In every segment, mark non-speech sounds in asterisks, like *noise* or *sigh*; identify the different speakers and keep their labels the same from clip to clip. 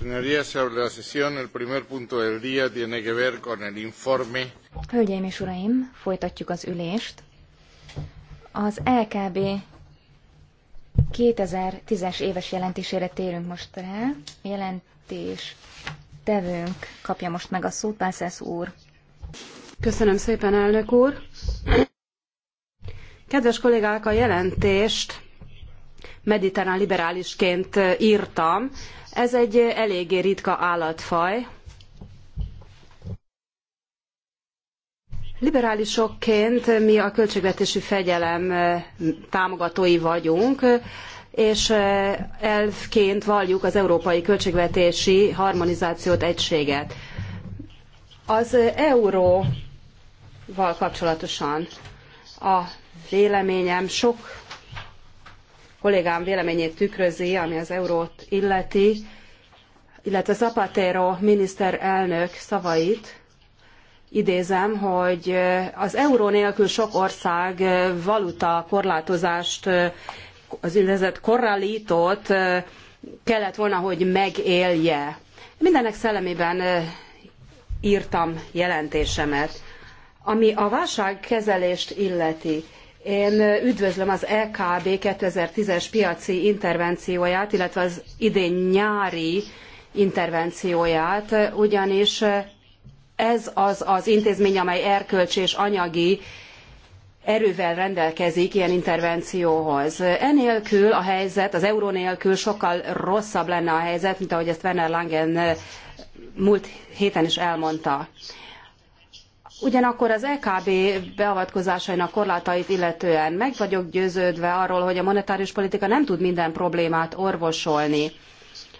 Speaker 1: Señorías, abre la sesión. El primer punto del día tiene que ver con el informe.
Speaker 2: Hölgyeim és uraim, folytatjuk az ülést. Az LKB 2010-es éves jelentésére térünk most rá. Jelentés tevőnk kapja most meg a szót, Pászász úr. Köszönöm
Speaker 3: szépen, elnök úr. Kedves kollégák, a jelentést mediterrán liberálisként írtam. Ez egy eléggé ritka állatfaj. Liberálisokként mi a költségvetési fegyelem támogatói vagyunk, és elvként valljuk az európai költségvetési harmonizációt, egységet. Az euróval kapcsolatosan a véleményem sok kollégám véleményét tükrözi, ami az eurót illeti, illetve Zapatero miniszterelnök szavait, idézem, hogy az euró nélkül sok ország valuta korlátozást, az ügynevezett korralítót kellett volna, hogy megélje. Mindenek szellemében írtam jelentésemet. Ami a válságkezelést illeti, én üdvözlöm az EKB 2010-es piaci intervencióját, illetve az idén nyári intervencióját, ugyanis ez az az intézmény, amely erkölcsi és anyagi erővel rendelkezik ilyen intervencióhoz. Enélkül a helyzet, az euró nélkül sokkal rosszabb lenne a helyzet, mint ahogy ezt Werner Langen múlt héten is elmondta. Ugyanakkor az EKB beavatkozásainak korlátait illetően meg vagyok győződve arról, hogy a monetáris politika nem tud minden problémát orvosolni.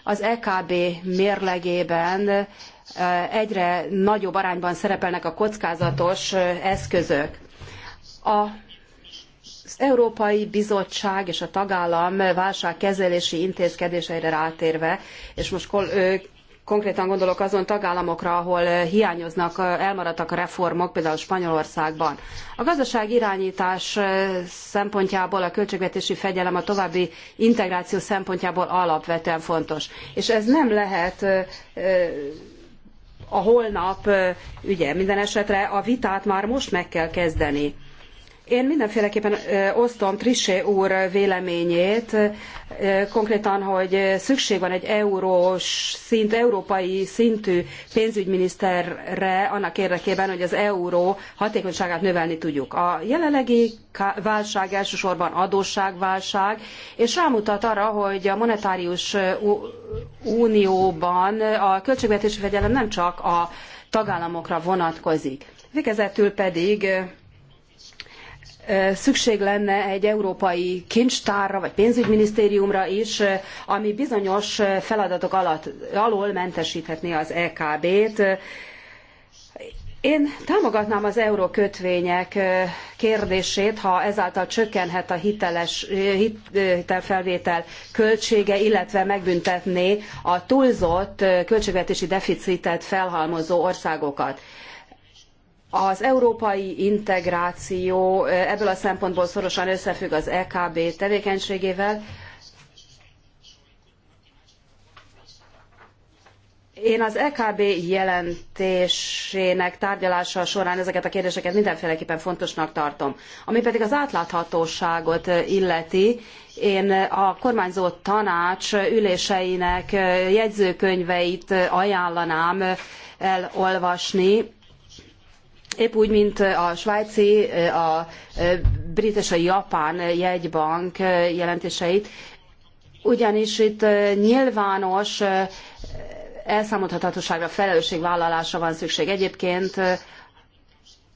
Speaker 3: Az EKB mérlegében eh, egyre nagyobb arányban szerepelnek a kockázatos eh, eszközök. A az Európai Bizottság és a tagállam válságkezelési intézkedéseire rátérve, és most Konkrétan gondolok azon tagállamokra, ahol eh, hiányoznak, eh, elmaradtak a reformok, például Spanyolországban. A gazdaság irányítás eh, szempontjából a költségvetési fegyelem a további integráció szempontjából alapvetően fontos. És ez nem lehet a holnap, ugye minden esetre a vitát már most meg kell kezdeni. Én mindenféleképpen osztom Trissé úr véleményét, konkrétan, hogy szükség van egy eurós szint, európai szintű pénzügyminiszterre annak érdekében, hogy az euró hatékonyságát növelni tudjuk. A jelenlegi válság elsősorban adósságválság, és rámutat arra, hogy a monetárius unióban a költségvetési fegyelem nem csak a tagállamokra vonatkozik. Végezetül pedig szükség lenne egy európai kincstárra vagy pénzügyminisztériumra is, ami bizonyos feladatok alatt, alól mentesíthetné az EKB-t. Én támogatnám az eurókötvények kérdését, ha ezáltal csökkenhet a hiteles, hitelfelvétel költsége, illetve megbüntetné a túlzott költségvetési deficitet felhalmozó országokat. Az európai integráció ebből a szempontból szorosan összefügg az EKB tevékenységével. Én az EKB jelentésének tárgyalása során ezeket a kérdéseket mindenféleképpen fontosnak tartom. Ami pedig az átláthatóságot illeti, én a kormányzó tanács üléseinek jegyzőkönyveit ajánlanám elolvasni, Épp úgy, mint a svájci, a brit és a japán jegybank jelentéseit, ugyanis itt nyilvános elszámoltathatóságra, felelősségvállalásra van szükség. Egyébként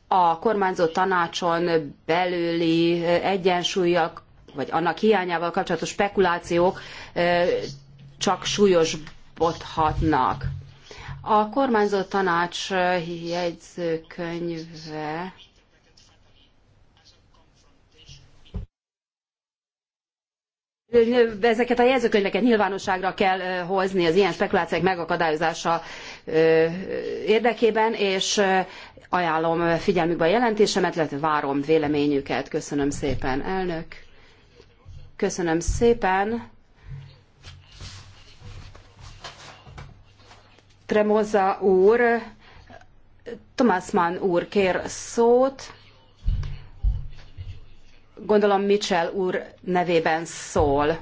Speaker 3: a kormányzó tanácson belüli egyensúlyak, vagy annak hiányával kapcsolatos spekulációk csak súlyosbodhatnak. A kormányzó tanács jegyzőkönyve ezeket a jegyzőkönyveket nyilvánosságra kell hozni az ilyen spekulációk megakadályozása érdekében, és ajánlom figyelmükbe a jelentésemet, illetve várom véleményüket. Köszönöm szépen, elnök. Köszönöm szépen. Tremoza úr, Thomas Mann úr kér szót. Gondolom Mitchell úr nevében szól.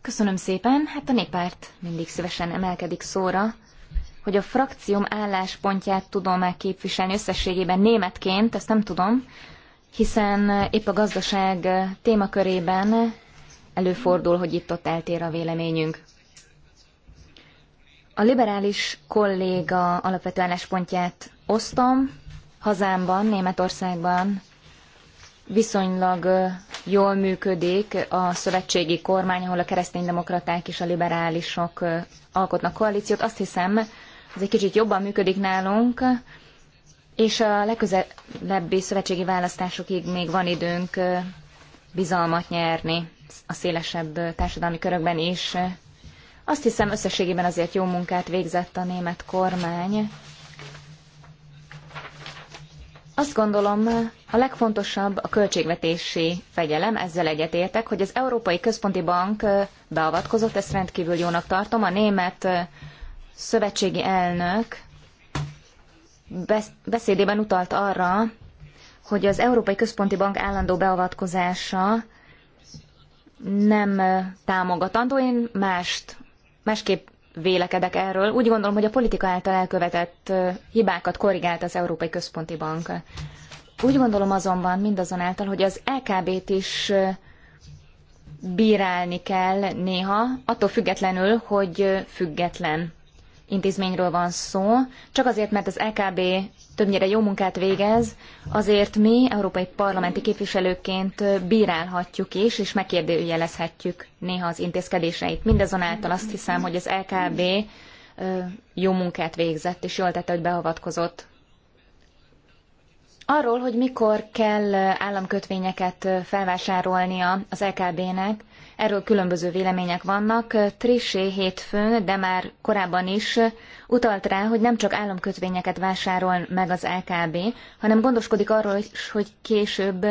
Speaker 2: Köszönöm szépen. Hát a néppárt mindig szívesen emelkedik szóra, hogy a frakcióm álláspontját tudom-e képviselni összességében németként, ezt nem tudom, hiszen épp a gazdaság témakörében előfordul, hogy itt-ott eltér a véleményünk. A liberális kolléga alapvető álláspontját osztom. Hazámban, Németországban viszonylag jól működik a szövetségi kormány, ahol a kereszténydemokraták és a liberálisok alkotnak koalíciót. Azt hiszem, ez egy kicsit jobban működik nálunk, és a legközelebbi szövetségi választásokig még van időnk bizalmat nyerni a szélesebb társadalmi körökben is azt hiszem összességében azért jó munkát végzett a német kormány. Azt gondolom, a legfontosabb a költségvetési fegyelem, ezzel egyetértek, hogy az Európai Központi Bank beavatkozott, ezt rendkívül jónak tartom. A német szövetségi elnök beszédében utalt arra, hogy az Európai Központi Bank állandó beavatkozása nem támogatandó. Én mást másképp vélekedek erről. Úgy gondolom, hogy a politika által elkövetett hibákat korrigált az Európai Központi Bank. Úgy gondolom azonban mindazonáltal, hogy az LKB-t is bírálni kell néha, attól függetlenül, hogy független intézményről van szó, csak azért, mert az EKB többnyire jó munkát végez, azért mi európai parlamenti képviselőként bírálhatjuk is, és megkérdőjelezhetjük néha az intézkedéseit. Mindazonáltal azt hiszem, hogy az LKB jó munkát végzett, és jól tette, hogy beavatkozott. Arról, hogy mikor kell államkötvényeket felvásárolnia az LKB-nek, Erről különböző vélemények vannak. Trissé hétfőn, de már korábban is utalt rá, hogy nem csak államkötvényeket vásárol meg az LKB, hanem gondoskodik arról hogy később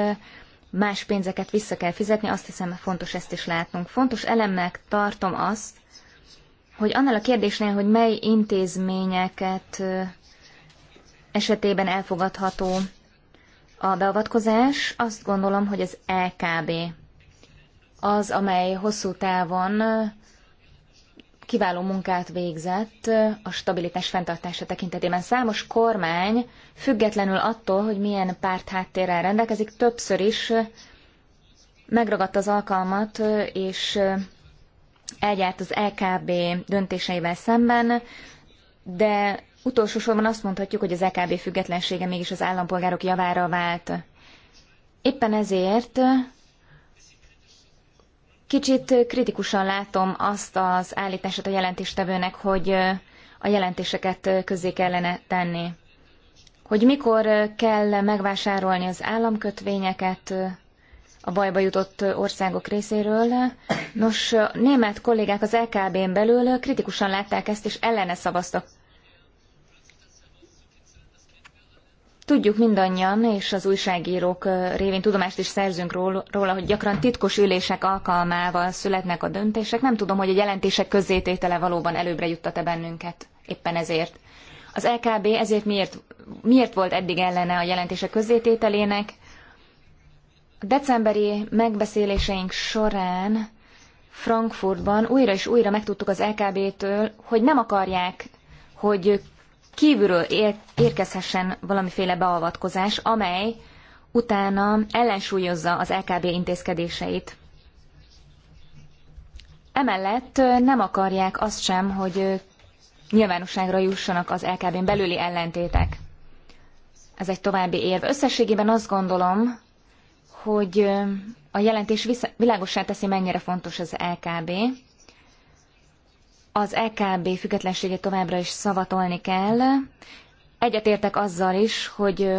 Speaker 2: más pénzeket vissza kell fizetni. Azt hiszem, fontos ezt is látnunk. Fontos elemnek tartom azt, hogy annál a kérdésnél, hogy mely intézményeket esetében elfogadható a beavatkozás, azt gondolom, hogy az LKB az, amely hosszú távon kiváló munkát végzett a stabilitás fenntartása tekintetében. Számos kormány, függetlenül attól, hogy milyen párt háttérrel rendelkezik, többször is megragadta az alkalmat, és eljárt az LKB e döntéseivel szemben, de utolsó sorban azt mondhatjuk, hogy az LKB e függetlensége mégis az állampolgárok javára vált. Éppen ezért Kicsit kritikusan látom azt az állítását a jelentéstevőnek, hogy a jelentéseket közzé kellene tenni. Hogy mikor kell megvásárolni az államkötvényeket a bajba jutott országok részéről. Nos, német kollégák az LKB-n belül kritikusan látták ezt, és ellene szavaztak Tudjuk mindannyian, és az újságírók révén tudomást is szerzünk róla, hogy gyakran titkos ülések alkalmával születnek a döntések. Nem tudom, hogy a jelentések közzététele valóban előbbre juttat-e bennünket éppen ezért. Az LKB ezért miért, miért volt eddig ellene a jelentések közzétételének? A decemberi megbeszéléseink során Frankfurtban újra és újra megtudtuk az LKB-től, hogy nem akarják, hogy kívülről ér- érkezhessen valamiféle beavatkozás, amely utána ellensúlyozza az LKB intézkedéseit. Emellett nem akarják azt sem, hogy nyilvánosságra jussanak az LKB-n belüli ellentétek. Ez egy további érv. Összességében azt gondolom, hogy a jelentés világosá teszi, mennyire fontos az LKB, az EKB függetlenségét továbbra is szavatolni kell. Egyetértek azzal is, hogy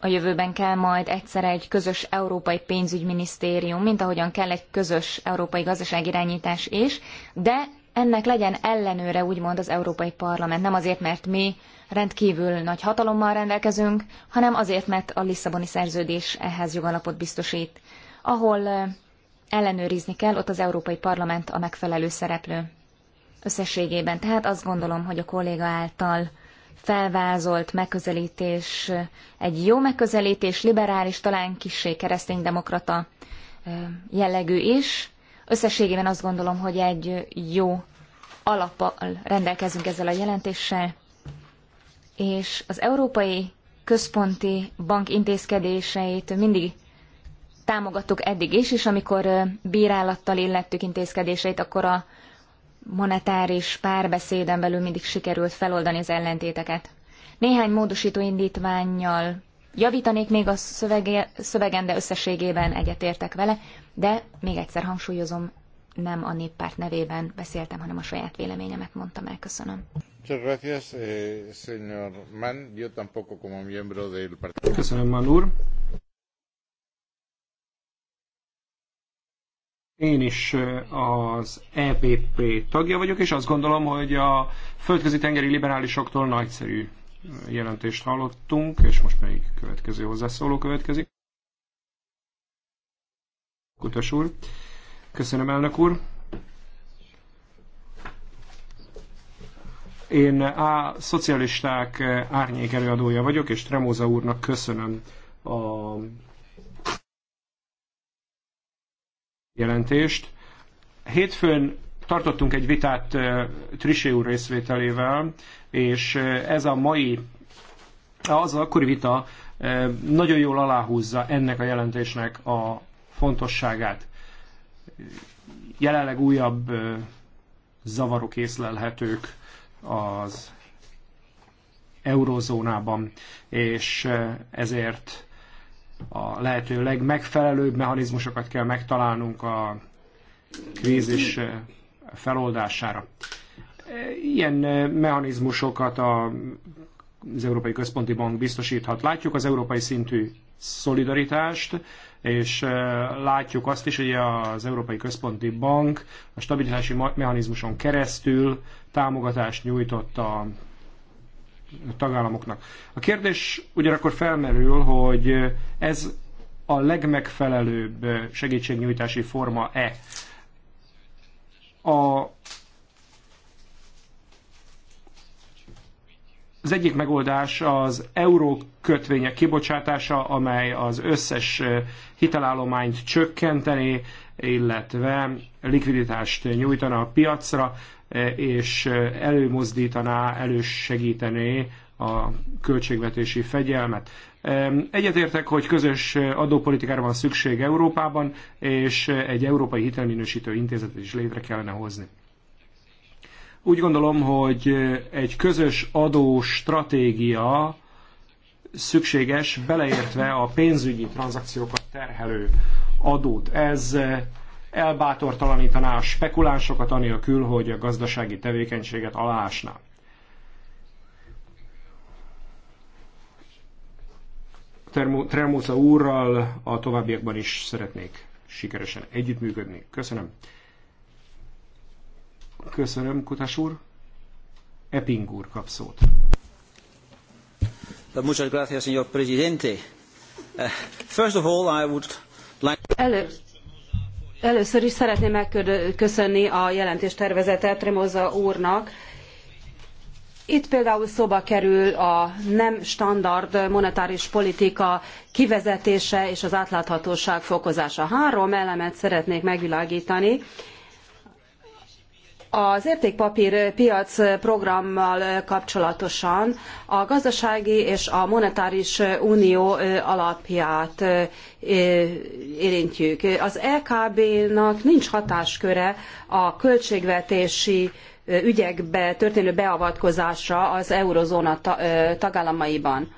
Speaker 2: a jövőben kell majd egyszer egy közös európai pénzügyminisztérium, mint ahogyan kell egy közös európai gazdaságirányítás is, de ennek legyen ellenőre úgymond az Európai Parlament, nem azért, mert mi rendkívül nagy hatalommal rendelkezünk, hanem azért, mert a Lisszaboni szerződés ehhez jogalapot biztosít. Ahol ellenőrizni kell, ott az Európai Parlament a megfelelő szereplő összességében. Tehát azt gondolom, hogy a kolléga által felvázolt megközelítés egy jó megközelítés, liberális, talán kissé kereszténydemokrata jellegű is. Összességében azt gondolom, hogy egy jó alappal rendelkezünk ezzel a jelentéssel, és az Európai Központi Bank intézkedéseit mindig támogattuk eddig is, és amikor bírálattal illettük intézkedéseit, akkor a monetáris párbeszéden belül mindig sikerült feloldani az ellentéteket. Néhány módosító indítványjal javítanék még a szövege, szövegen, de összességében egyetértek vele, de még egyszer hangsúlyozom, nem a néppárt nevében beszéltem, hanem a saját véleményemet mondtam
Speaker 1: el. Köszönöm. Eh, Köszönöm, úr. Én is az EPP tagja vagyok, és azt gondolom, hogy a földközi tengeri liberálisoktól nagyszerű jelentést hallottunk, és most melyik következő hozzászóló következik. Kutas úr. Köszönöm, elnök úr. Én a szocialisták árnyék előadója vagyok, és Tremóza úrnak köszönöm a jelentést. Hétfőn tartottunk egy vitát Trisé úr részvételével, és ez a mai, az akkori vita nagyon jól aláhúzza ennek a jelentésnek a fontosságát. Jelenleg újabb zavarok észlelhetők az eurozónában, és ezért a lehető legmegfelelőbb mechanizmusokat kell megtalálnunk a krízis feloldására. Ilyen mechanizmusokat a, az Európai Központi Bank biztosíthat. Látjuk az európai szintű szolidaritást, és látjuk azt is, hogy az Európai Központi Bank a stabilitási mechanizmuson keresztül támogatást nyújtott a a tagállamoknak. A kérdés ugyanakkor felmerül, hogy ez a legmegfelelőbb segítségnyújtási forma-e? A Az egyik megoldás az euró kötvények kibocsátása, amely az összes hitelállományt csökkenteni, illetve likviditást nyújtana a piacra és előmozdítaná, elősegítené a költségvetési fegyelmet. Egyetértek, hogy közös adópolitikára van szükség Európában, és egy európai hitelminősítő intézetet is létre kellene hozni. Úgy gondolom, hogy egy közös adó stratégia szükséges, beleértve a pénzügyi tranzakciókat terhelő adót. Ez elbátortalanítaná a spekulánsokat anélkül, hogy a gazdasági tevékenységet aláásná. Tremóca úrral a továbbiakban is szeretnék sikeresen együttműködni. Köszönöm. Köszönöm, Kutas úr. Epping úr kap szót.
Speaker 3: Muchas gracias, señor presidente. Uh, first of all, I would like... Először Először is szeretném megköszönni a jelentéstervezetet Tremoza úrnak. Itt például szóba kerül a nem standard monetáris politika kivezetése és az átláthatóság fokozása. Három elemet szeretnék megvilágítani. Az értékpapírpiac programmal kapcsolatosan a gazdasági és a monetáris unió alapját érintjük. Az LKB-nak nincs hatásköre a költségvetési ügyekbe történő beavatkozásra az eurozóna tagállamaiban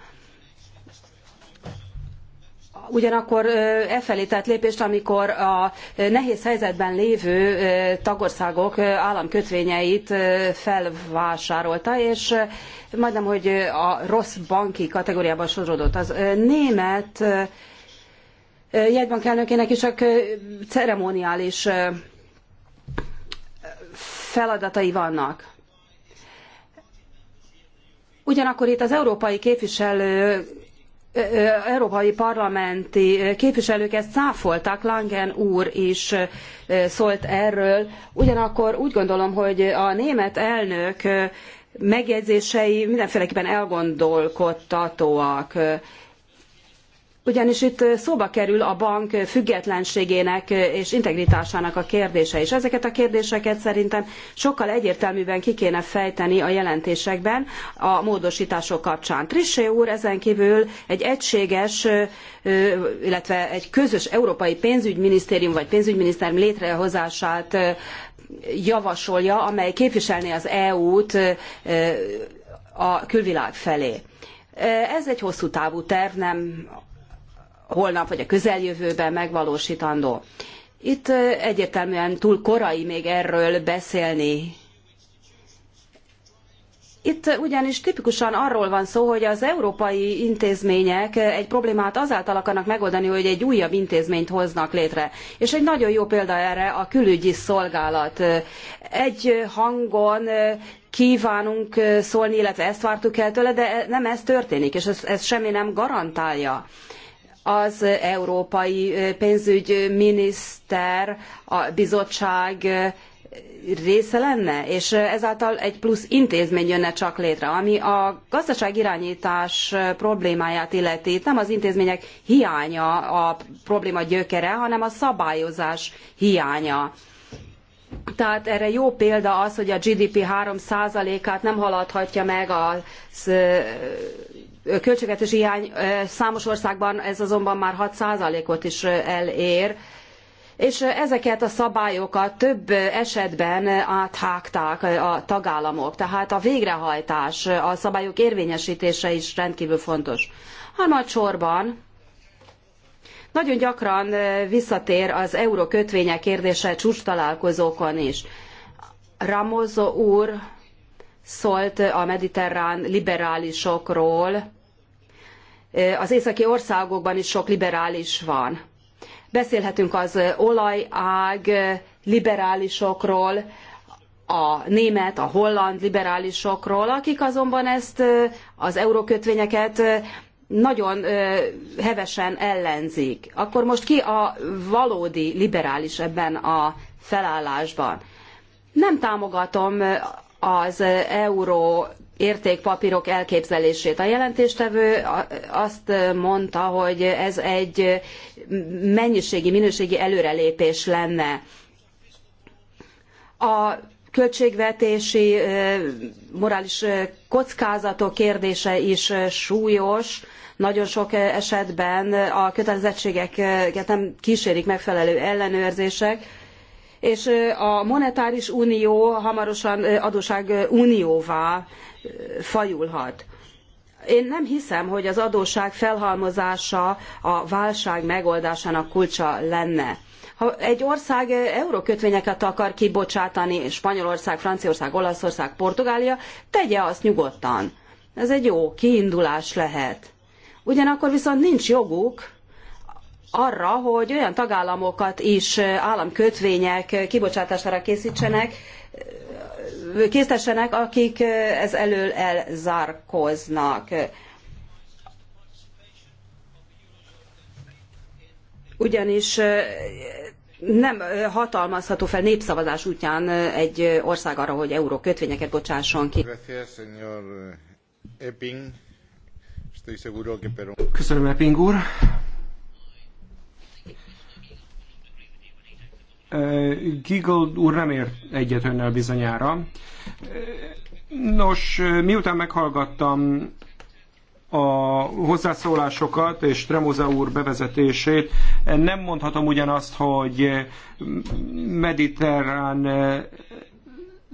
Speaker 3: ugyanakkor efelé tett lépést, amikor a nehéz helyzetben lévő tagországok államkötvényeit felvásárolta, és majdnem, hogy a rossz banki kategóriába sorodott. Az német jegybank elnökének is csak ceremoniális feladatai vannak. Ugyanakkor itt az európai képviselő európai parlamenti képviselők ezt cáfolták, Langen úr is szólt erről. Ugyanakkor úgy gondolom, hogy a német elnök megjegyzései mindenféleképpen elgondolkodtatóak. Ugyanis itt szóba kerül a bank függetlenségének és integritásának a kérdése, és ezeket a kérdéseket szerintem sokkal egyértelműbben ki kéne fejteni a jelentésekben a módosítások kapcsán. Trissé úr ezen kívül egy egységes, illetve egy közös európai pénzügyminisztérium vagy pénzügyminisztérium létrehozását javasolja, amely képviselné az EU-t a külvilág felé. Ez egy hosszú távú terv, nem holnap vagy a közeljövőben megvalósítandó. Itt egyértelműen túl korai még erről beszélni. Itt ugyanis tipikusan arról van szó, hogy az európai intézmények egy problémát azáltal akarnak megoldani, hogy egy újabb intézményt hoznak létre. És egy nagyon jó példa erre a külügyi szolgálat. Egy hangon kívánunk szólni, illetve ezt vártuk el tőle, de e- nem ez történik, és ez, ez semmi nem garantálja az európai pénzügyminiszter, a bizottság része lenne, és ezáltal egy plusz intézmény jönne csak létre, ami a irányítás problémáját illeti. Itt nem az intézmények hiánya a probléma gyökere, hanem a szabályozás hiánya. Tehát erre jó példa az, hogy a GDP 3%-át nem haladhatja meg az költségvetés hiány számos országban ez azonban már 6%-ot is elér, és ezeket a szabályokat több esetben áthágták a tagállamok. Tehát a végrehajtás, a szabályok érvényesítése is rendkívül fontos. Harmadsorban nagyon gyakran visszatér az eurókötvények kérdése csúcstalálkozókon is. Ramozo úr szólt a mediterrán liberálisokról, Eh, az északi országokban is sok liberális van. Beszélhetünk az olajág liberálisokról, a német, a holland liberálisokról, akik azonban ezt eh, az eurókötvényeket eh, nagyon hevesen ellenzik. Akkor most ki a valódi liberális ebben a felállásban? Nem támogatom az euró értékpapírok elképzelését. A jelentéstevő azt mondta, hogy ez egy mennyiségi, minőségi előrelépés lenne. A költségvetési morális kockázatok kérdése is súlyos. Nagyon sok esetben a kötelezettségeket nem kísérik megfelelő ellenőrzések és a monetáris unió hamarosan adósságunióvá fajulhat. Én nem hiszem, hogy az adósság felhalmozása a válság megoldásának kulcsa lenne. Ha egy ország eurókötvényeket akar kibocsátani, Spanyolország, Franciaország, Olaszország, Portugália, tegye azt nyugodtan. Ez egy jó kiindulás lehet. Ugyanakkor viszont nincs joguk arra, hogy olyan tagállamokat is államkötvények kibocsátására készítsenek, késztessenek, akik ez elől elzárkoznak. Ugyanis nem hatalmazható fel népszavazás útján egy ország arra, hogy euró kötvényeket bocsásson ki.
Speaker 1: Köszönöm, Epping úr. Giggle úr nem ért egyet önnel bizonyára. Nos, miután meghallgattam a hozzászólásokat és Tremoza úr bevezetését. Nem mondhatom ugyanazt, hogy mediterrán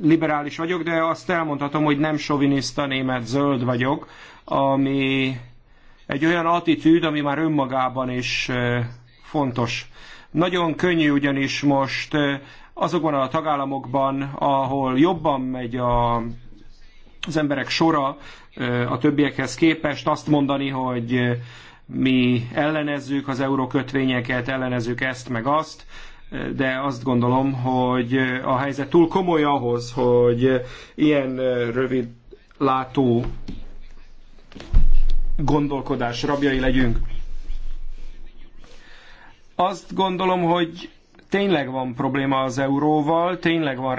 Speaker 1: liberális vagyok, de azt elmondhatom, hogy nem sovinista német zöld vagyok, ami egy olyan attitűd, ami már önmagában is eh, fontos. Nagyon könnyű ugyanis most azokban a tagállamokban, ahol jobban megy a, az emberek sora a többiekhez képest, azt mondani, hogy mi ellenezzük az eurókötvényeket, ellenezzük ezt meg azt, de azt gondolom, hogy a helyzet túl komoly ahhoz, hogy ilyen rövid látó gondolkodás rabjai legyünk. Azt gondolom, hogy tényleg van probléma az euróval, tényleg van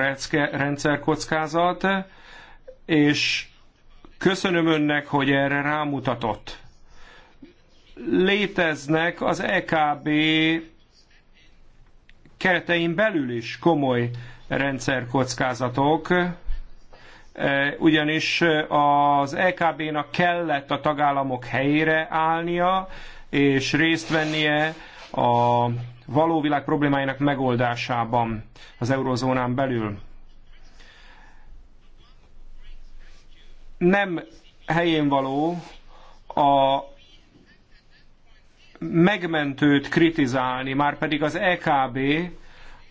Speaker 1: rendszerkockázat, és köszönöm önnek, hogy erre rámutatott. Léteznek az EKB keretein belül is komoly rendszerkockázatok, e, ugyanis az EKB-nak kellett a tagállamok helyére állnia, és részt vennie a való világ problémáinak megoldásában az eurozónán belül. Nem helyén való a megmentőt kritizálni, már pedig az EKB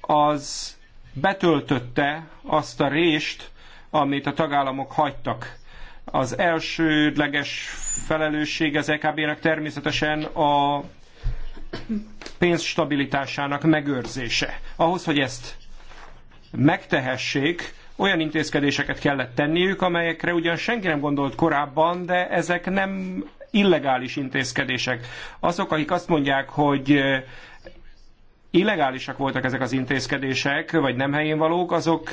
Speaker 1: az betöltötte azt a rést, amit a tagállamok hagytak. Az elsődleges felelősség az EKB-nek természetesen a pénzstabilitásának megőrzése. Ahhoz, hogy ezt megtehessék, olyan intézkedéseket kellett tenniük, amelyekre ugyan senki nem gondolt korábban, de ezek nem illegális intézkedések. Azok, akik azt mondják, hogy illegálisak voltak ezek az intézkedések, vagy nem helyén valók, azok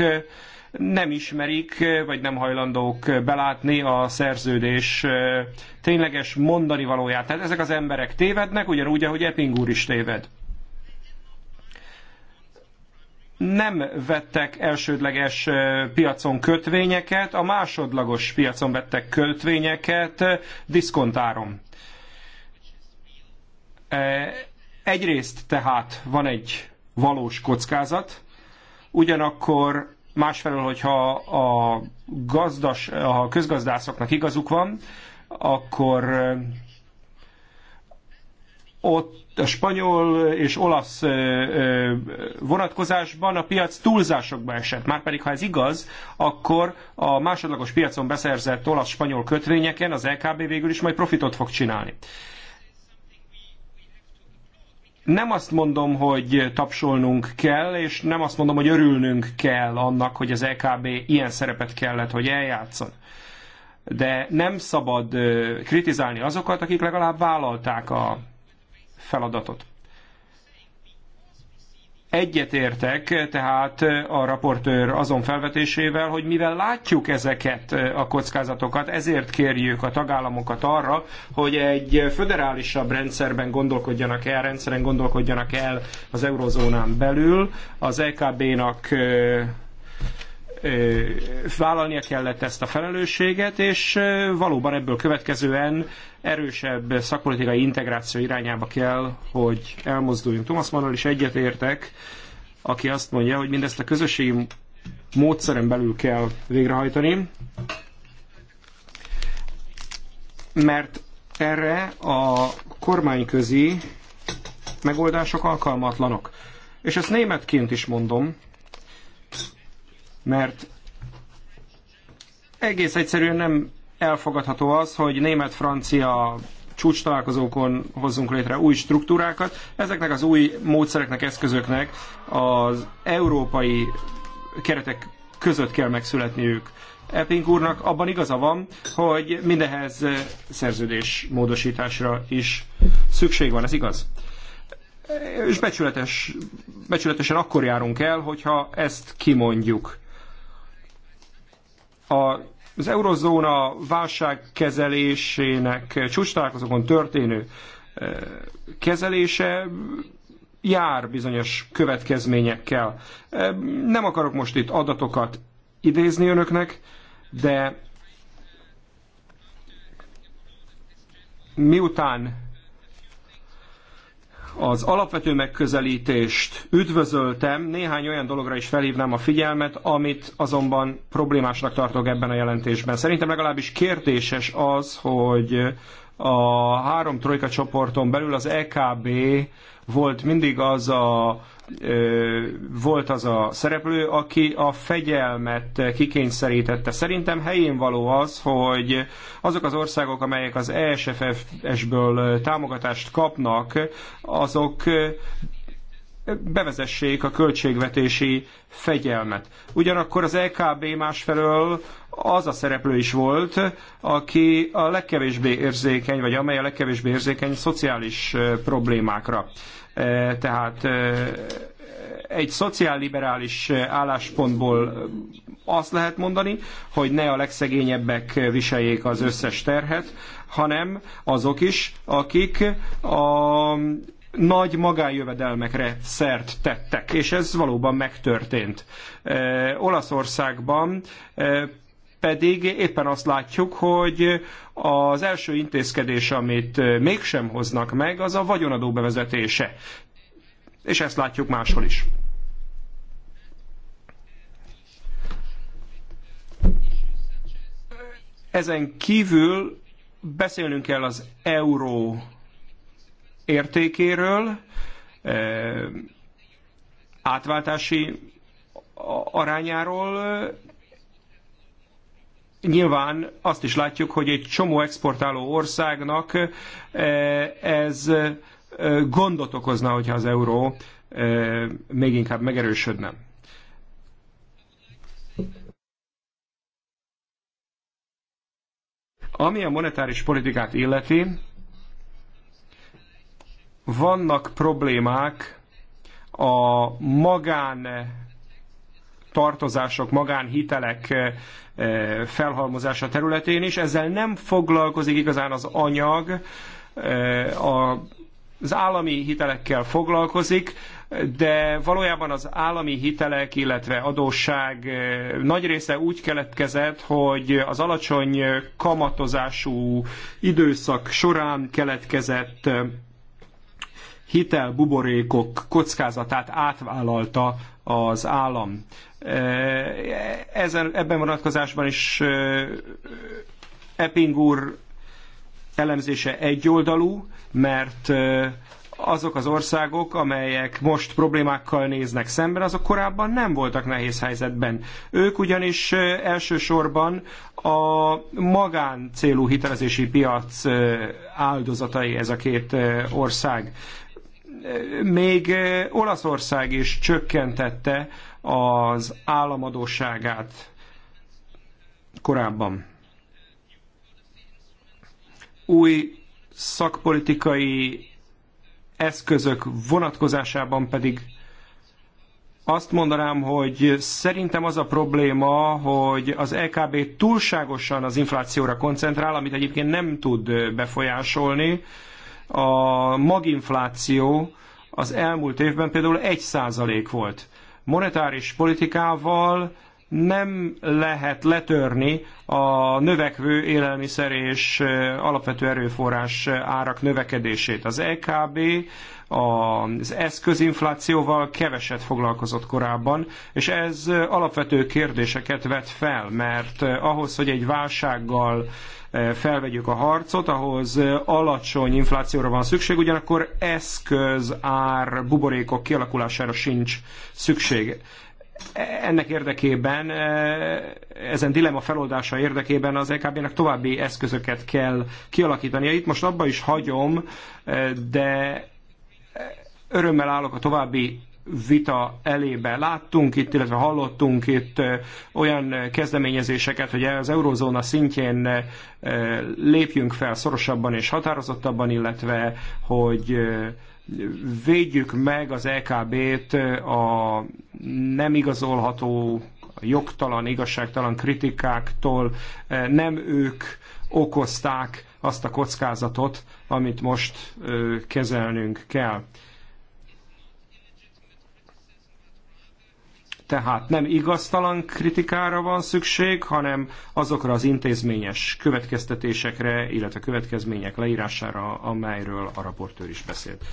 Speaker 1: nem ismerik, vagy nem hajlandók belátni a szerződés tényleges mondani valóját. Tehát ezek az emberek tévednek, ugyanúgy, ahogy Epping úr is téved nem vettek elsődleges piacon kötvényeket, a másodlagos piacon vettek kötvényeket diszkontáron. Egyrészt tehát van egy valós kockázat, ugyanakkor másfelől, hogyha a, gazdas, a közgazdászoknak igazuk van, akkor eh, ott a spanyol és olasz eh, eh, vonatkozásban a piac túlzásokba esett. Márpedig, ha ez igaz, akkor a másodlagos piacon beszerzett olasz-spanyol kötvényeken az LKB végül is majd profitot fog csinálni nem azt mondom, hogy tapsolnunk kell, és nem azt mondom, hogy örülnünk kell annak, hogy az EKB ilyen szerepet kellett, hogy eljátszon. De nem szabad kritizálni azokat, akik legalább vállalták a feladatot. Egyetértek tehát a raportőr azon felvetésével, hogy mivel látjuk ezeket a kockázatokat, ezért kérjük a tagállamokat arra, hogy egy föderálisabb rendszerben gondolkodjanak el, rendszeren gondolkodjanak el az eurozónán belül. Az EKB-nak vállalnia kellett ezt a felelősséget, és valóban ebből következően erősebb szakpolitikai integráció irányába kell, hogy elmozduljunk. Thomas Mannal is egyetértek, aki azt mondja, hogy mindezt a közösségi módszeren belül kell végrehajtani, mert erre a kormányközi megoldások alkalmatlanok. És ezt németként is mondom, mert egész egyszerűen nem elfogadható az, hogy német-francia csúcs találkozókon hozzunk létre új struktúrákat. Ezeknek az új módszereknek, eszközöknek az európai keretek között kell megszületniük. Epping úrnak abban igaza van, hogy mindehez szerződés módosításra is szükség van, ez igaz. És becsületes, becsületesen akkor járunk el, hogyha ezt kimondjuk. A az eurozóna válságkezelésének csúcstalálkozókon történő e, kezelése jár bizonyos következményekkel. E, nem akarok most itt adatokat idézni önöknek, de miután az alapvető megközelítést üdvözöltem, néhány olyan dologra is felhívnám a figyelmet, amit azonban problémásnak tartok ebben a jelentésben. Szerintem legalábbis kérdéses az, hogy a három trojka csoporton belül az EKB volt mindig az a volt az a szereplő, aki a fegyelmet kikényszerítette. Szerintem helyén való az, hogy azok az országok, amelyek az e esff ből támogatást kapnak, azok bevezessék a költségvetési fegyelmet. Ugyanakkor az LKB e másfelől az a szereplő is volt, aki a legkevésbé érzékeny, vagy amely a legkevésbé érzékeny szociális problémákra. Tehát egy szociálliberális álláspontból azt lehet mondani, hogy ne a legszegényebbek viseljék az összes terhet, hanem azok is, akik a nagy magájövedelmekre szert tettek, és ez valóban megtörtént. Olaszországban pedig éppen azt látjuk, hogy az első intézkedés, amit mégsem hoznak meg, az a vagyonadó bevezetése. És ezt látjuk máshol is. Ezen kívül beszélnünk kell az euró értékéről, átváltási arányáról, nyilván azt is látjuk, hogy egy csomó exportáló országnak eh, ez eh, gondot okozna, hogyha az euró eh, még inkább megerősödne. Ami a monetáris politikát illeti, vannak problémák a magán tartozások, magánhitelek felhalmozása területén is. Ezzel nem foglalkozik igazán az anyag, az állami hitelekkel foglalkozik, de valójában az állami hitelek, illetve adósság nagy része úgy keletkezett, hogy az alacsony kamatozású időszak során keletkezett hitelbuborékok kockázatát átvállalta az állam. Eh, ezen, ebben vonatkozásban is eh, Epping úr elemzése egyoldalú, mert eh, azok az országok, amelyek most problémákkal néznek szemben, azok korábban nem voltak nehéz helyzetben. Ők ugyanis elsősorban a magán célú hitelezési piac áldozatai ez a két ország még Olaszország is csökkentette az államadóságát korábban. Új szakpolitikai eszközök vonatkozásában pedig azt mondanám, hogy szerintem az a probléma, hogy az LKB túlságosan az inflációra koncentrál, amit egyébként nem tud befolyásolni, a maginfláció az elmúlt évben például 1% volt. Monetáris politikával nem lehet letörni a növekvő élelmiszer és alapvető erőforrás árak növekedését. Az EKB az eszközinflációval keveset foglalkozott korábban, és ez alapvető kérdéseket vet fel, mert ahhoz, hogy egy válsággal Eh, felvegyük a harcot, ahhoz eh, alacsony inflációra van szükség, ugyanakkor eszköz ár buborékok kialakulására sincs szükség ennek érdekében, eh, ezen dilemma feloldása érdekében az EKB-nek további eszközöket kell kialakítania. Itt most abba is hagyom, de örömmel állok a további vita elébe láttunk itt, illetve hallottunk itt olyan kezdeményezéseket, hogy az eurozóna szintjén lépjünk fel szorosabban és határozottabban, illetve hogy védjük meg az EKB-t a nem igazolható, jogtalan, igazságtalan kritikáktól. Nem ők okozták azt a kockázatot, amit most kezelnünk kell. Tehát nem igaztalan kritikára van szükség, hanem azokra az intézményes következtetésekre, illetve következmények leírására, amelyről a raportőr is beszélt.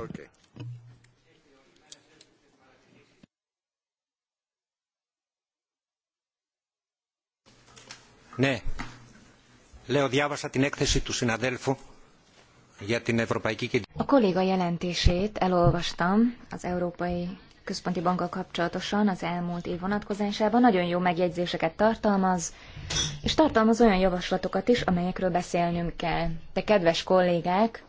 Speaker 1: Okay. Ναι, διάβασα την έκθεση του συναδέλφου για την Ευρωπαϊκή Κεντρική.
Speaker 2: A kolléga jelentését elolvastam az Európai Központi Bankkal kapcsolatosan az elmúlt év vonatkozásában. Nagyon jó megjegyzéseket tartalmaz, és tartalmaz olyan javaslatokat is, amelyekről beszélnünk kell. De kedves kollégák,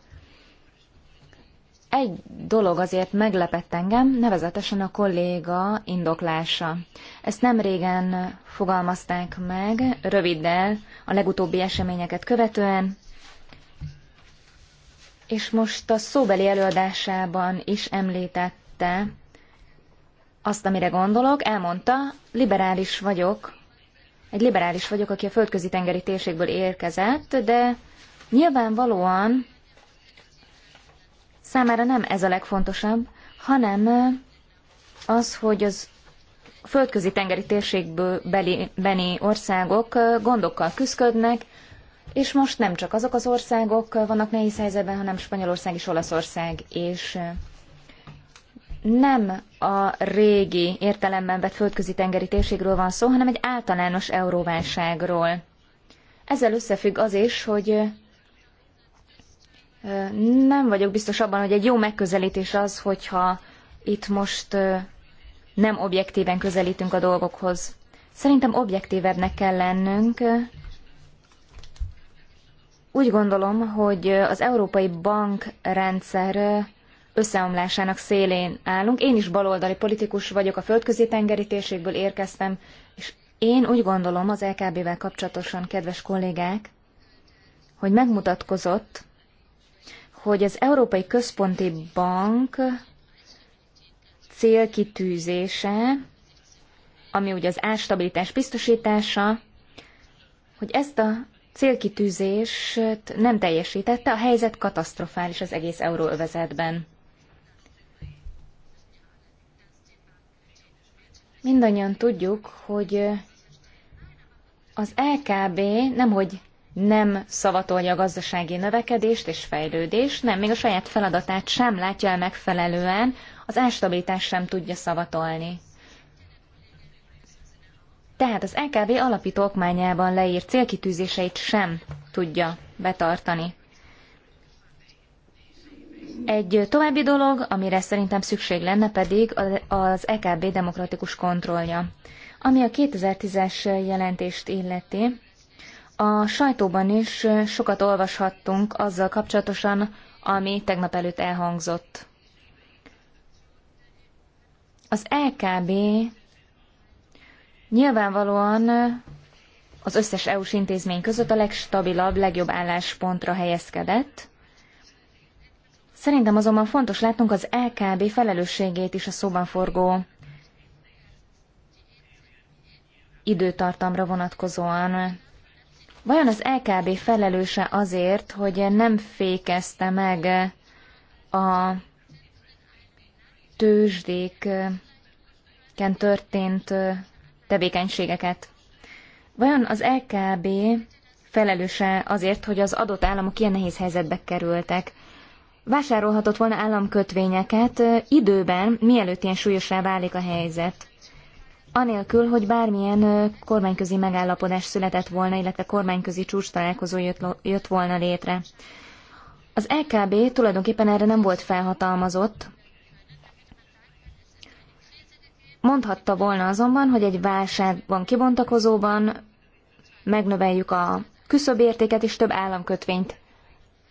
Speaker 2: egy dolog azért meglepett engem, nevezetesen a kolléga indoklása. Ezt nem régen fogalmazták meg, röviddel, a legutóbbi eseményeket követően, és most a szóbeli előadásában is említette azt, amire gondolok, elmondta, liberális vagyok, egy liberális vagyok, aki a földközi tengeri térségből érkezett, de nyilvánvalóan Számára nem ez a legfontosabb, hanem az, hogy az földközi tengeri térségből beli, beni országok gondokkal küzdködnek, és most nem csak azok az országok vannak nehéz helyzetben, hanem Spanyolország és Olaszország, és nem a régi értelemben vett földközi tengeri térségről van szó, hanem egy általános euróválságról. Ezzel összefügg az is, hogy nem vagyok biztos abban, hogy egy jó megközelítés az, hogyha itt most nem objektíven közelítünk a dolgokhoz. Szerintem objektívebbnek kell lennünk. Úgy gondolom, hogy az európai bankrendszer összeomlásának szélén állunk. Én is baloldali politikus vagyok, a földközi-tengeri térségből érkeztem, és én úgy gondolom az LKB-vel kapcsolatosan, kedves kollégák, hogy megmutatkozott, hogy az Európai Központi Bank célkitűzése, ami ugye az ástabilitás biztosítása, hogy ezt a célkitűzést nem teljesítette, a helyzet katasztrofális az egész euróövezetben. Mindannyian tudjuk, hogy az LKB nemhogy nem szavatolja a gazdasági növekedést és fejlődést, nem, még a saját feladatát sem látja el megfelelően, az ástabilitást sem tudja szavatolni. Tehát az LKB alapító okmányában leírt célkitűzéseit sem tudja betartani. Egy további dolog, amire szerintem szükség lenne pedig az EKB demokratikus kontrollja. Ami a 2010-es jelentést illeti, a sajtóban is sokat olvashattunk azzal kapcsolatosan, ami tegnap előtt elhangzott. Az LKB nyilvánvalóan az összes EU-s intézmény között a legstabilabb, legjobb álláspontra helyezkedett. Szerintem azonban fontos látnunk az LKB felelősségét is a szóban forgó időtartamra vonatkozóan. Vajon az LKB felelőse azért, hogy nem fékezte meg a tőzsdéken történt tevékenységeket? Vajon az LKB felelőse azért, hogy az adott államok ilyen nehéz helyzetbe kerültek? Vásárolhatott volna államkötvényeket időben, mielőtt ilyen súlyosra válik a helyzet anélkül, hogy bármilyen kormányközi megállapodás született volna, illetve kormányközi csúcs találkozó jött volna létre. Az LKB tulajdonképpen erre nem volt felhatalmazott, Mondhatta volna azonban, hogy egy válságban kibontakozóban megnöveljük a küszöbértéket, és több államkötvényt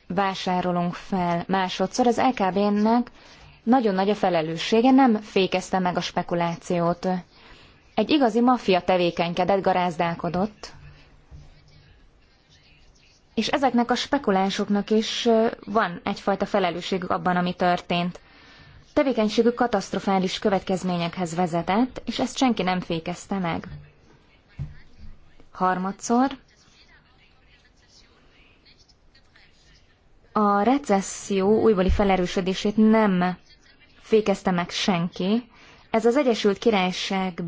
Speaker 2: vásárolunk fel másodszor. Az LKB-nek nagyon nagy a felelőssége, nem fékezte meg a spekulációt. Egy igazi maffia tevékenykedett, garázdálkodott, és ezeknek a spekulánsoknak is van egyfajta felelősségük abban, ami történt. Tevékenységük katasztrofális következményekhez vezetett, és ezt senki nem fékezte meg. Harmadszor, a recesszió újbóli felerősödését nem fékezte meg senki. Ez az Egyesült Királyság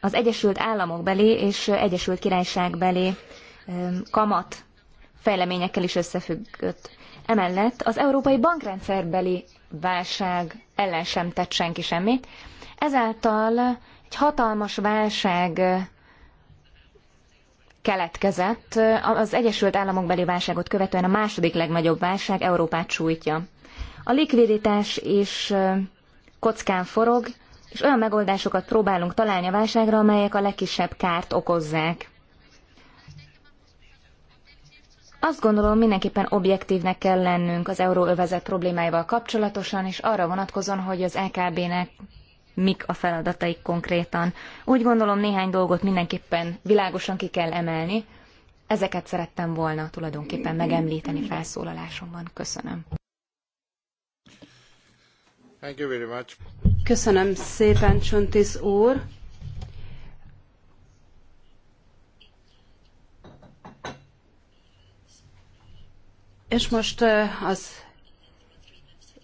Speaker 2: az Egyesült Államok belé és Egyesült Királyság belé kamat fejleményekkel is összefüggött. Emellett az európai bankrendszerbeli válság ellen sem tett senki semmit, ezáltal egy hatalmas válság keletkezett. Az Egyesült Államok beli válságot követően a második legnagyobb válság Európát sújtja. A likviditás is kockán forog, és olyan megoldásokat próbálunk találni a válságra, amelyek a legkisebb kárt okozzák. Azt gondolom, mindenképpen objektívnek kell lennünk az euróövezet problémáival kapcsolatosan, és arra vonatkozóan, hogy az LKB-nek e mik a feladataik konkrétan. Úgy gondolom, néhány dolgot mindenképpen világosan ki kell emelni. Ezeket szerettem volna tulajdonképpen megemlíteni felszólalásomban. Köszönöm.
Speaker 1: Thank you very much.
Speaker 3: Köszönöm szépen, Csontis úr. És most eh, az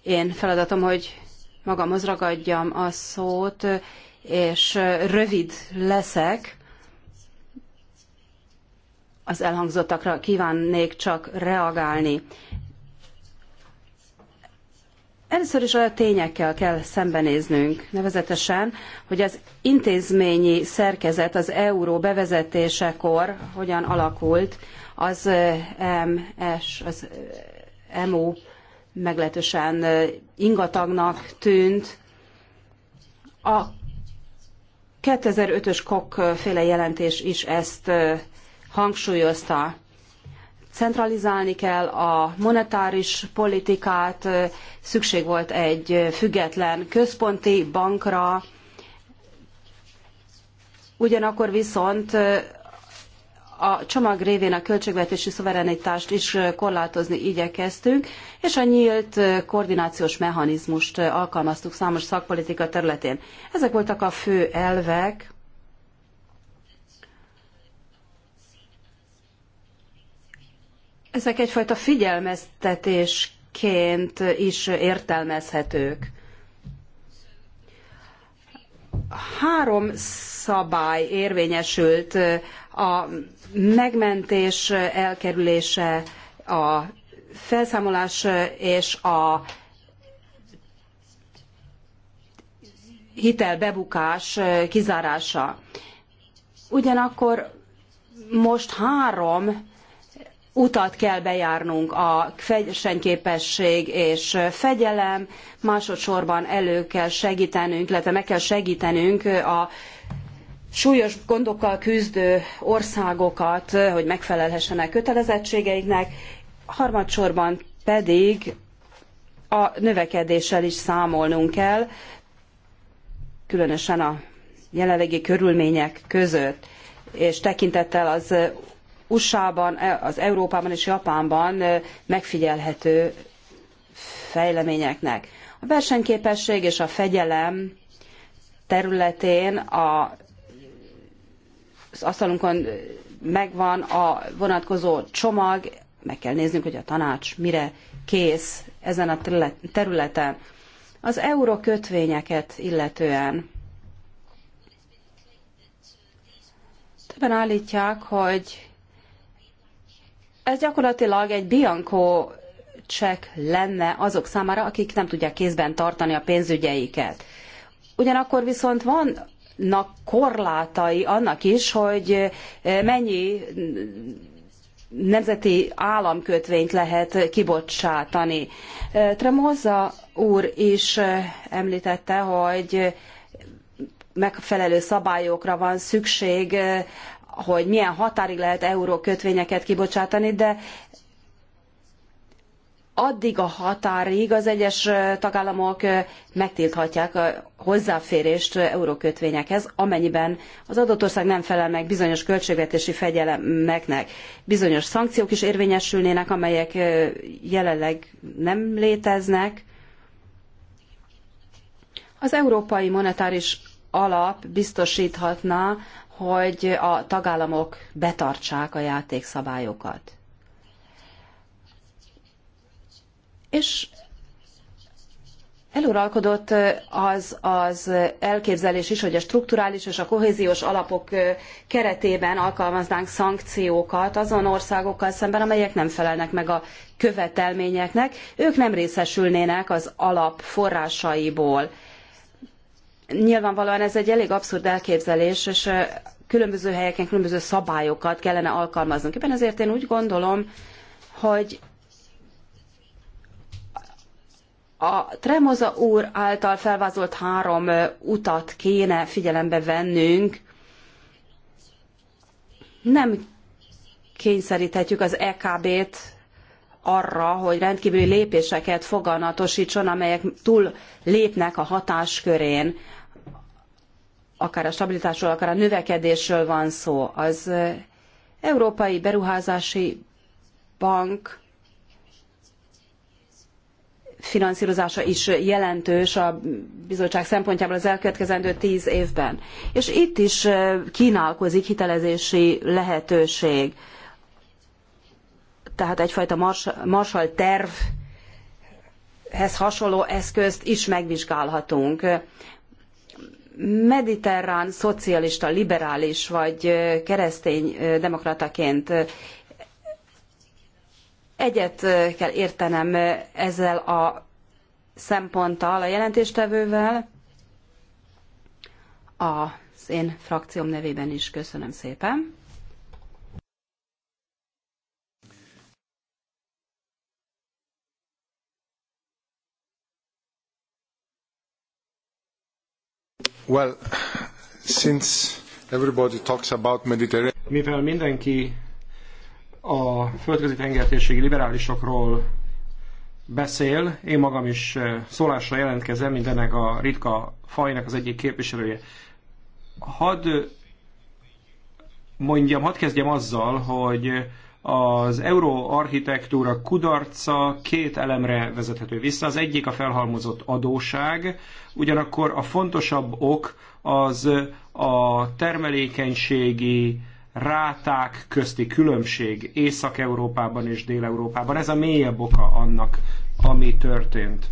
Speaker 3: én feladatom, hogy magamhoz ragadjam a szót, eh, és eh, rövid leszek. Az elhangzottakra kívánnék csak reagálni. Először is a tényekkel kell szembenéznünk, nevezetesen, hogy az intézményi szerkezet az euró bevezetésekor hogyan alakult, az MS, az MO meglehetősen ingatagnak tűnt. A 2005-ös Kok féle jelentés is ezt hangsúlyozta centralizálni kell a monetáris politikát, szükség volt egy független központi bankra, ugyanakkor viszont a csomag révén a költségvetési szuverenitást is korlátozni igyekeztünk, és a nyílt koordinációs mechanizmust alkalmaztuk számos szakpolitika területén. Ezek voltak a fő elvek, ezek egyfajta figyelmeztetésként is értelmezhetők. Három szabály érvényesült a megmentés elkerülése, a felszámolás és a hitelbebukás kizárása. Ugyanakkor most három utat kell bejárnunk a versenyképesség és fegyelem, másodszorban elő kell segítenünk, illetve meg kell segítenünk a súlyos gondokkal küzdő országokat, hogy megfelelhessenek kötelezettségeiknek, harmadsorban pedig a növekedéssel is számolnunk kell, különösen a jelenlegi körülmények között, és tekintettel az USA-ban, e, az Európában és Japánban e, megfigyelhető fejleményeknek. A versenyképesség és a fegyelem területén a, az asztalunkon megvan a vonatkozó csomag, meg kell néznünk, hogy a tanács mire kész ezen a területen. Az eurókötvényeket kötvényeket illetően többen állítják, hogy ez gyakorlatilag egy bianco csekk lenne azok számára, akik nem tudják kézben tartani a pénzügyeiket. Ugyanakkor viszont vannak korlátai annak is, hogy eh, mennyi nemzeti államkötvényt lehet kibocsátani. Eh, Tremoza úr is eh, említette, hogy megfelelő szabályokra van szükség hogy milyen határig lehet euró kötvényeket kibocsátani, de addig a határig az egyes tagállamok megtilthatják a hozzáférést eurókötvényekhez, amennyiben az adott ország nem felel meg bizonyos költségvetési fegyelemeknek. Bizonyos szankciók is érvényesülnének, amelyek jelenleg nem léteznek. Az Európai Monetáris Alap biztosíthatná hogy a tagállamok betartsák a játékszabályokat. És eluralkodott az az elképzelés is, hogy a strukturális és a kohéziós alapok keretében alkalmaznánk szankciókat azon országokkal szemben, amelyek nem felelnek meg a követelményeknek, ők nem részesülnének az alap forrásaiból. Nyilvánvalóan ez egy elég abszurd elképzelés, és különböző helyeken különböző szabályokat kellene alkalmaznunk. Éppen ezért én úgy gondolom, hogy a Tremoza úr által felvázolt három utat kéne figyelembe vennünk. Nem kényszeríthetjük az EKB-t arra, hogy rendkívüli lépéseket foganatosítson, amelyek túl lépnek a hatáskörén akár a stabilitásról, akár a növekedésről van szó. Az Európai Beruházási Bank finanszírozása is jelentős a bizottság szempontjából az elkövetkezendő tíz évben. És itt is kínálkozik hitelezési lehetőség. Tehát egyfajta marshall tervhez hasonló eszközt is megvizsgálhatunk mediterrán, szocialista, liberális vagy keresztény demokrataként egyet kell értenem ezzel a szemponttal, a jelentéstevővel. Az én frakcióm nevében is köszönöm szépen.
Speaker 1: Well, since everybody talks about Mediterranean... Mivel mindenki a földközi tengertérségi liberálisokról beszél, én magam is eh, szólásra jelentkezem, mindenek a ritka fajnak az egyik képviselője. Hadd mondjam, hadd kezdjem azzal, hogy az euró architektúra kudarca két elemre vezethető vissza. Az egyik a felhalmozott adóság, ugyanakkor a fontosabb ok az a termelékenységi ráták közti különbség Észak-Európában és Dél-Európában. Ez a mélyebb oka annak, ami történt.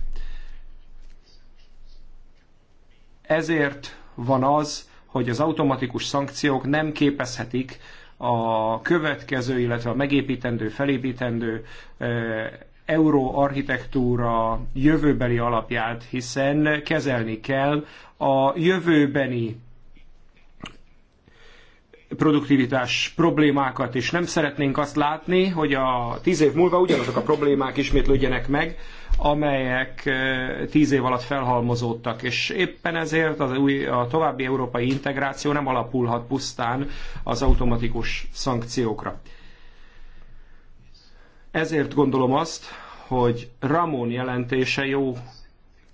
Speaker 1: Ezért van az, hogy az automatikus szankciók nem képezhetik a következő, illetve a megépítendő, felépítendő euróarchitektúra jövőbeli alapját, hiszen kezelni kell a jövőbeni produktivitás problémákat, és nem szeretnénk azt látni, hogy a tíz év múlva ugyanazok a problémák ismétlődjenek meg, amelyek tíz év alatt felhalmozódtak, és éppen ezért az új, a további európai integráció nem alapulhat pusztán az automatikus szankciókra. Ezért gondolom azt, hogy Ramon jelentése jó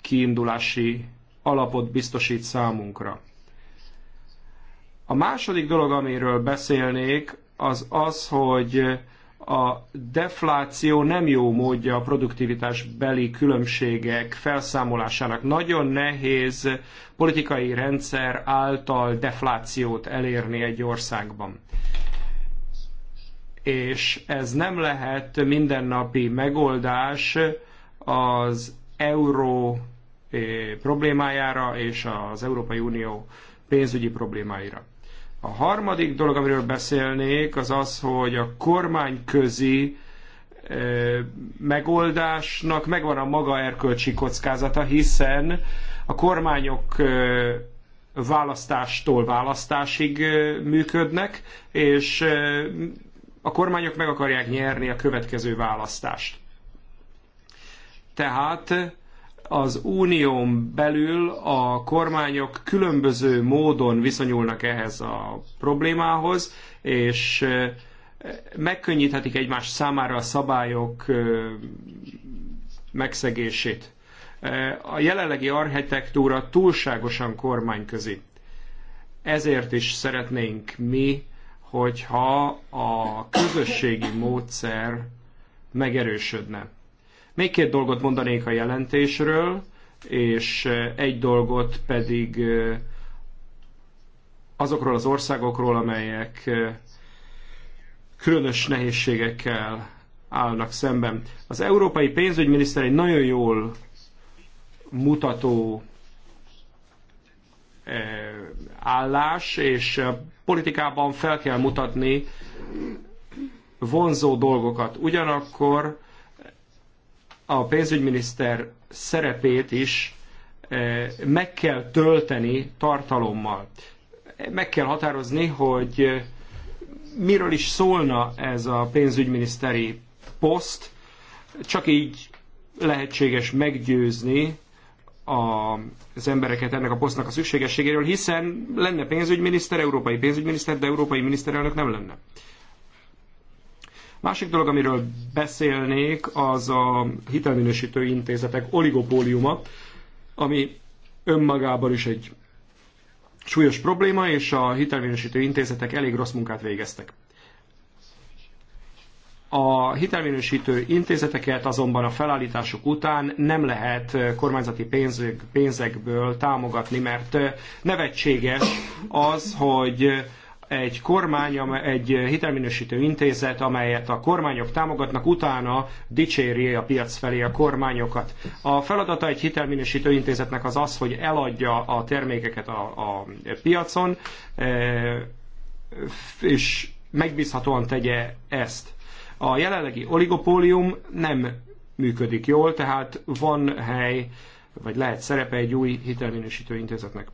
Speaker 1: kiindulási alapot biztosít számunkra. A második dolog, amiről beszélnék, az az, hogy a defláció nem jó módja a produktivitás beli különbségek felszámolásának. Nagyon nehéz politikai rendszer által deflációt elérni egy országban. És ez nem lehet mindennapi megoldás az euró eh, problémájára és az Európai Unió pénzügyi problémáira. A harmadik dolog, amiről beszélnék, az az, hogy a kormányközi megoldásnak megvan a maga erkölcsi kockázata, hiszen a kormányok választástól választásig működnek, és a kormányok meg akarják nyerni a következő választást. Tehát az unión belül a kormányok különböző módon viszonyulnak ehhez a problémához, és megkönnyíthetik egymás számára a szabályok megszegését. A jelenlegi architektúra túlságosan kormányközi. Ezért is szeretnénk mi, hogyha a közösségi módszer megerősödne még két dolgot mondanék a jelentésről, és egy dolgot pedig azokról az országokról, amelyek különös nehézségekkel állnak szemben. Az európai pénzügyminiszter egy nagyon jól mutató állás, és politikában fel kell mutatni vonzó dolgokat. Ugyanakkor a pénzügyminiszter szerepét is eh, meg kell tölteni tartalommal. Meg kell határozni, hogy eh, miről is szólna ez a pénzügyminiszteri poszt, csak így lehetséges meggyőzni a, az embereket ennek a posztnak a szükségességéről, hiszen lenne pénzügyminiszter, európai pénzügyminiszter, de európai miniszterelnök nem lenne. Másik dolog, amiről beszélnék, az a hitelminősítő intézetek oligopóliuma, ami önmagában is egy súlyos probléma, és a hitelminősítő intézetek elég rossz munkát végeztek. A hitelminősítő intézeteket azonban a felállításuk után nem lehet kormányzati pénzek, pénzekből támogatni, mert nevetséges az, hogy egy kormány, egy eh, hitelminősítő intézet, amelyet a kormányok támogatnak, utána dicséri a piac felé a kormányokat. A feladata egy hitelminősítő intézetnek az az, hogy eladja a termékeket a, a piacon, eh, és megbízhatóan tegye ezt. A jelenlegi oligopólium nem működik jól, tehát van hely, vagy lehet szerepe egy új hitelminősítő intézetnek.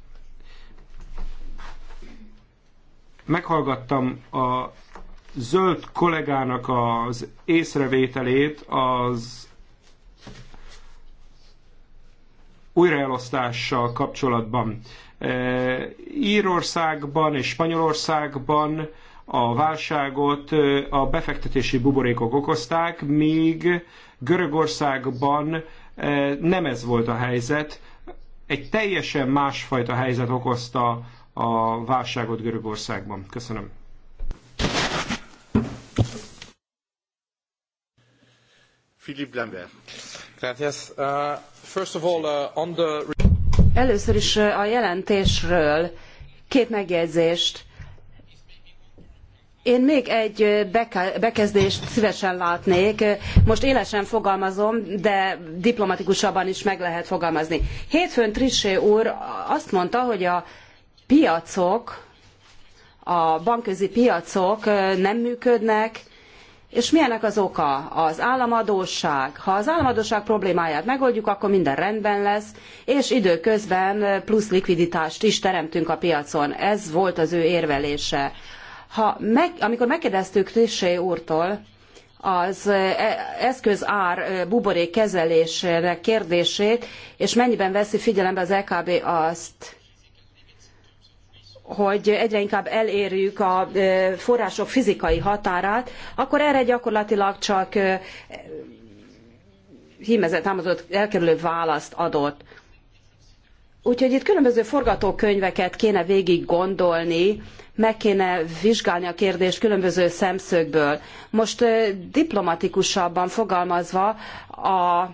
Speaker 1: meghallgattam a zöld kollégának az észrevételét az újraelosztással kapcsolatban. E, Írországban és Spanyolországban a válságot e, a befektetési buborékok okozták, míg Görögországban e, nem ez volt a helyzet. Egy teljesen másfajta helyzet okozta a válságot Görögországban. Köszönöm. Philip Lambert. Gracias. Uh, first of all, uh, on the...
Speaker 3: Először is uh, a jelentésről két megjegyzést. Én még egy uh, bekezdést szívesen látnék. Most élesen fogalmazom, de diplomatikusabban is meg lehet fogalmazni. Hétfőn Trissé úr azt mondta, hogy a piacok, a bankközi piacok nem működnek, és milyenek az oka? Az államadósság. Ha az államadósság problémáját megoldjuk, akkor minden rendben lesz, és időközben plusz likviditást is teremtünk a piacon. Ez volt az ő érvelése. Ha meg, amikor megkérdeztük Trissé úrtól, az e, eszközár buborék kezelésének kérdését, és mennyiben veszi figyelembe az EKB azt, hogy egyre inkább elérjük a források fizikai határát, akkor erre gyakorlatilag csak hímezett, támadott, elkerülő választ adott. Úgyhogy itt különböző forgatókönyveket kéne végig gondolni, meg kéne vizsgálni a kérdést különböző szemszögből. Most diplomatikusabban fogalmazva a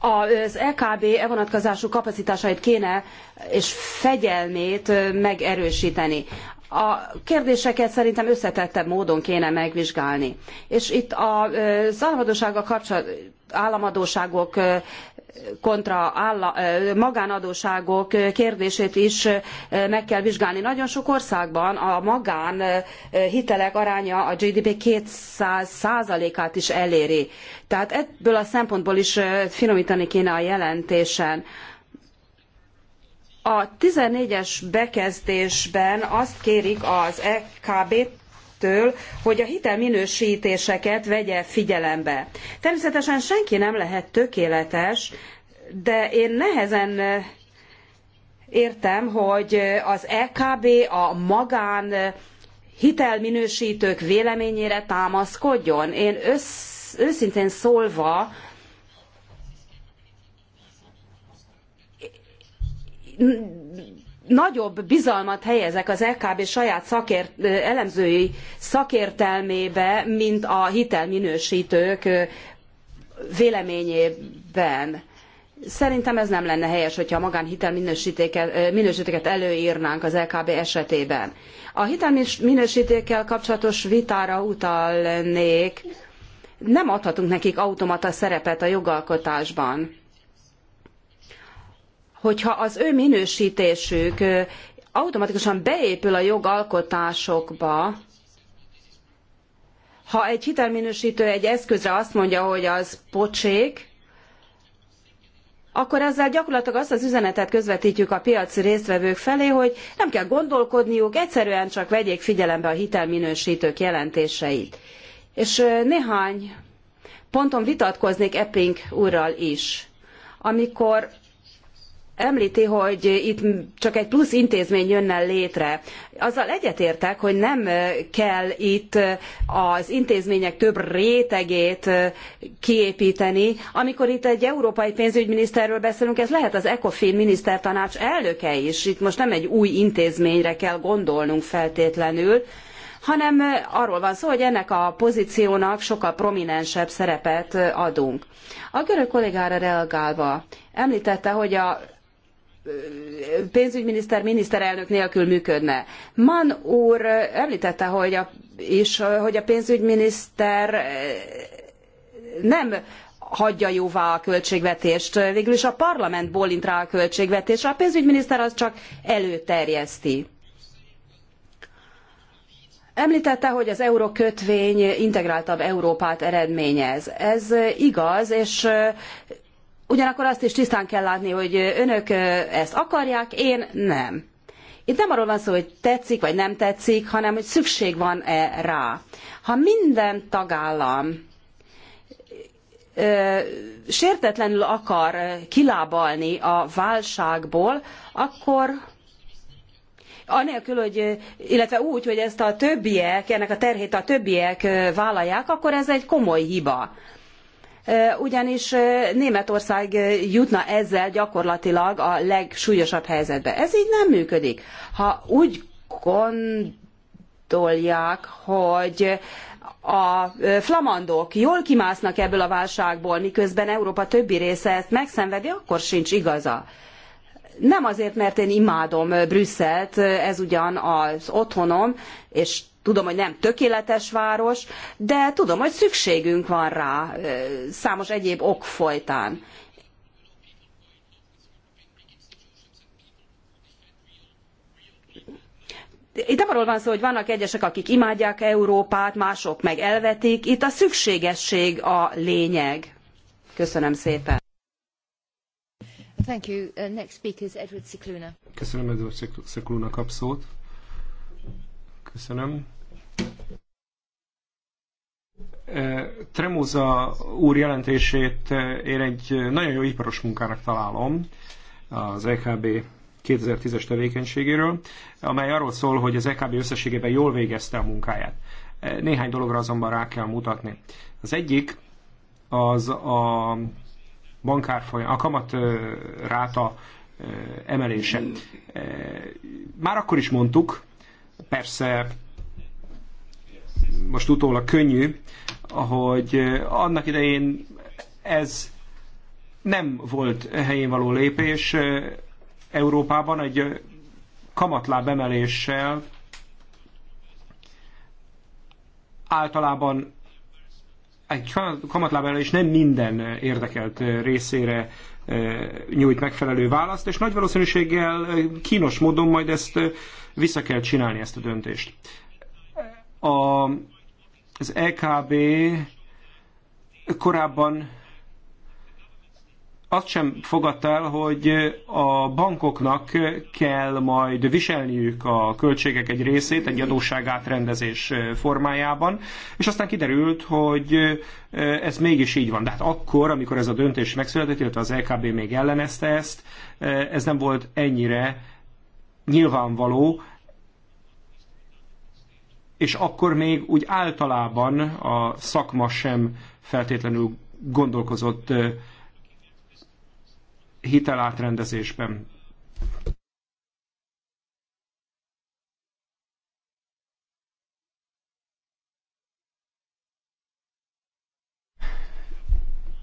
Speaker 3: az EKB e vonatkozású kapacitásait kéne és fegyelmét megerősíteni. A kérdéseket szerintem összetettebb módon kéne megvizsgálni. És itt az államadósággal kapcsolatban államadóságok kontra álla, kérdését is meg kell vizsgálni. Nagyon sok országban a magán hitelek aránya a GDP 200%-át is eléri. Tehát ebből a szempontból is finomítani kéne a jelentésen. A 14-es bekezdésben azt kérik az EKB ettől, hogy a hitelminősítéseket vegye figyelembe. Természetesen senki nem lehet tökéletes, de én nehezen eh, értem, hogy az EKB a magán eh, hitelminősítők véleményére támaszkodjon. Én össz, őszintén szólva nagyobb bizalmat helyezek az LKB saját szakért, elemzői szakértelmébe, mint a hitelminősítők véleményében. Szerintem ez nem lenne helyes, hogyha a magánhitelminősítőket előírnánk az LKB esetében. A hitelminősítékkel kapcsolatos vitára utalnék. Nem adhatunk nekik automata szerepet a jogalkotásban hogyha az ő minősítésük automatikusan beépül a jogalkotásokba, ha egy hitelminősítő egy eszközre azt mondja, hogy az pocsék, akkor ezzel gyakorlatilag azt az üzenetet közvetítjük a piaci résztvevők felé, hogy nem kell gondolkodniuk, egyszerűen csak vegyék figyelembe a hitelminősítők jelentéseit. És néhány ponton vitatkoznék Epping úrral is. Amikor említi, hogy itt csak egy plusz intézmény jönne létre. Azzal egyetértek, hogy nem kell itt az intézmények több rétegét kiépíteni. Amikor itt egy európai pénzügyminiszterről beszélünk, ez lehet az ECOFIN minisztertanács elnöke is. Itt most nem egy új intézményre kell gondolnunk feltétlenül, hanem arról van szó, hogy ennek a pozíciónak sokkal prominensebb szerepet adunk. A görög kollégára reagálva említette, hogy a pénzügyminiszter miniszterelnök nélkül működne. Mann úr említette, hogy a, is, hogy a pénzügyminiszter eh, nem hagyja jóvá a költségvetést. Végül is a parlament bólint rá a költségvetésre, a pénzügyminiszter az csak előterjeszti. Említette, hogy az eurókötvény integráltabb Európát eredményez. Ez igaz, és eh, Ugyanakkor azt is tisztán kell látni, hogy önök ezt akarják, én nem. Itt nem arról van szó, hogy tetszik vagy nem tetszik, hanem hogy szükség van-e rá. Ha minden tagállam ö, sértetlenül akar kilábalni a válságból, akkor anélkül, hogy, illetve úgy, hogy ezt a többiek, ennek a terhét a többiek vállalják, akkor ez egy komoly hiba ugyanis Németország jutna ezzel gyakorlatilag a legsúlyosabb helyzetbe. Ez így nem működik. Ha úgy gondolják, hogy a flamandok jól kimásznak ebből a válságból, miközben Európa többi része ezt megszenvedi, akkor sincs igaza. Nem azért, mert én imádom Brüsszelt, ez ugyan az otthonom, és Tudom, hogy nem tökéletes város, de tudom, hogy szükségünk van rá számos egyéb ok folytán. Itt nem arról van szó, hogy vannak egyesek, akik imádják Európát, mások meg elvetik. Itt a szükségesség a lényeg. Köszönöm szépen.
Speaker 2: Thank you. Uh, next speaker is Edward Cicluna.
Speaker 1: Köszönöm Edward Cicluna kap szót. Köszönöm. E, Tremóza úr jelentését e, én egy nagyon jó iparos munkának találom az EKB 2010-es tevékenységéről, amely arról szól, hogy az EKB összességében jól végezte a munkáját. E, néhány dologra azonban rá kell mutatni. Az egyik az a bankárfolyam, a kamat ráta emelése. Már akkor is mondtuk, Persze most utólag könnyű, hogy eh, annak idején ez nem volt helyén való lépés. Eh, Európában egy eh, kamatláb emeléssel általában egy emelés nem minden érdekelt részére nyújt megfelelő választ, és nagy valószínűséggel kínos módon majd ezt vissza kell csinálni ezt a döntést. A, az EKB korábban azt sem fogadta el, hogy a bankoknak kell majd viselniük a költségek egy részét egy adósságátrendezés formájában, és aztán kiderült, hogy ez mégis így van. De hát akkor, amikor ez a döntés megszületett, illetve az LKB e még ellenezte ezt, ez nem volt ennyire nyilvánvaló, és akkor még úgy általában a szakma sem feltétlenül gondolkozott hitelátrendezésben.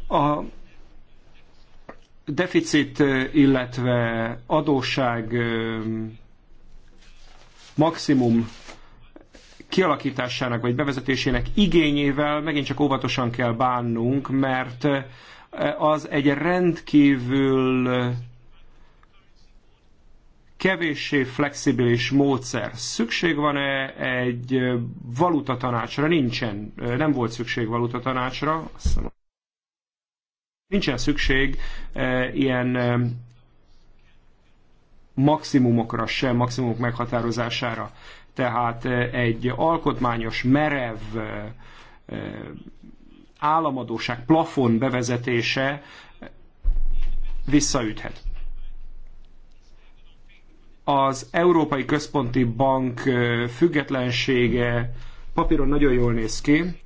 Speaker 1: A deficit, illetve adósság maximum kialakításának vagy bevezetésének igényével megint csak óvatosan kell bánnunk, mert az egy rendkívül kevéssé flexibilis módszer. Szükség van-e egy tanácsra? Nincsen. Nem volt szükség valuta tanácsra. Nincsen szükség eh, ilyen eh, maximumokra sem, maximumok meghatározására. Tehát eh, egy alkotmányos, merev államadóság plafon bevezetése visszaüthet. Az Európai Központi Bank függetlensége papíron nagyon jól néz ki,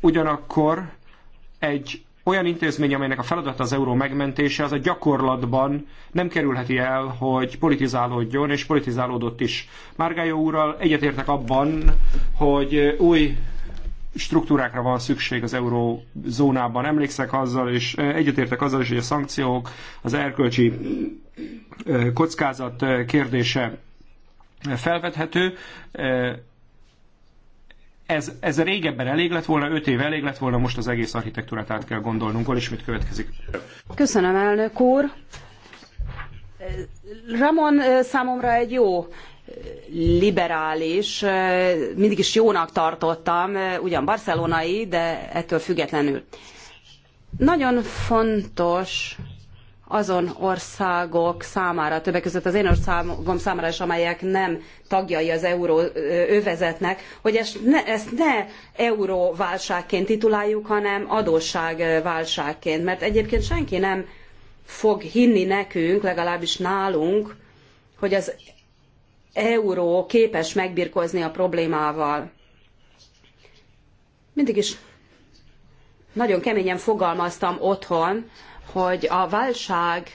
Speaker 1: ugyanakkor egy olyan intézmény, amelynek a feladata az euró megmentése, az a gyakorlatban nem kerülheti el, hogy politizálódjon, és politizálódott is. Márgályó úrral egyetértek abban, hogy új struktúrákra van szükség az eurózónában. Emlékszek azzal, és egyetértek azzal is, hogy a szankciók, az erkölcsi kockázat kérdése felvethető. Ez, ez régebben elég lett volna, öt év elég lett volna, most az egész architektúrát át kell gondolnunk. Hol mit következik?
Speaker 3: Köszönöm, elnök úr. Ramon számomra egy jó liberális, mindig is jónak tartottam, ugyan barcelonai, de ettől függetlenül. Nagyon fontos azon országok számára, többek között az én országom számára is, amelyek nem tagjai az euróövezetnek, hogy ezt ne, ezt ne euróválságként tituláljuk, hanem adósságválságként, mert egyébként senki nem fog hinni nekünk, legalábbis nálunk, hogy az euró képes megbirkózni a problémával. Mindig is nagyon keményen fogalmaztam otthon, hogy a válság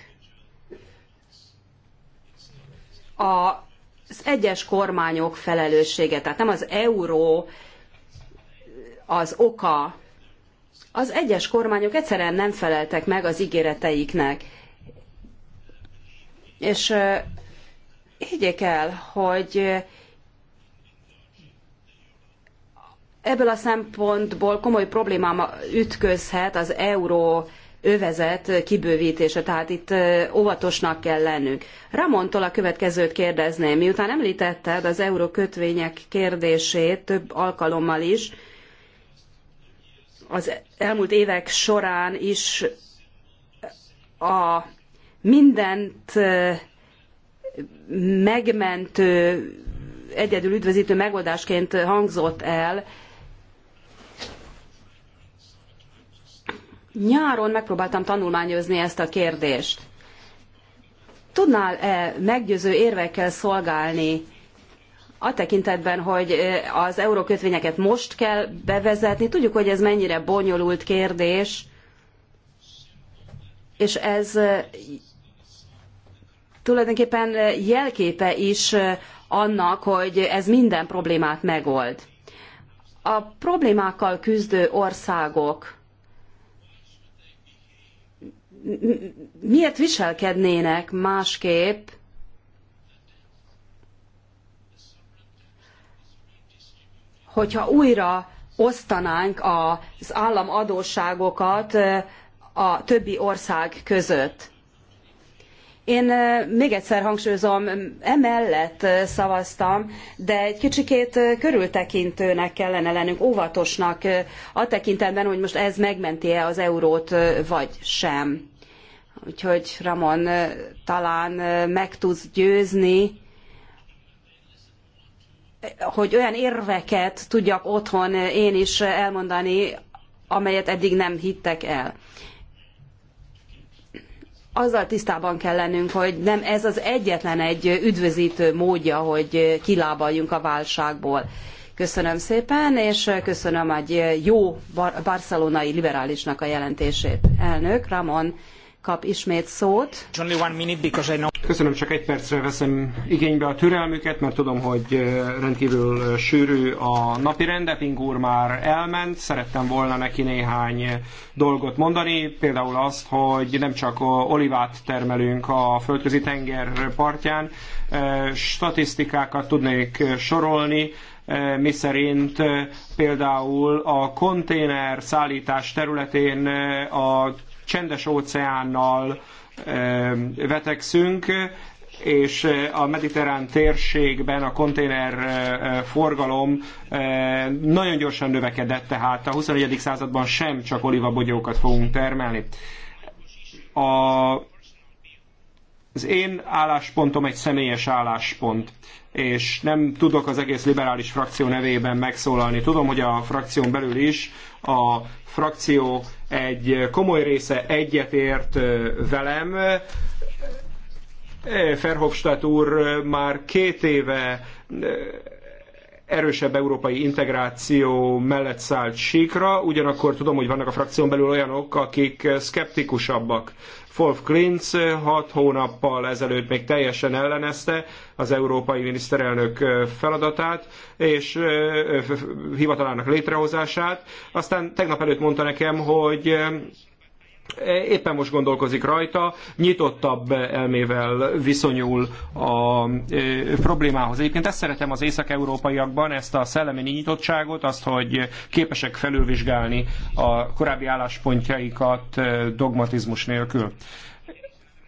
Speaker 3: az egyes kormányok felelőssége, tehát nem az euró az oka. Az egyes kormányok egyszerűen nem feleltek meg az ígéreteiknek. És Higgyék el, hogy ebből a szempontból komoly problémám ütközhet az euró övezet kibővítése, tehát itt óvatosnak kell lennünk. Ramontól a következőt kérdezném, miután említetted az euró kötvények kérdését több alkalommal is, az elmúlt évek során is a mindent megmentő, egyedül üdvözítő megoldásként hangzott el. Nyáron megpróbáltam tanulmányozni ezt a kérdést. Tudnál-e meggyőző érvekkel szolgálni a tekintetben, hogy az eurókötvényeket most kell bevezetni? Tudjuk, hogy ez mennyire bonyolult kérdés, és ez tulajdonképpen eh, jelképe is eh, annak, hogy ez minden problémát megold. A problémákkal küzdő országok miért viselkednének másképp, hogyha újra osztanánk az államadósságokat eh, a többi ország között. Én még egyszer hangsúlyozom, emellett szavaztam, de egy kicsikét körültekintőnek kellene lennünk, óvatosnak a tekintetben, hogy most ez megmenti-e az eurót, vagy sem. Úgyhogy Ramon talán meg tudsz győzni, hogy olyan érveket tudjak otthon én is elmondani, amelyet eddig nem hittek el azzal tisztában kell lennünk, hogy nem ez az egyetlen egy üdvözítő módja, hogy kilábaljunk a válságból. Köszönöm szépen, és köszönöm egy jó barcelonai liberálisnak a jelentését. Elnök Ramon kap ismét szót.
Speaker 1: Köszönöm, csak egy percre veszem igénybe a türelmüket, mert tudom, hogy rendkívül sűrű a napi rendeping úr már elment. Szerettem volna neki néhány dolgot mondani, például azt, hogy nem csak olivát termelünk a földközi tenger partján, statisztikákat tudnék sorolni, miszerint például a konténer szállítás területén a csendes óceánnal vetekszünk, és a mediterrán térségben a konténer forgalom nagyon gyorsan növekedett, tehát a 21. században sem csak olivabogyókat fogunk termelni. A, az én álláspontom egy személyes álláspont, és nem tudok az egész liberális frakció nevében megszólalni. Tudom, hogy a frakción belül is a frakció egy komoly része egyetért velem. Verhofstadt úr már két éve erősebb európai integráció mellett szállt síkra, ugyanakkor tudom, hogy vannak a frakción belül olyanok, akik szkeptikusabbak Wolf Klintz hat hónappal ezelőtt még teljesen ellenezte az európai miniszterelnök feladatát és hivatalának létrehozását. Aztán tegnap előtt mondta nekem, hogy éppen most gondolkozik rajta, nyitottabb elmével viszonyul a problémához. Egyébként ezt szeretem az észak-európaiakban, ezt a szellemi nyitottságot, azt, hogy képesek felülvizsgálni a korábbi álláspontjaikat dogmatizmus nélkül.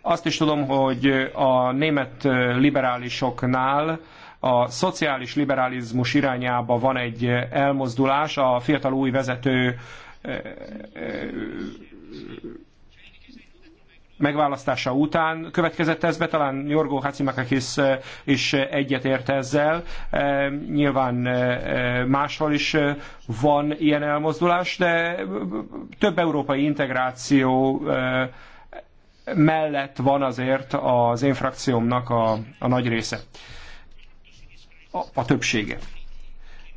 Speaker 1: Azt is tudom, hogy a német liberálisoknál a szociális liberalizmus irányába van egy elmozdulás, a fiatal új vezető megválasztása után következett ez be, talán Jorgó Hacimakakis eh, is eh, egyetért ezzel. Eh, nyilván máshol is van ilyen elmozdulás, de több európai integráció mellett van azért az én frakciómnak a, a nagy része, a, a többsége.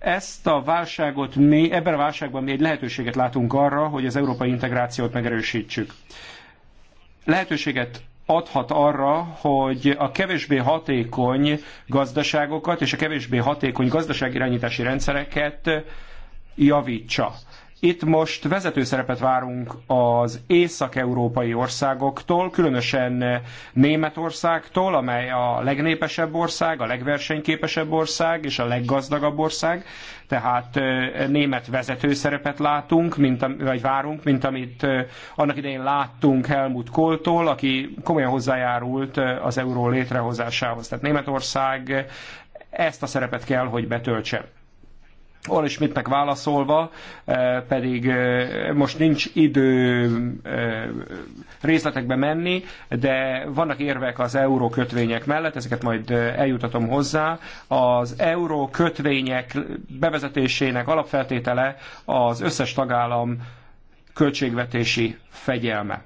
Speaker 1: Ezt a válságot mi, ebben a válságban mi egy lehetőséget látunk arra, hogy az európai integrációt megerősítsük. Lehetőséget adhat arra, hogy a kevésbé hatékony gazdaságokat és a kevésbé hatékony gazdaságirányítási rendszereket javítsa. Itt most vezető szerepet várunk az észak-európai országoktól, különösen Németországtól, amely a legnépesebb ország, a legversenyképesebb ország és a leggazdagabb ország. Tehát német vezető szerepet látunk, mint, vagy várunk, mint amit annak idején láttunk Helmut Kohltól, aki komolyan hozzájárult az euró létrehozásához. Tehát Németország ezt a szerepet kell, hogy betöltse. Orr Schmidtnek válaszolva, eh, pedig eh, most nincs idő eh, részletekbe menni, de vannak érvek az euró kötvények mellett, ezeket majd eljutatom hozzá. Az euró kötvények bevezetésének alapfeltétele az összes tagállam költségvetési fegyelme.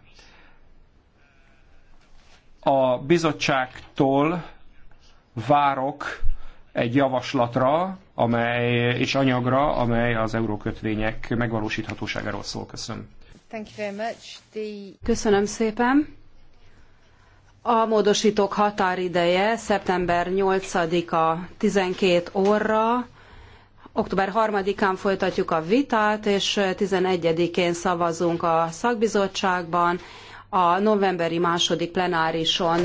Speaker 1: A bizottságtól várok egy javaslatra, amely, és anyagra, amely az eurókötvények megvalósíthatóságáról szól. Köszönöm.
Speaker 3: Thank you very much. The... Köszönöm szépen. A módosítók határideje szeptember 8-a 12 óra. Október 3-án folytatjuk a vitát, és 11-én szavazunk a szakbizottságban. A novemberi második plenárison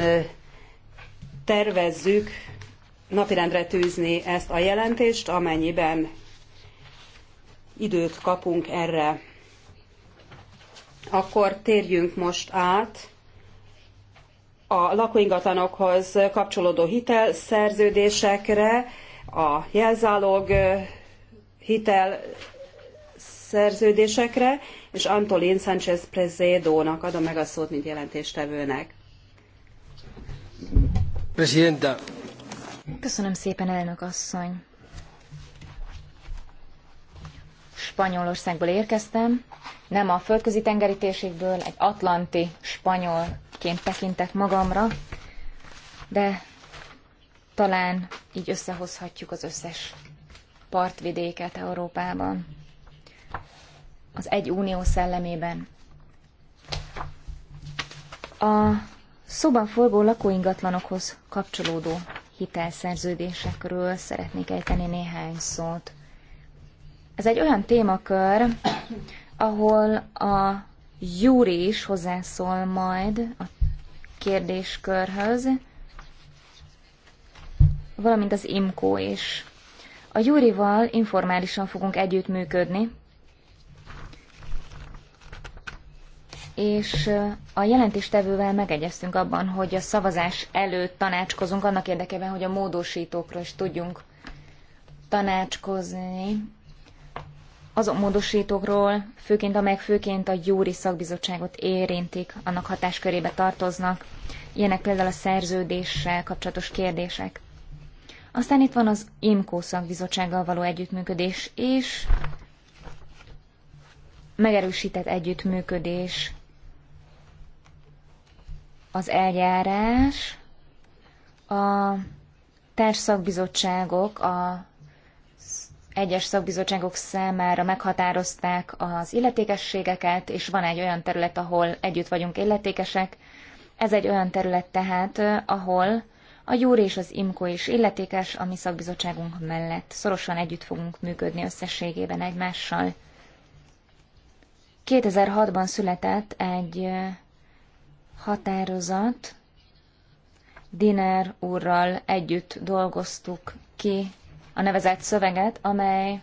Speaker 3: tervezzük napirendre tűzni ezt a jelentést, amennyiben időt kapunk erre. Akkor térjünk most át a lakóingatlanokhoz kapcsolódó hitelszerződésekre, a jelzálog hitel szerződésekre, és Antolin Sánchez Prezédónak adom meg a szót, mint jelentéstevőnek.
Speaker 2: Presidenta, Köszönöm szépen, elnök asszony. Spanyolországból érkeztem, nem a földközi tengeri térségből, egy atlanti spanyolként tekintek magamra, de talán így összehozhatjuk az összes partvidéket Európában. Az egy unió szellemében. A szóban forgó lakóingatlanokhoz kapcsolódó hitelszerződésekről szeretnék ejteni néhány szót. Ez egy olyan témakör, ahol a Júri is hozzászól majd a kérdéskörhöz, valamint az IMKO is. A Júrival informálisan fogunk együttműködni, és a jelentéstevővel megegyeztünk abban, hogy a szavazás előtt tanácskozunk annak érdekében, hogy a módosítókról is tudjunk tanácskozni. Azon módosítókról, főként amelyek főként a Júri Szakbizottságot érintik, annak hatáskörébe tartoznak, ilyenek például a szerződéssel kapcsolatos kérdések. Aztán itt van az IMCO szakbizottsággal való együttműködés és megerősített együttműködés az eljárás, a társszakbizottságok, a egyes szakbizottságok számára meghatározták az illetékességeket, és van egy olyan terület, ahol együtt vagyunk illetékesek. Ez egy olyan terület tehát, ahol a Júr és az IMKO is illetékes, a mi szakbizottságunk mellett. Szorosan együtt fogunk működni összességében egymással. 2006-ban született egy határozat. Dinár úrral együtt dolgoztuk ki a nevezett szöveget, amely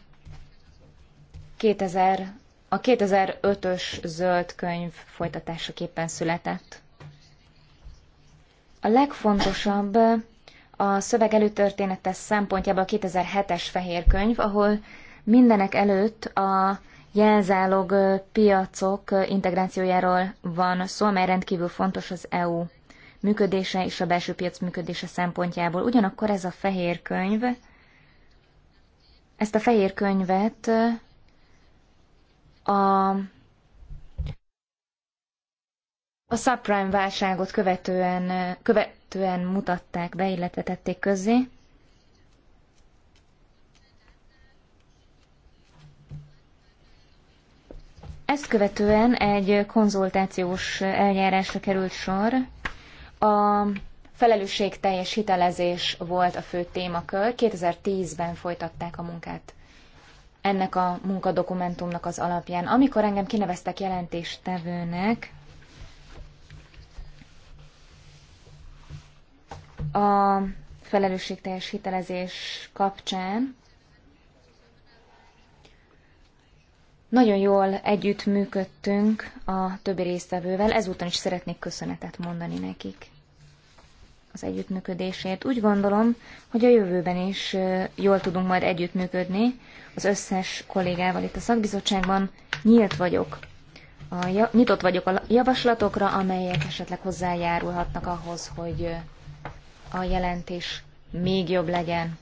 Speaker 2: 2000, a 2005-ös zöld könyv folytatásaképpen született. A legfontosabb a szöveg előtörténete szempontjából a 2007-es fehér könyv, ahol mindenek előtt a jelzálog piacok integrációjáról van szó, amely rendkívül fontos az EU működése és a belső piac működése szempontjából. Ugyanakkor ez a fehér könyv, ezt a fehér könyvet a, a subprime válságot követően, követően mutatták be, illetve tették közzé. Ezt követően egy konzultációs eljárásra került sor. A felelősségteljes hitelezés volt a fő témakör. 2010-ben folytatták a munkát ennek a munkadokumentumnak az alapján. Amikor engem kineveztek jelentéstevőnek, a felelősségteljes hitelezés kapcsán Nagyon jól együttműködtünk a többi résztvevővel, ezúton is szeretnék köszönetet mondani nekik az együttműködésért. Úgy gondolom, hogy a jövőben is jól tudunk majd együttműködni az összes kollégával itt a szakbizottságban. Nyílt vagyok, a, nyitott vagyok a javaslatokra, amelyek esetleg hozzájárulhatnak ahhoz, hogy a jelentés még jobb legyen.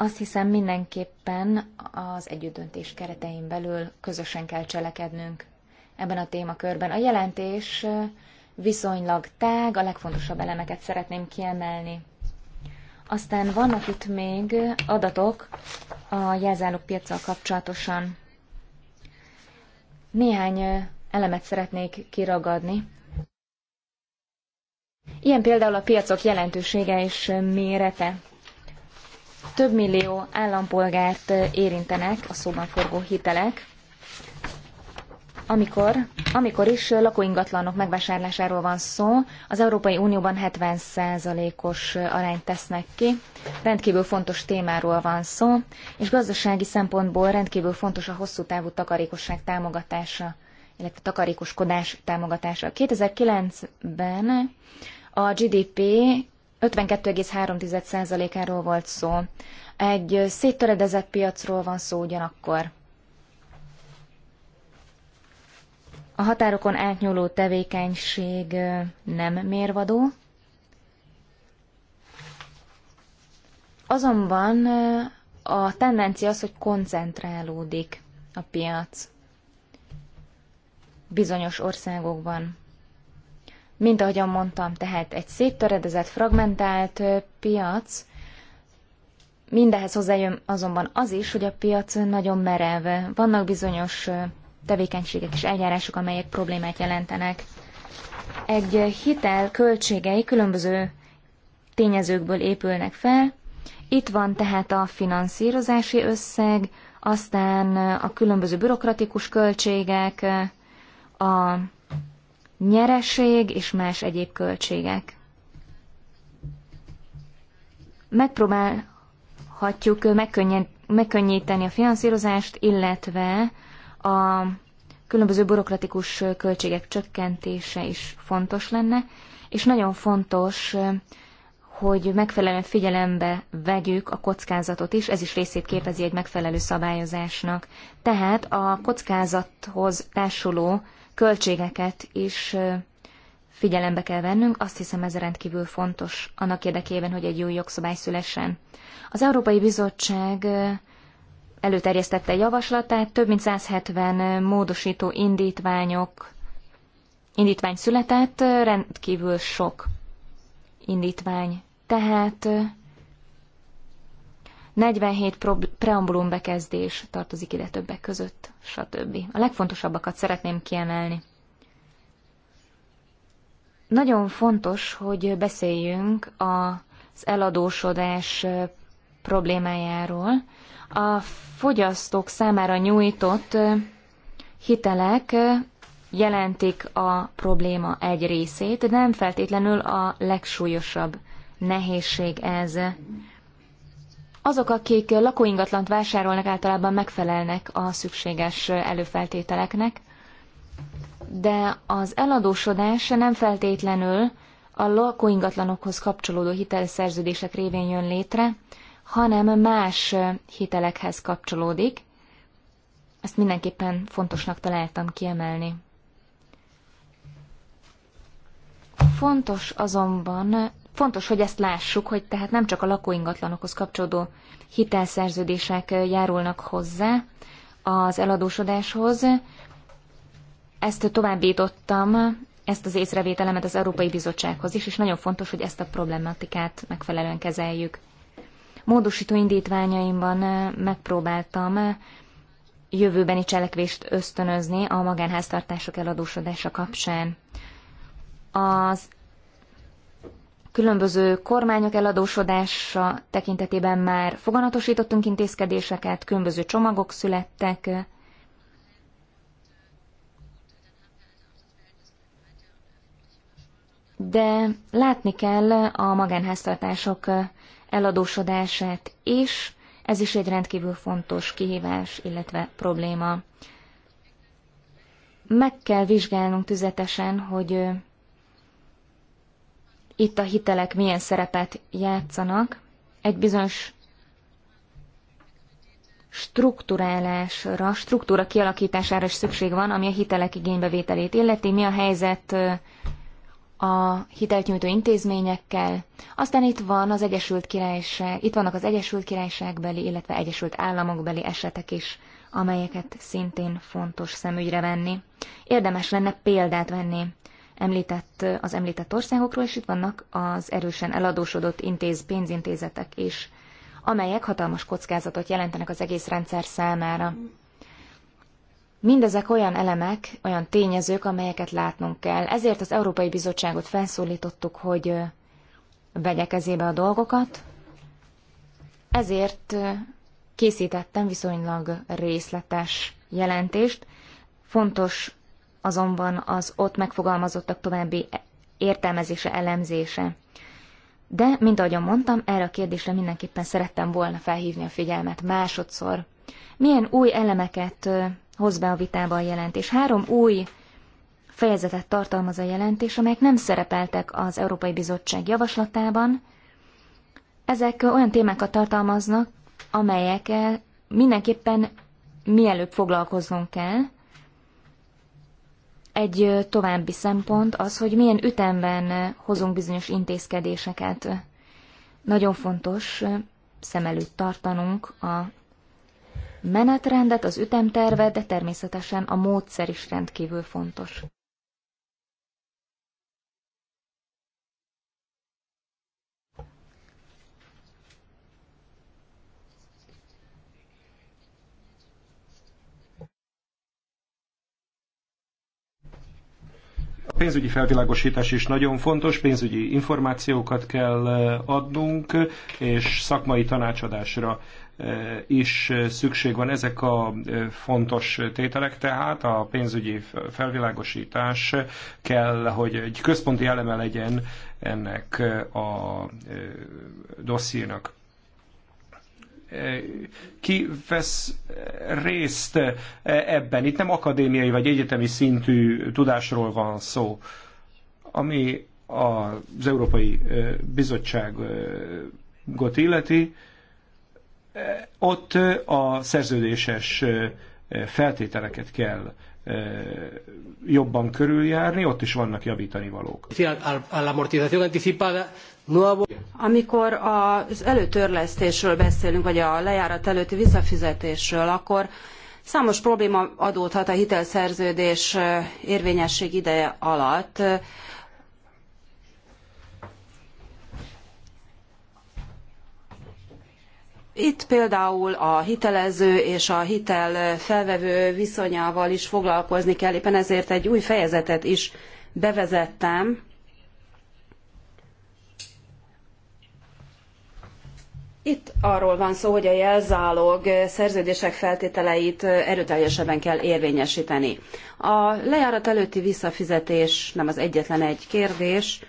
Speaker 2: Azt hiszem mindenképpen az együttdöntés keretein belül közösen kell cselekednünk ebben a témakörben. A jelentés viszonylag tág, a legfontosabb elemeket szeretném kiemelni. Aztán vannak itt még adatok a jelzálók piacsal kapcsolatosan. Néhány elemet szeretnék kiragadni. Ilyen például a piacok jelentősége és mérete több millió állampolgárt eh, érintenek a szóban forgó hitelek, amikor, amikor is lakóingatlanok megvásárlásáról van szó, az Európai Unióban 70%-os eh, arányt tesznek ki. Rendkívül fontos témáról van szó, és gazdasági szempontból rendkívül fontos a hosszú távú takarékosság támogatása, illetve takarékoskodás támogatása. 2009-ben a GDP 52,3%-áról volt szó. Egy széttöredezett piacról van szó ugyanakkor. A határokon átnyúló tevékenység nem mérvadó, azonban a tendencia az, hogy koncentrálódik a piac bizonyos országokban. Mint ahogyan mondtam, tehát egy széttöredezett, fragmentált piac, Mindehez hozzájön azonban az is, hogy a piac nagyon merev. Vannak bizonyos tevékenységek és eljárások, amelyek problémát jelentenek. Egy hitel költségei különböző tényezőkből épülnek fel. Itt van tehát a finanszírozási összeg, aztán a különböző bürokratikus költségek, a nyereség és más egyéb költségek. Megpróbálhatjuk megkönnyíteni a finanszírozást, illetve a különböző bürokratikus költségek csökkentése is fontos lenne, és nagyon fontos, hogy megfelelően figyelembe vegyük a kockázatot is, ez is részét képezi egy megfelelő szabályozásnak. Tehát a kockázathoz társuló költségeket is figyelembe kell vennünk, azt hiszem ez rendkívül fontos annak érdekében, hogy egy jó jogszabály szülessen. Az Európai Bizottság előterjesztette javaslatát, több mint 170 módosító indítványok, indítvány született, rendkívül sok indítvány. Tehát 47 preambulum bekezdés tartozik ide többek között, stb. A legfontosabbakat szeretném kiemelni. Nagyon fontos, hogy beszéljünk az eladósodás problémájáról. A fogyasztók számára nyújtott hitelek jelentik a probléma egy részét, de nem feltétlenül a legsúlyosabb nehézség ez. Azok, akik lakóingatlant vásárolnak, általában megfelelnek a szükséges előfeltételeknek, de az eladósodás nem feltétlenül a lakóingatlanokhoz kapcsolódó hitelszerződések révén jön létre, hanem más hitelekhez kapcsolódik. Ezt mindenképpen fontosnak találtam kiemelni. Fontos azonban Fontos, hogy ezt lássuk, hogy tehát nem csak a lakóingatlanokhoz kapcsolódó hitelszerződések járulnak hozzá az eladósodáshoz. Ezt továbbítottam, ezt az észrevételemet az Európai Bizottsághoz is, és nagyon fontos, hogy ezt a problematikát megfelelően kezeljük. Módosító indítványaimban megpróbáltam jövőbeni cselekvést ösztönözni a magánháztartások eladósodása kapcsán. Az Különböző kormányok eladósodása tekintetében már foganatosítottunk intézkedéseket, különböző csomagok születtek, de látni kell a magánháztartások eladósodását is, ez is egy rendkívül fontos kihívás, illetve probléma. Meg kell vizsgálnunk tüzetesen, hogy itt a hitelek milyen szerepet játszanak, egy bizonyos struktúrálásra, struktúra kialakítására is szükség van, ami a hitelek igénybevételét illeti, mi a helyzet a hitelt nyújtó intézményekkel, aztán itt van az Egyesült Királyság, itt vannak az Egyesült Királyságbeli, illetve Egyesült Államokbeli esetek is, amelyeket szintén fontos szemügyre venni. Érdemes lenne példát venni említett, az említett országokról, és itt vannak az erősen eladósodott intéz, pénzintézetek is, amelyek hatalmas kockázatot jelentenek az egész rendszer számára. Mindezek olyan elemek, olyan tényezők, amelyeket látnunk kell. Ezért az Európai Bizottságot felszólítottuk, hogy vegye kezébe a dolgokat. Ezért készítettem viszonylag részletes jelentést. Fontos azonban az ott megfogalmazottak további értelmezése, elemzése. De, mint ahogyan mondtam, erre a kérdésre mindenképpen szerettem volna felhívni a figyelmet másodszor. Milyen új elemeket hoz be a vitába a jelentés? Három új fejezetet tartalmaz a jelentés, amelyek nem szerepeltek az Európai Bizottság javaslatában. Ezek olyan témákat tartalmaznak, amelyekkel mindenképpen mielőbb foglalkoznunk kell, egy további szempont az, hogy milyen ütemben hozunk bizonyos intézkedéseket. Nagyon fontos szem előtt tartanunk a menetrendet, az ütemtervet, de természetesen a módszer is rendkívül fontos.
Speaker 1: A pénzügyi felvilágosítás is nagyon fontos, pénzügyi információkat kell adnunk, és szakmai tanácsadásra is szükség van. Ezek a fontos tételek, tehát a pénzügyi felvilágosítás kell, hogy egy központi eleme legyen ennek a dossziénak ki vesz részt ebben. Itt nem akadémiai vagy egyetemi szintű tudásról van szó, ami az Európai Bizottságot illeti, ott a szerződéses feltételeket kell jobban körüljárni, ott is vannak javítani valók.
Speaker 3: Amikor az előtörlesztésről beszélünk, vagy a lejárat előtti visszafizetésről, akkor számos probléma adódhat a hitelszerződés érvényesség ideje alatt. Itt például a hitelező és a hitel felvevő viszonyával is foglalkozni kell, éppen ezért egy új fejezetet is bevezettem, Itt arról van szó, hogy a jelzálog szerződések feltételeit erőteljesebben kell érvényesíteni. A lejárat előtti visszafizetés nem az egyetlen egy kérdés.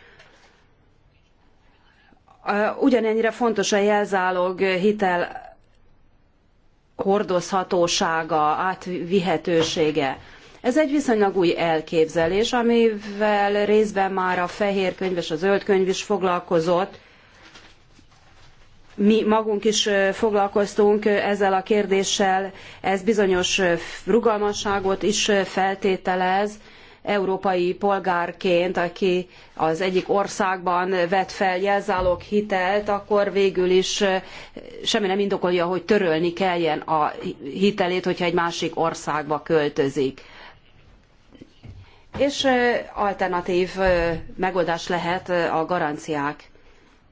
Speaker 3: Ugyanennyire fontos a jelzálog hitel hordozhatósága, átvihetősége. Ez egy viszonylag új elképzelés, amivel részben már a fehér könyv és a zöld könyv is foglalkozott, mi magunk is foglalkoztunk ezzel a kérdéssel, ez bizonyos rugalmasságot is feltételez, európai polgárként, aki az egyik országban vett fel jelzálog hitelt, akkor végül is semmi nem indokolja, hogy törölni kelljen a hitelét, hogyha egy másik országba költözik. És alternatív megoldás lehet a garanciák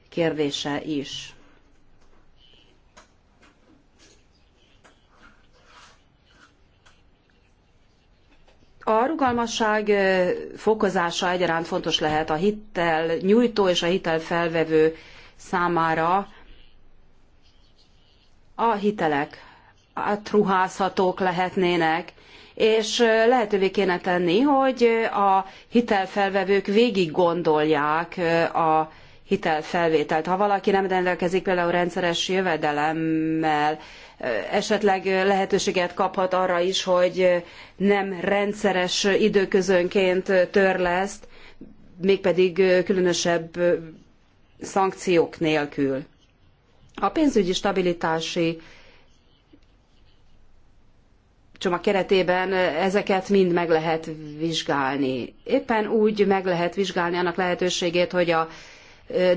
Speaker 3: kérdése is. A rugalmasság fokozása egyaránt fontos lehet a hittel nyújtó és a hitel felvevő számára. A hitelek átruházhatók lehetnének, és lehetővé kéne tenni, hogy a hitelfelvevők végig gondolják a hitelfelvételt. Ha valaki nem rendelkezik például rendszeres jövedelemmel, esetleg lehetőséget kaphat arra is, hogy nem rendszeres időközönként törleszt, mégpedig különösebb szankciók nélkül. A pénzügyi stabilitási csomag keretében ezeket mind meg lehet vizsgálni. Éppen úgy meg lehet vizsgálni annak lehetőségét, hogy a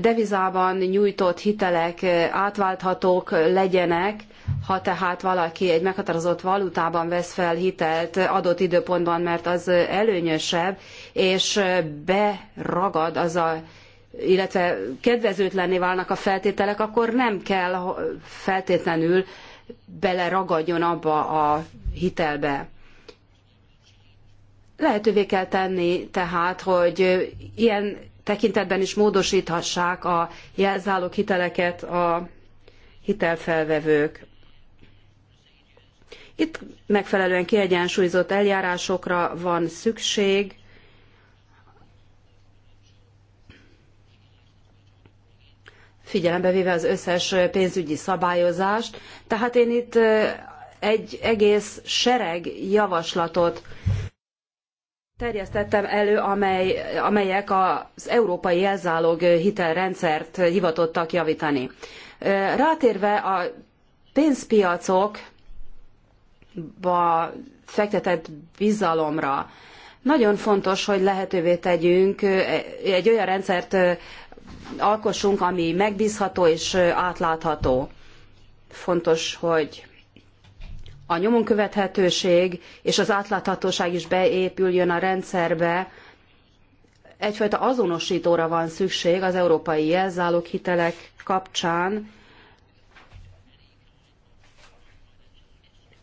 Speaker 3: devizában nyújtott hitelek átválthatók legyenek, ha tehát valaki egy meghatározott valutában vesz fel hitelt adott időpontban, mert az előnyösebb, és beragad az a illetve kedvezőtlenné válnak a feltételek, akkor nem kell feltétlenül beleragadjon abba a hitelbe. Lehetővé kell tenni tehát, hogy ilyen tekintetben is módosíthassák a jelzálók hiteleket a hitelfelvevők. Itt megfelelően kiegyensúlyozott eljárásokra van szükség, figyelembe véve az összes pénzügyi szabályozást. Tehát én itt eh, egy egész sereg javaslatot terjesztettem elő, amely, amelyek az európai elzálog hitelrendszert hivatottak javítani. Rátérve a pénzpiacokba fektetett bizalomra, nagyon fontos, hogy lehetővé tegyünk egy olyan rendszert alkossunk, ami megbízható és átlátható. Fontos, hogy a nyomon követhetőség és az átláthatóság is beépüljön a rendszerbe, egyfajta azonosítóra van szükség az európai jelzálók hitelek kapcsán,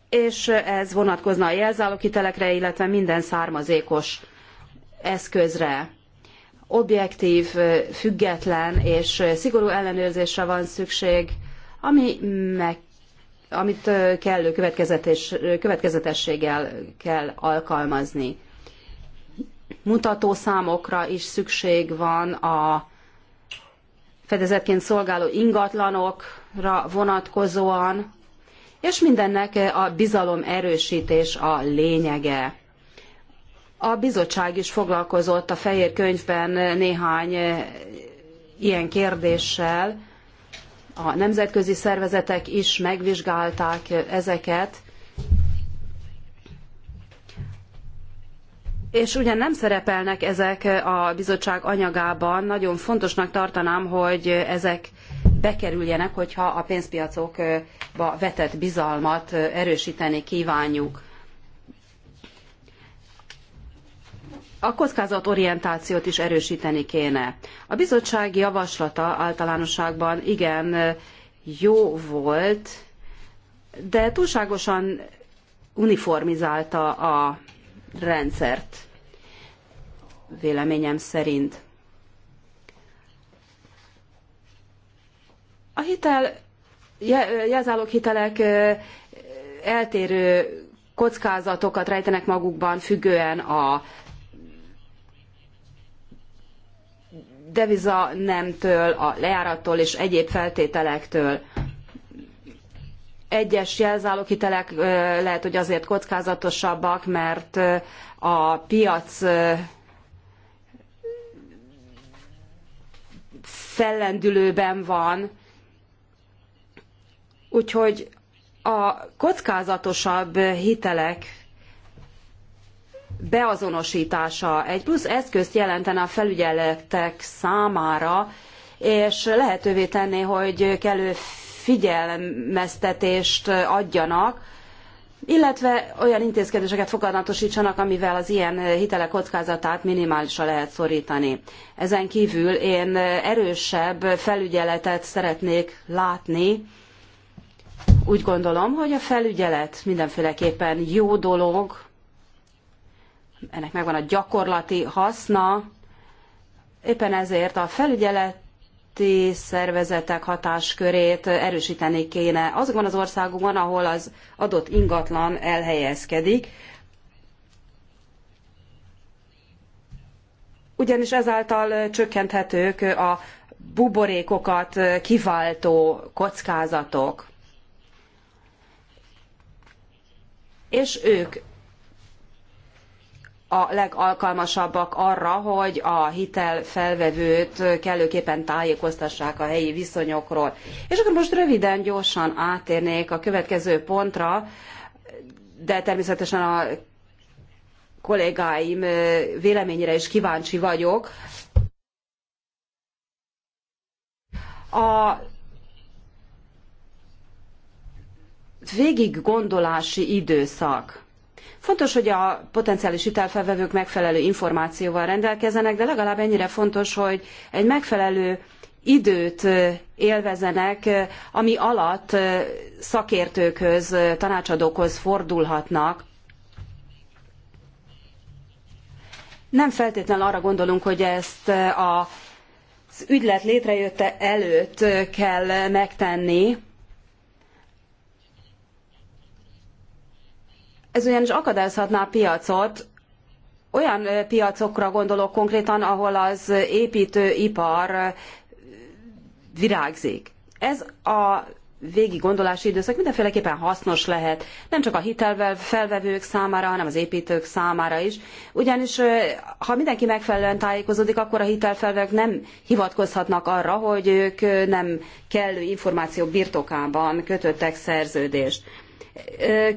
Speaker 3: és ez vonatkozna a jelzálók hitelekre, illetve minden származékos eszközre. Objektív, független és szigorú ellenőrzésre van szükség, ami meg amit kellő következetes, következetességgel kell alkalmazni. Mutatószámokra is szükség van a fedezetként szolgáló ingatlanokra vonatkozóan, és mindennek a bizalom erősítés a lényege. A bizottság is foglalkozott a fehér könyvben néhány ilyen kérdéssel, a nemzetközi szervezetek is megvizsgálták ezeket, És ugyan nem szerepelnek ezek a bizottság anyagában, nagyon fontosnak tartanám, hogy ezek bekerüljenek, hogyha a pénzpiacokba vetett bizalmat erősíteni kívánjuk. a kockázatorientációt is erősíteni kéne. A bizottság javaslata általánosságban igen jó volt, de túlságosan uniformizálta a rendszert, véleményem szerint. A hitel, jelzáloghitelek eltérő kockázatokat rejtenek magukban függően a deviza nemtől, a lejárattól és egyéb feltételektől. Egyes jelzáloghitelek lehet, hogy azért kockázatosabbak, mert a piac fellendülőben van, úgyhogy a kockázatosabb hitelek beazonosítása egy plusz eszközt jelentene a felügyeletek számára, és lehetővé tenné, hogy kellő figyelmeztetést adjanak, illetve olyan intézkedéseket foganatosítsanak, amivel az ilyen hitelek kockázatát minimálisra lehet szorítani. Ezen kívül én erősebb felügyeletet szeretnék látni. Úgy gondolom, hogy a felügyelet mindenféleképpen jó dolog, ennek megvan a gyakorlati haszna, éppen ezért a felügyeleti szervezetek hatáskörét erősíteni kéne azokban az országokban, ahol az adott ingatlan elhelyezkedik, ugyanis ezáltal csökkenthetők a buborékokat kiváltó kockázatok. És ők a legalkalmasabbak arra, hogy a hitelfelvevőt kellőképpen tájékoztassák a helyi viszonyokról. És akkor most röviden, gyorsan átérnék a következő pontra, de természetesen a kollégáim véleményére is kíváncsi vagyok. A végiggondolási időszak Fontos, hogy a potenciális hitelfelvevők megfelelő információval rendelkezzenek, de legalább ennyire fontos, hogy egy megfelelő időt élvezenek, ami alatt szakértőkhöz, tanácsadókhoz fordulhatnak. Nem feltétlenül arra gondolunk, hogy ezt a az ügylet létrejötte előtt kell megtenni, Ez ugyanis akadályozhatná a piacot, olyan piacokra gondolok konkrétan, ahol az építőipar virágzik. Ez a végig gondolási időszak mindenféleképpen hasznos lehet, nem csak a hitelvel felvevők számára, hanem az építők számára is. Ugyanis ha mindenki megfelelően tájékozódik, akkor a hitelfelvevők nem hivatkozhatnak arra, hogy ők nem kellő információ birtokában kötöttek szerződést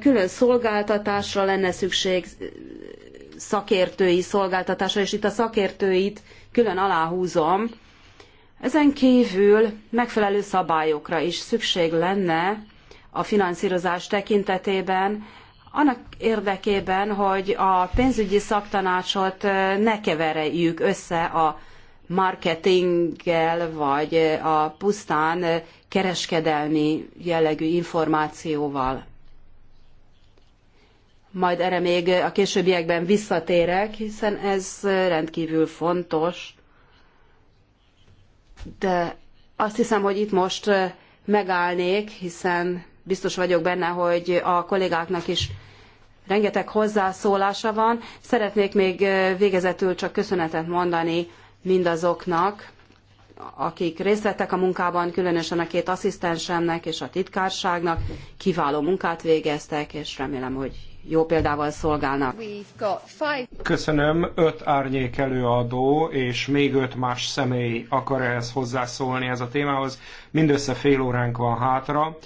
Speaker 3: külön szolgáltatásra lenne szükség, szakértői szolgáltatásra, és itt a szakértőit külön aláhúzom. Ezen kívül megfelelő szabályokra is szükség lenne a finanszírozás tekintetében, annak érdekében, hogy a pénzügyi szaktanácsot ne keverjük össze a marketinggel, vagy a pusztán kereskedelmi jellegű információval majd erre még a későbbiekben visszatérek, hiszen ez rendkívül fontos. De azt hiszem, hogy itt most megállnék, hiszen biztos vagyok benne, hogy a kollégáknak is rengeteg hozzászólása van. Szeretnék még végezetül csak köszönetet mondani mindazoknak, akik részt vettek a munkában, különösen a két asszisztensemnek és a titkárságnak kiváló munkát végeztek, és remélem, hogy jó példával szolgálnak.
Speaker 1: Köszönöm, öt árnyék előadó és még öt más személy akar ehhez hozzászólni ez a témához. Mindössze fél óránk van hátra.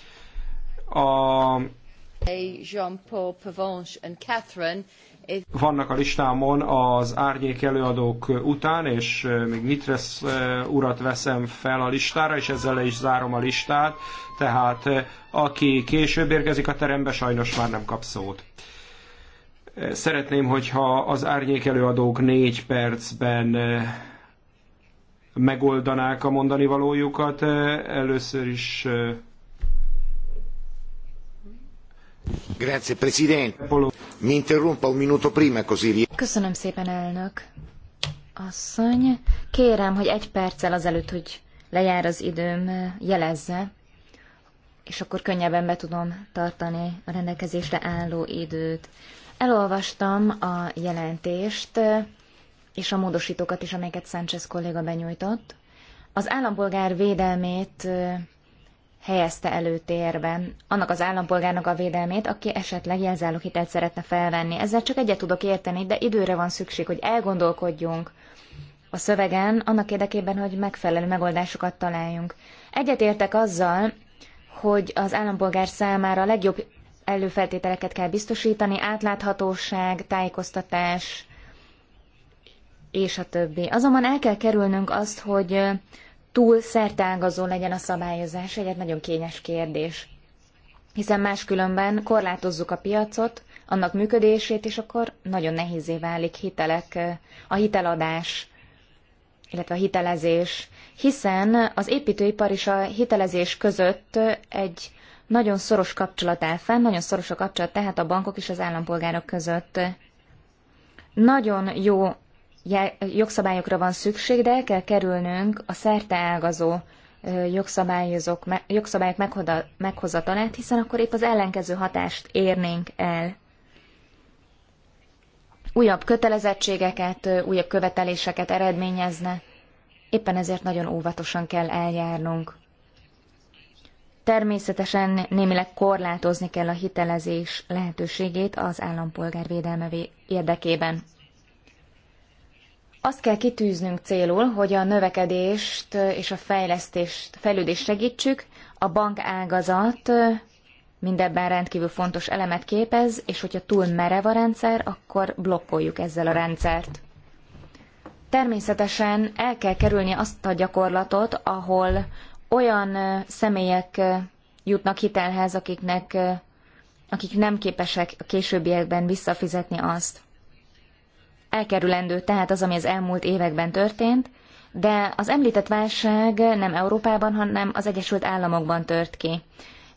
Speaker 1: A
Speaker 3: Jean-Paul Pavanche and Catherine
Speaker 1: vannak a listámon az árnyék előadók után, és még Mitres urat veszem fel a listára, és ezzel le is zárom a listát, tehát aki később érkezik a terembe, sajnos már nem kap szót. Szeretném, hogyha az árnyék előadók négy percben megoldanák a mondani valójukat. Először is Grazie Presidente.
Speaker 2: Köszönöm szépen, elnök. Asszony, kérem, hogy egy perccel azelőtt, hogy lejár az időm, jelezze, és akkor könnyebben be tudom tartani a rendelkezésre álló időt. Elolvastam a jelentést, és a módosítókat is, amelyeket Sánchez kolléga benyújtott. Az állampolgár védelmét helyezte előtérben annak az állampolgárnak a védelmét, aki esetleg jelzálóhitelt szeretne felvenni. Ezzel csak egyet tudok érteni, de időre van szükség, hogy elgondolkodjunk a szövegen, annak érdekében, hogy megfelelő megoldásokat találjunk. Egyetértek azzal, hogy az állampolgár számára a legjobb előfeltételeket kell biztosítani, átláthatóság, tájékoztatás, és a többi. Azonban el kell kerülnünk azt, hogy túl szerteágazó legyen a szabályozás, egy nagyon kényes kérdés. Hiszen máskülönben korlátozzuk a piacot, annak működését, és akkor nagyon nehézé válik hitelek, a hiteladás, illetve a hitelezés, hiszen az építőipar és a hitelezés között egy nagyon szoros kapcsolat áll fenn, nagyon szoros a kapcsolat tehát a bankok és az állampolgárok között. Nagyon jó jogszabályokra van szükség, de el kell kerülnünk a szerteágazó jogszabályozók, jogszabályok meghozatalát, hiszen akkor épp az ellenkező hatást érnénk el. Újabb kötelezettségeket, újabb követeléseket eredményezne. Éppen ezért nagyon óvatosan kell eljárnunk. Természetesen némileg korlátozni kell a hitelezés lehetőségét az állampolgár védelme érdekében. Azt kell kitűznünk célul, hogy a növekedést és a fejlesztést, fejlődést segítsük, a bankágazat mindebben rendkívül fontos elemet képez, és hogyha túl merev a rendszer, akkor blokkoljuk ezzel a rendszert. Természetesen el kell kerülni azt a gyakorlatot, ahol olyan személyek jutnak hitelhez, akiknek, akik nem képesek a későbbiekben visszafizetni azt. Elkerülendő tehát az, ami az elmúlt években történt, de az említett válság nem Európában, hanem az Egyesült Államokban tört ki.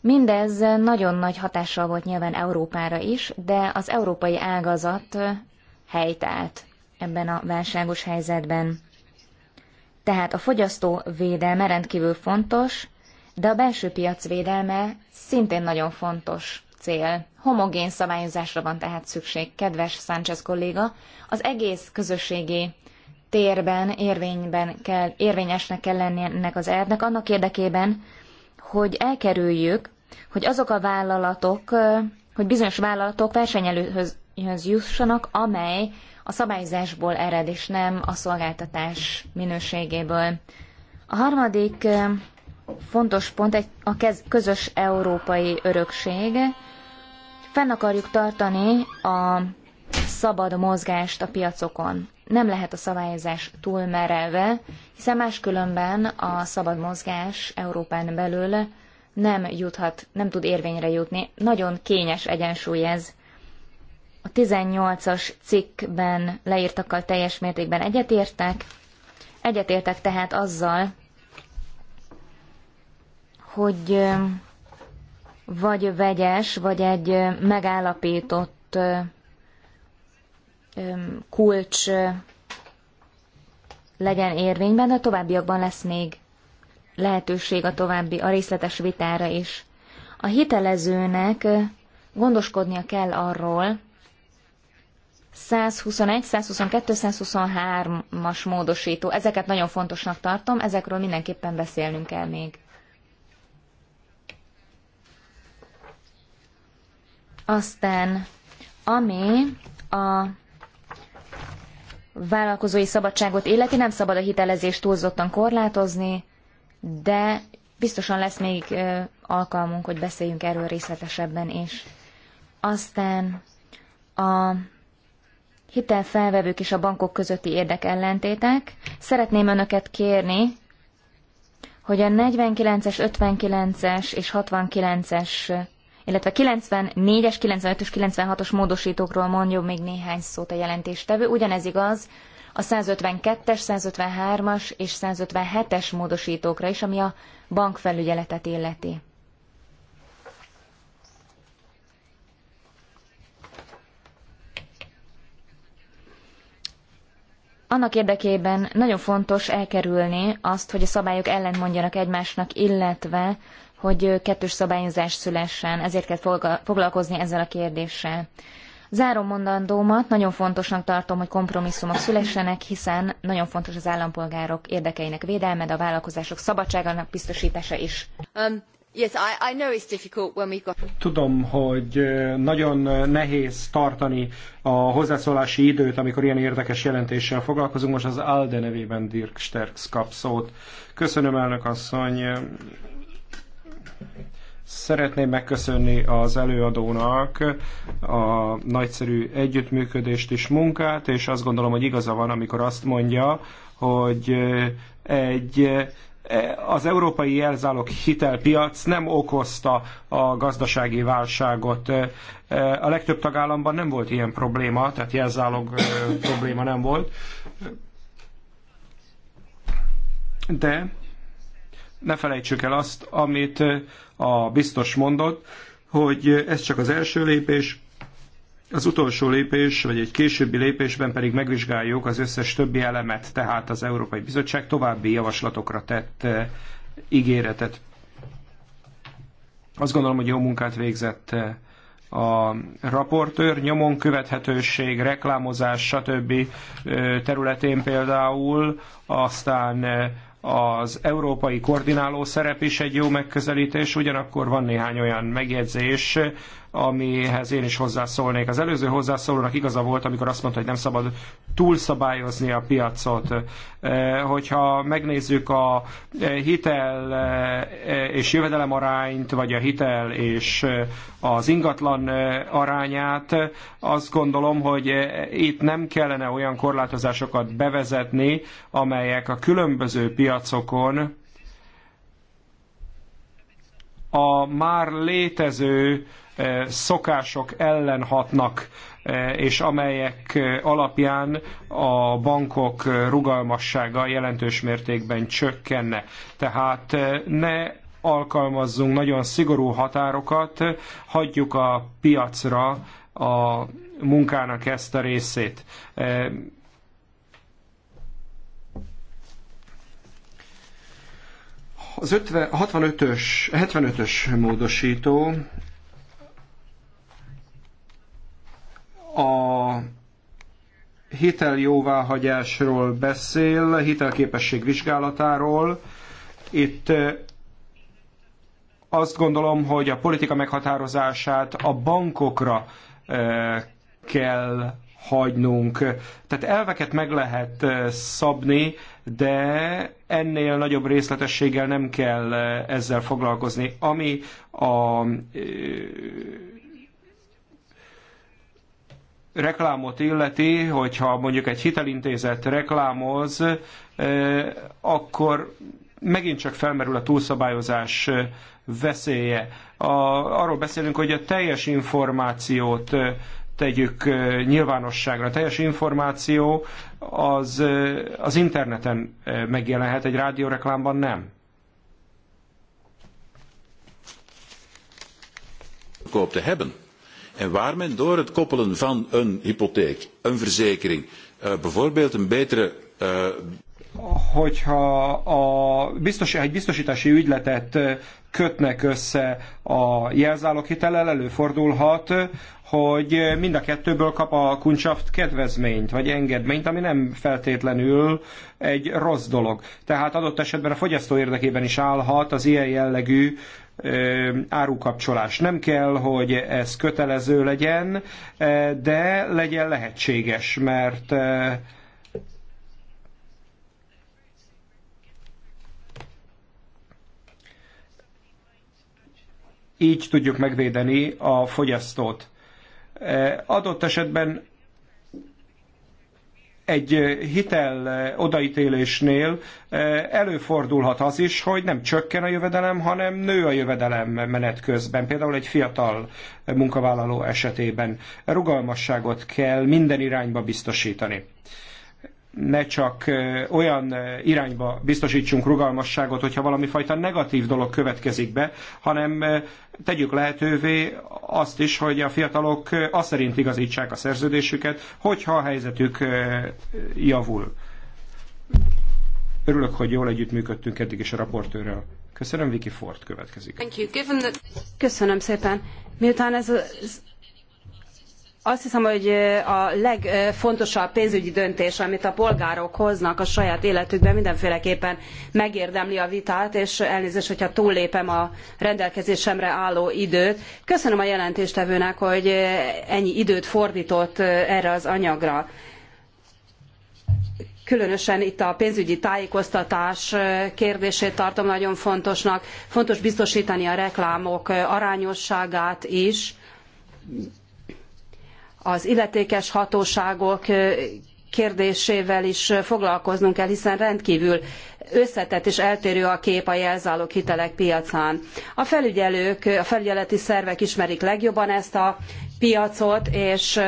Speaker 2: Mindez nagyon nagy hatással volt nyilván Európára is, de az európai ágazat helytált ebben a válságos helyzetben. Tehát a fogyasztó védelme rendkívül fontos, de a belső piac védelme szintén nagyon fontos cél. Homogén szabályozásra van tehát szükség, kedves Sánchez kolléga. Az egész közösségi térben, érvényben kell, érvényesnek kell lennie ennek az elvnek, annak érdekében, hogy elkerüljük, hogy azok a vállalatok, hogy bizonyos vállalatok versenyelőhöz jussanak, amely a szabályzásból ered, és nem a szolgáltatás minőségéből. A harmadik fontos pont egy, a kez, közös európai örökség, Fenn akarjuk tartani a szabad mozgást a piacokon. Nem lehet a szabályozás túl merelve, hiszen máskülönben a szabad mozgás Európán belül nem juthat, nem tud érvényre jutni. Nagyon kényes egyensúly ez. A 18-as cikkben leírtakkal teljes mértékben egyetértek. Egyetértek tehát azzal, hogy vagy vegyes, vagy egy megállapított kulcs legyen érvényben, de a továbbiakban lesz még lehetőség a további, a részletes vitára is. A hitelezőnek gondoskodnia kell arról, 121, 122, 123-as módosító, ezeket nagyon fontosnak tartom, ezekről mindenképpen beszélnünk kell még. Aztán, ami a vállalkozói szabadságot életi nem szabad a hitelezést túlzottan korlátozni, de biztosan lesz még alkalmunk, hogy beszéljünk erről részletesebben is. Aztán a hitelfelvevők és a bankok közötti érdekellentétek. Szeretném önöket kérni, hogy a 49-es, 59-es és 69-es illetve 94-es, 95-ös, 96-os módosítókról mondjuk még néhány szót a jelentéstevő. Ugyanez igaz a 152-es, 153-as és 157-es módosítókra is, ami a bankfelügyeletet illeti. annak érdekében nagyon fontos elkerülni azt, hogy a szabályok mondjanak egymásnak, illetve hogy kettős szabályozás szülessen, ezért kell foglalkozni ezzel a kérdéssel. Zárom mondandómat, nagyon fontosnak tartom, hogy kompromisszumok szülessenek, hiszen nagyon fontos az állampolgárok érdekeinek védelme, de a vállalkozások szabadságának biztosítása is. Um, yes, I, I know it's difficult when we got...
Speaker 1: Tudom, hogy nagyon nehéz tartani a hozzászólási időt, amikor ilyen érdekes jelentéssel foglalkozunk. Most az ALDE nevében Dirk Sterks kap szót. Köszönöm, elnök asszony. Szeretném megköszönni az előadónak a nagyszerű együttműködést és munkát, és azt gondolom, hogy igaza van, amikor azt mondja, hogy egy az európai jelzálog hitelpiac nem okozta a gazdasági válságot. A legtöbb tagállamban nem volt ilyen probléma, tehát jelzálog probléma nem volt. De ne felejtsük el azt, amit a biztos mondott, hogy ez csak az első lépés, az utolsó lépés, vagy egy későbbi lépésben pedig megvizsgáljuk az összes többi elemet, tehát az Európai Bizottság további javaslatokra tett ígéretet. Azt gondolom, hogy jó munkát végzett a raportőr, nyomon követhetőség, reklámozás, stb. területén például, aztán az európai koordináló szerep is egy jó megközelítés, ugyanakkor van néhány olyan megjegyzés, amihez én is hozzászólnék. Az előző hozzászólónak igaza volt, amikor azt mondta, hogy nem szabad túlszabályozni a piacot. E, hogyha megnézzük a hitel e, és jövedelemarányt, vagy a hitel és az ingatlan e, arányát, azt gondolom, hogy itt nem kellene olyan korlátozásokat bevezetni, amelyek a különböző piacokon a már létező szokások ellen hatnak, és amelyek alapján a bankok rugalmassága jelentős mértékben csökkenne. Tehát ne alkalmazzunk nagyon szigorú határokat, hagyjuk a piacra a munkának ezt a részét. Az 65-ös, 75-ös módosító a hiteljóváhagyásról beszél, hitelképesség vizsgálatáról. Itt azt gondolom, hogy a politika meghatározását a bankokra kell hagynunk. Tehát elveket meg lehet szabni, de ennél nagyobb részletességgel nem kell ezzel foglalkozni. Ami a reklámot illeti, hogyha mondjuk egy hitelintézet reklámoz, akkor megint csak felmerül a túlszabályozás veszélye. A, arról beszélünk, hogy a teljes információt tegyük nyilvánosságra. Teljes információ az, az interneten megjelenhet, egy rádióreklámban nem.
Speaker 2: Go up to heaven. En waar men door het koppelen van een hypotheek, een verzekering, eh, bijvoorbeeld een betere eh,
Speaker 1: hogyha a biztos, egy biztosítási ügyletet eh, kötnek össze a jelzáloghitellel, előfordulhat, hogy mind a kettőből kap a kuncsaft kedvezményt, vagy engedményt, ami nem feltétlenül egy rossz dolog. Tehát adott esetben a fogyasztó érdekében is állhat az ilyen jellegű árukapcsolás. Nem kell, hogy ez kötelező legyen, de legyen lehetséges, mert így tudjuk megvédeni a fogyasztót. Adott esetben egy eh, hitel eh, odaítélésnél eh, előfordulhat az is, hogy nem csökken a jövedelem, hanem nő a jövedelem menet közben, például egy fiatal munkavállaló esetében. Rugalmasságot kell minden irányba biztosítani ne csak olyan irányba biztosítsunk rugalmasságot, hogyha valami fajta negatív dolog következik be, hanem tegyük lehetővé azt is, hogy a fiatalok azt szerint igazítsák a szerződésüket, hogyha a helyzetük javul. Örülök, hogy jól együttműködtünk eddig is a raportőrrel. Köszönöm, Vicky Ford következik.
Speaker 3: Köszönöm szépen. Miután ez a azt hiszem, hogy a legfontosabb pénzügyi döntés, amit a polgárok hoznak a saját életükben, mindenféleképpen megérdemli a vitát, és elnézést, hogyha túllépem a rendelkezésemre álló időt. Köszönöm a jelentéstevőnek, hogy ennyi időt fordított erre az anyagra. Különösen itt a pénzügyi tájékoztatás kérdését tartom nagyon fontosnak. Fontos biztosítani a reklámok arányosságát is az illetékes hatóságok kérdésével is foglalkoznunk kell, hiszen rendkívül összetett és eltérő a kép a jelzálók hitelek piacán. A felügyelők, a felügyeleti szervek ismerik legjobban ezt a piacot, és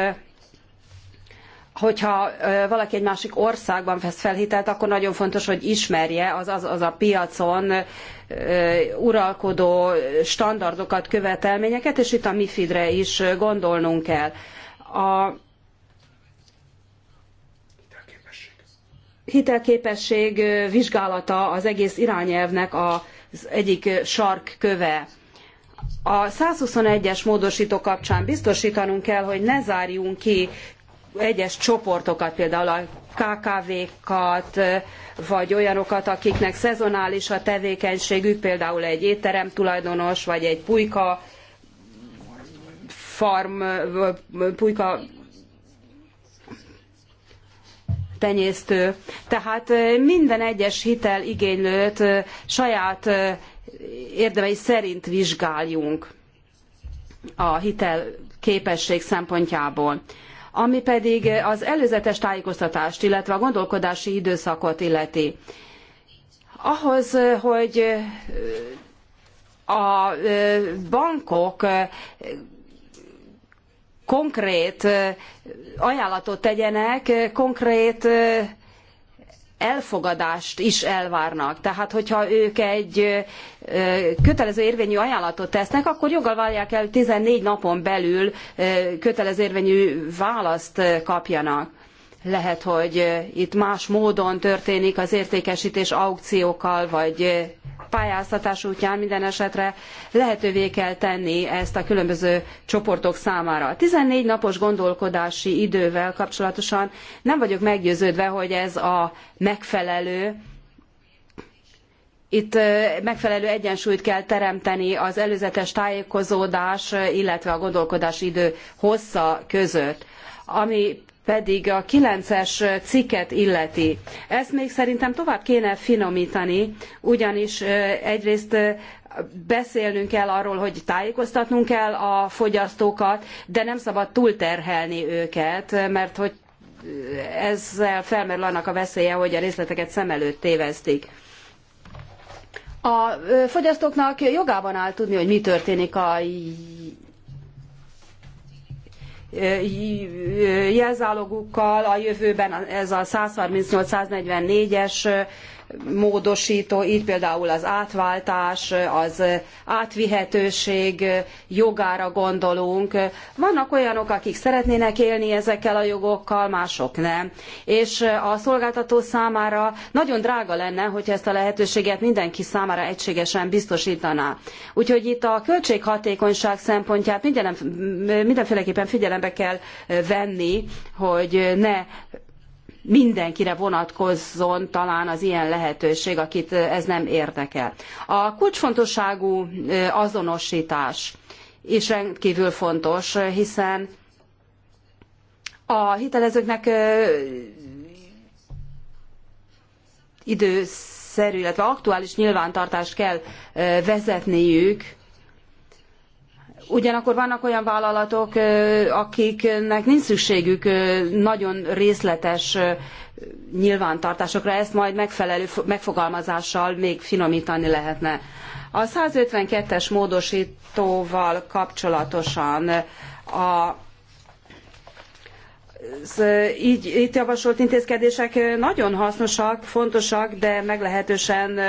Speaker 3: hogyha valaki egy másik országban vesz fel hitelt, akkor nagyon fontos, hogy ismerje az, az, az a piacon uralkodó standardokat, követelményeket, és itt a MIFID-re is gondolnunk kell a hitelképesség vizsgálata az egész irányelvnek az egyik sarkköve. A 121-es módosító kapcsán biztosítanunk kell, hogy ne zárjunk ki egyes csoportokat, például a KKV-kat, vagy olyanokat, akiknek szezonális a tevékenységük, például egy étterem tulajdonos, vagy egy pulyka farm, pulyka tenyésztő. Tehát minden egyes hitel igénylőt saját érdemei szerint vizsgáljunk a hitel képesség szempontjából. Ami pedig az előzetes tájékoztatást, illetve a gondolkodási időszakot illeti. Ahhoz, hogy a bankok konkrét ajánlatot tegyenek, konkrét elfogadást is elvárnak. Tehát, hogyha ők egy kötelező érvényű ajánlatot tesznek, akkor joggal várják el 14 napon belül kötelező érvényű választ kapjanak. Lehet, hogy itt más módon történik az értékesítés aukciókkal, vagy pályáztatás útján minden esetre lehetővé kell tenni ezt a különböző csoportok számára. 14 napos gondolkodási idővel kapcsolatosan nem vagyok meggyőződve, hogy ez a megfelelő, itt megfelelő egyensúlyt kell teremteni az előzetes tájékozódás, illetve a gondolkodási idő hossza között. Ami pedig a 9-es cikket illeti. Ezt még szerintem tovább kéne finomítani, ugyanis egyrészt beszélnünk kell arról, hogy tájékoztatnunk kell a fogyasztókat, de nem szabad túlterhelni őket, mert hogy ezzel felmerül annak a veszélye, hogy a részleteket szem előtt tévesztik. A fogyasztóknak jogában áll tudni, hogy mi történik a jelzálogukkal a jövőben ez a 138-144-es módosító, így például az átváltás, az átvihetőség jogára gondolunk. Vannak olyanok, akik szeretnének élni ezekkel a jogokkal, mások nem. És a szolgáltató számára nagyon drága lenne, hogy ezt a lehetőséget mindenki számára egységesen biztosítaná. Úgyhogy itt a költséghatékonyság szempontját mindenféleképpen figyelembe kell venni, hogy ne mindenkire vonatkozzon talán az ilyen lehetőség, akit ez nem érdekel. A kulcsfontosságú azonosítás is rendkívül fontos, hiszen a hitelezőknek időszerű, illetve aktuális nyilvántartást kell vezetniük, Ugyanakkor vannak olyan vállalatok, akiknek nincs szükségük nagyon részletes nyilvántartásokra, ezt majd megfelelő megfogalmazással még finomítani lehetne. A 152-es módosítóval kapcsolatosan a az így, itt javasolt intézkedések nagyon hasznosak, fontosak, de meglehetősen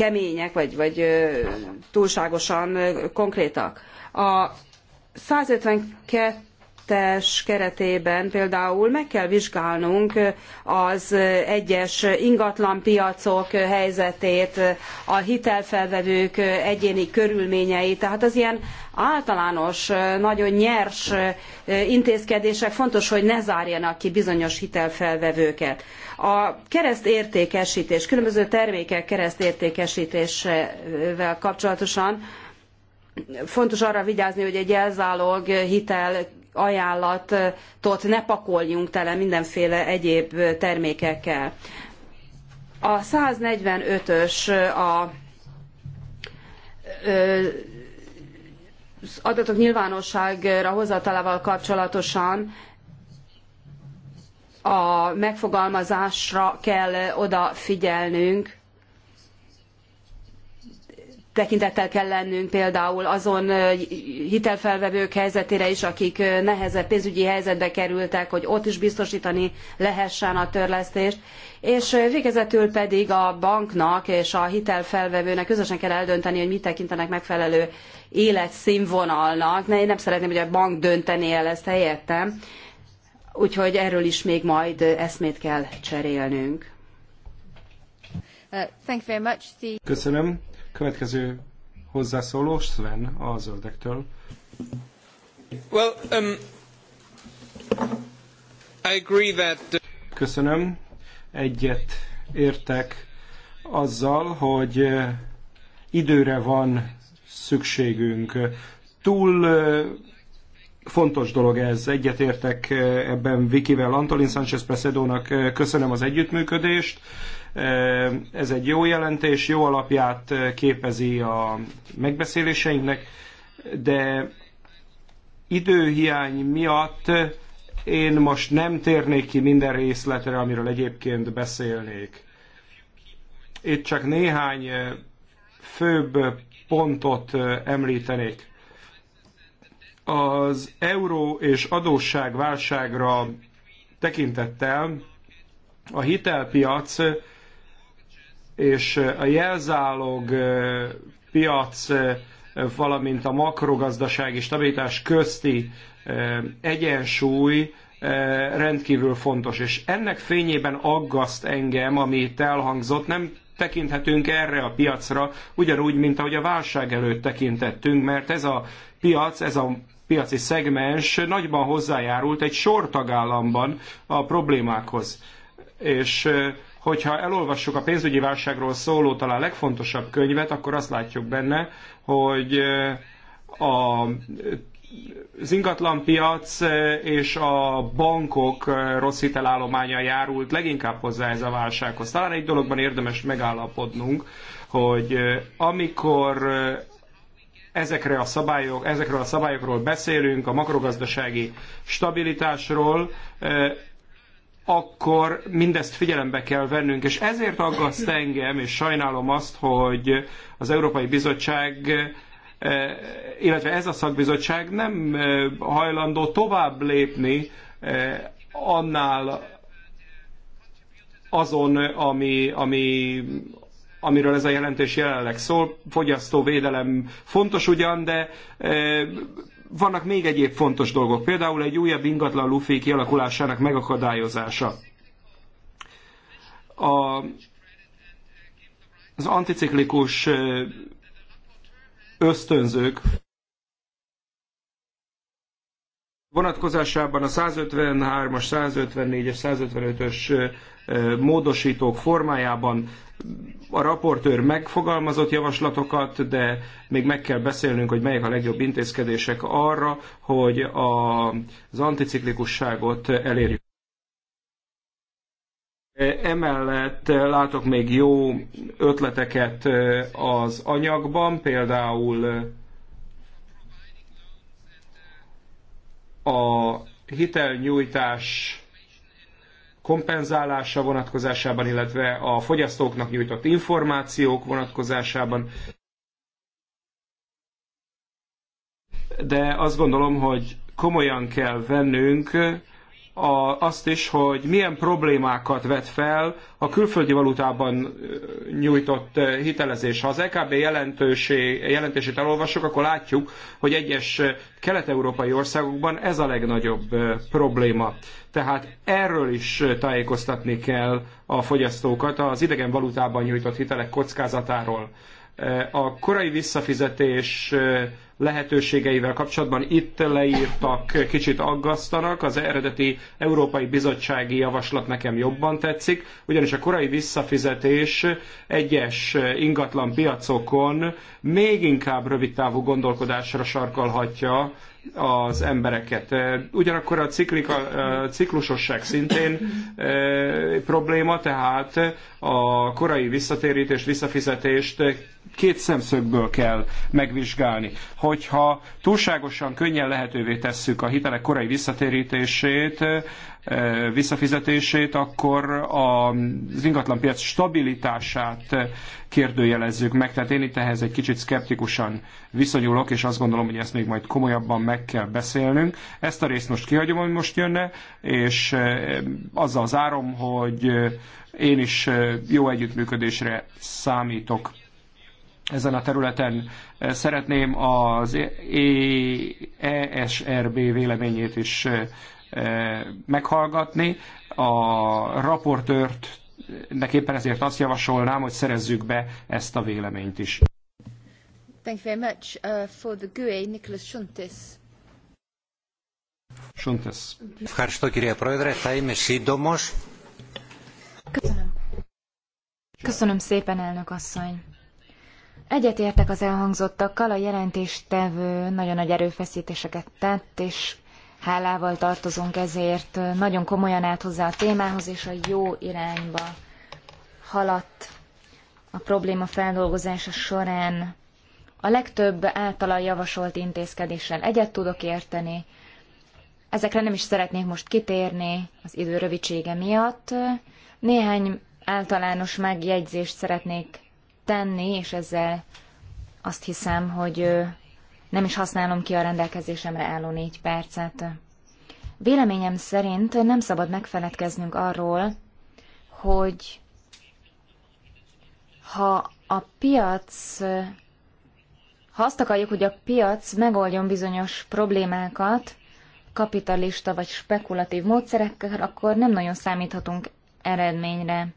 Speaker 3: kemények, vagy, vagy túlságosan konkrétak. A 152 2022 keretében például meg kell vizsgálnunk az egyes ingatlanpiacok helyzetét, a hitelfelvevők egyéni körülményeit, tehát az ilyen általános, nagyon nyers intézkedések fontos, hogy ne zárjanak ki bizonyos hitelfelvevőket. A keresztértékesítés, különböző termékek keresztértékesítésével kapcsolatosan fontos arra vigyázni, hogy egy elzálog hitel ajánlatot ne pakoljunk tele mindenféle egyéb termékekkel. A 145-ös a az adatok nyilvánosságra hozatalával kapcsolatosan a megfogalmazásra kell odafigyelnünk, tekintettel kell lennünk például azon hitelfelvevők helyzetére is, akik nehezebb pénzügyi helyzetbe kerültek, hogy ott is biztosítani lehessen a törlesztést, és végezetül pedig a banknak és a hitelfelvevőnek közösen kell eldönteni, hogy mit tekintenek megfelelő életszínvonalnak. Ne, én nem szeretném, hogy a bank döntené el ezt helyettem, úgyhogy erről is még majd eszmét kell
Speaker 1: cserélnünk. Uh, Köszönöm. Következő hozzászóló Sven a zöldektől. Well, um, I agree that... Köszönöm. Egyet értek azzal, hogy időre van szükségünk. Túl fontos dolog ez. egyet értek ebben Vikivel, Antolin Sánchez Presedónak. köszönöm az együttműködést, ez egy jó jelentés, jó alapját képezi a megbeszéléseinknek, de időhiány miatt én most nem térnék ki minden részletre, amiről egyébként beszélnék. Itt csak néhány főbb pontot említenék. Az euró és adósságválságra tekintettel a hitelpiac és a jelzálog piac, valamint a makrogazdasági stabilitás közti egyensúly rendkívül fontos. És ennek fényében aggaszt engem, ami itt elhangzott, nem tekinthetünk erre a piacra, ugyanúgy, mint ahogy a válság előtt tekintettünk, mert ez a piac, ez a piaci szegmens nagyban hozzájárult egy sor tagállamban a problémákhoz. És hogyha elolvassuk a pénzügyi válságról szóló talán legfontosabb könyvet, akkor azt látjuk benne, hogy eh, a az ingatlanpiac eh, és a bankok eh, rossz hitelállománya járult leginkább hozzá ez a válsághoz. Talán egy dologban érdemes megállapodnunk, hogy amikor ezekre a szabályok, ezekről a szabályokról beszélünk, a makrogazdasági stabilitásról, akkor mindezt figyelembe kell vennünk, és ezért aggaszt engem, és sajnálom azt, hogy az Európai Bizottság eh, illetve ez a szakbizottság nem eh, hajlandó tovább lépni eh, annál azon, ami, ami, amiről ez a jelentés jelenleg szól. Fogyasztóvédelem fontos ugyan, de vannak még egyéb fontos dolgok, például egy újabb ingatlan lufi kialakulásának megakadályozása. A, az anticiklikus ösztönzők vonatkozásában a 153-as, 154-es, 155-ös módosítók formájában a raportőr megfogalmazott javaslatokat, de még meg kell beszélnünk, hogy melyek a legjobb intézkedések arra, hogy a, az anticiklikusságot elérjük. Emellett látok még jó ötleteket az anyagban, például a hitelnyújtás kompenzálása vonatkozásában, illetve a fogyasztóknak nyújtott információk vonatkozásában. De azt gondolom, hogy komolyan kell vennünk a, azt is, hogy milyen problémákat vet fel a külföldi valutában nyújtott hitelezés. Ha az EKB jelentését elolvassuk, akkor látjuk, hogy egyes kelet-európai országokban ez a legnagyobb probléma. Tehát erről is tájékoztatni kell a fogyasztókat az idegen valutában nyújtott hitelek kockázatáról. A korai visszafizetés lehetőségeivel kapcsolatban itt leírtak kicsit aggasztanak, az eredeti Európai Bizottsági Javaslat nekem jobban tetszik, ugyanis a korai visszafizetés egyes ingatlan piacokon még inkább rövidtávú gondolkodásra sarkalhatja az embereket. Ugyanakkor a, ciklika, a ciklusosság szintén probléma, tehát a korai visszatérítést, visszafizetést két szemszögből kell megvizsgálni. Hogyha túlságosan könnyen lehetővé tesszük a hitelek korai visszatérítését, visszafizetését, akkor az piac stabilitását kérdőjelezzük meg. Tehát én itt ehhez egy kicsit szkeptikusan viszonyulok, és azt gondolom, hogy ezt még majd komolyabban meg kell beszélnünk. Ezt a részt most kihagyom, ami most jönne, és azzal zárom, hogy én is jó együttműködésre számítok ezen a területen. Eh, szeretném az ESRB e véleményét is eh, meghallgatni. A raportőrt nek éppen ezért azt javasolnám, hogy szerezzük be ezt a véleményt is.
Speaker 2: Thank you very much. Uh, for the GUE, Nicholas Shuntis.
Speaker 1: Shuntis. Ευχαριστώ κυρία Πρόεδρε, θα είμαι
Speaker 2: Köszönöm. Köszönöm szépen, elnök asszony. Egyetértek az elhangzottakkal, a jelentéstevő nagyon nagy erőfeszítéseket tett, és hálával tartozunk ezért, nagyon komolyan állt hozzá a témához, és a jó irányba haladt a probléma feldolgozása során. A legtöbb általa javasolt intézkedéssel egyet tudok érteni, ezekre nem is szeretnék most kitérni az idő rövidsége miatt. Néhány általános megjegyzést szeretnék tenni, és ezzel azt hiszem, hogy nem is használom ki a rendelkezésemre álló négy percet. Véleményem szerint nem szabad megfeledkeznünk arról, hogy ha a piac, ha azt akarjuk, hogy a piac megoldjon bizonyos problémákat kapitalista vagy spekulatív módszerekkel, akkor nem nagyon számíthatunk eredményre.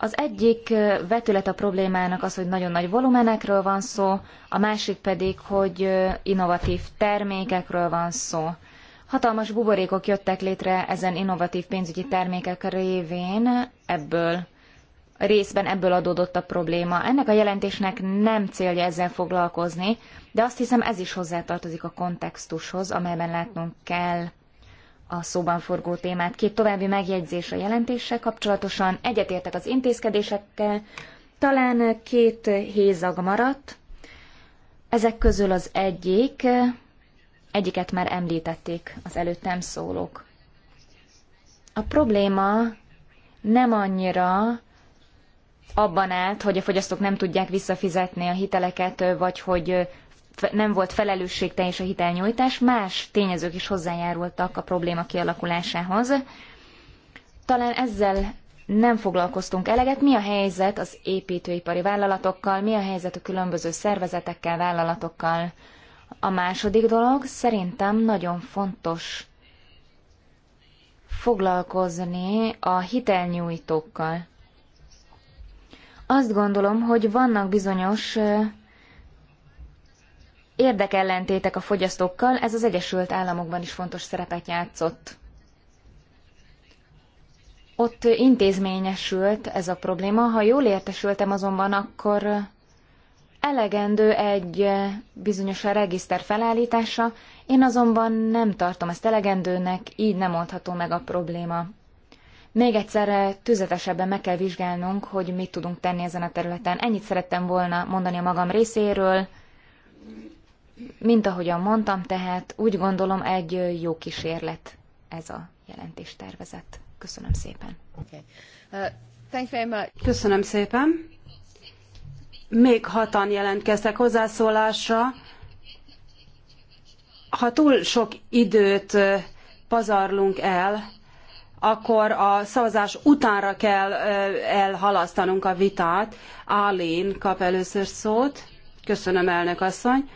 Speaker 2: Az egyik vetület a problémának az, hogy nagyon nagy volumenekről van szó, a másik pedig, hogy innovatív termékekről van szó. Hatalmas buborékok jöttek létre ezen innovatív pénzügyi termékek révén, ebből részben ebből adódott a probléma. Ennek a jelentésnek nem célja ezzel foglalkozni, de azt hiszem ez is hozzátartozik a kontextushoz, amelyben látnunk kell a szóban forgó témát. Két további megjegyzés a jelentéssel kapcsolatosan. Egyetértek az intézkedésekkel, talán két hézag maradt. Ezek közül az egyik, egyiket már említették az előttem szólók. A probléma nem annyira abban állt, hogy a fogyasztók nem tudják visszafizetni a hiteleket, vagy hogy nem volt felelősségteljes a hitelnyújtás, más tényezők is hozzájárultak a probléma kialakulásához. Talán ezzel nem foglalkoztunk eleget. Mi a helyzet az építőipari vállalatokkal, mi a helyzet a különböző szervezetekkel, vállalatokkal? A második dolog szerintem nagyon fontos foglalkozni a hitelnyújtókkal. Azt gondolom, hogy vannak bizonyos érdekellentétek a fogyasztókkal, ez az Egyesült Államokban is fontos szerepet játszott. Ott intézményesült ez a probléma, ha jól értesültem azonban, akkor elegendő egy bizonyos regiszter felállítása, én azonban nem tartom ezt elegendőnek, így nem oldható meg a probléma. Még egyszer tüzetesebben meg kell vizsgálnunk, hogy mit tudunk tenni ezen a területen. Ennyit szerettem volna mondani a magam részéről. Mint ahogyan mondtam, tehát úgy gondolom egy jó kísérlet ez a jelentéstervezet. Köszönöm szépen. Okay.
Speaker 3: Uh, very much. Köszönöm
Speaker 2: szépen.
Speaker 3: Még hatan jelentkeztek hozzászólásra. Ha túl sok időt pazarlunk el, akkor a szavazás utánra kell elhalasztanunk a vitát. Álén kap először szót. Köszönöm, elnök asszony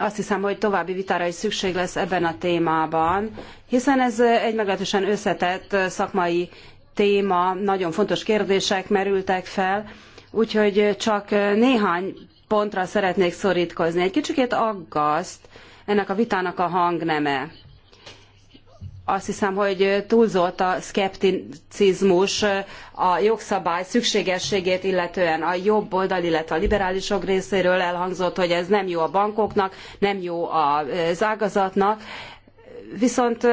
Speaker 3: azt hiszem, hogy további vitára is szükség lesz ebben a témában, hiszen ez egy meglehetősen összetett szakmai téma, nagyon fontos kérdések merültek fel, úgyhogy csak néhány pontra szeretnék szorítkozni. Egy kicsikét aggaszt ennek a vitának a hangneme azt hiszem, hogy túlzott a szkepticizmus a jogszabály szükségességét, illetően a jobb oldal, illetve a liberálisok részéről elhangzott, hogy ez nem jó a bankoknak, nem jó az ágazatnak. Viszont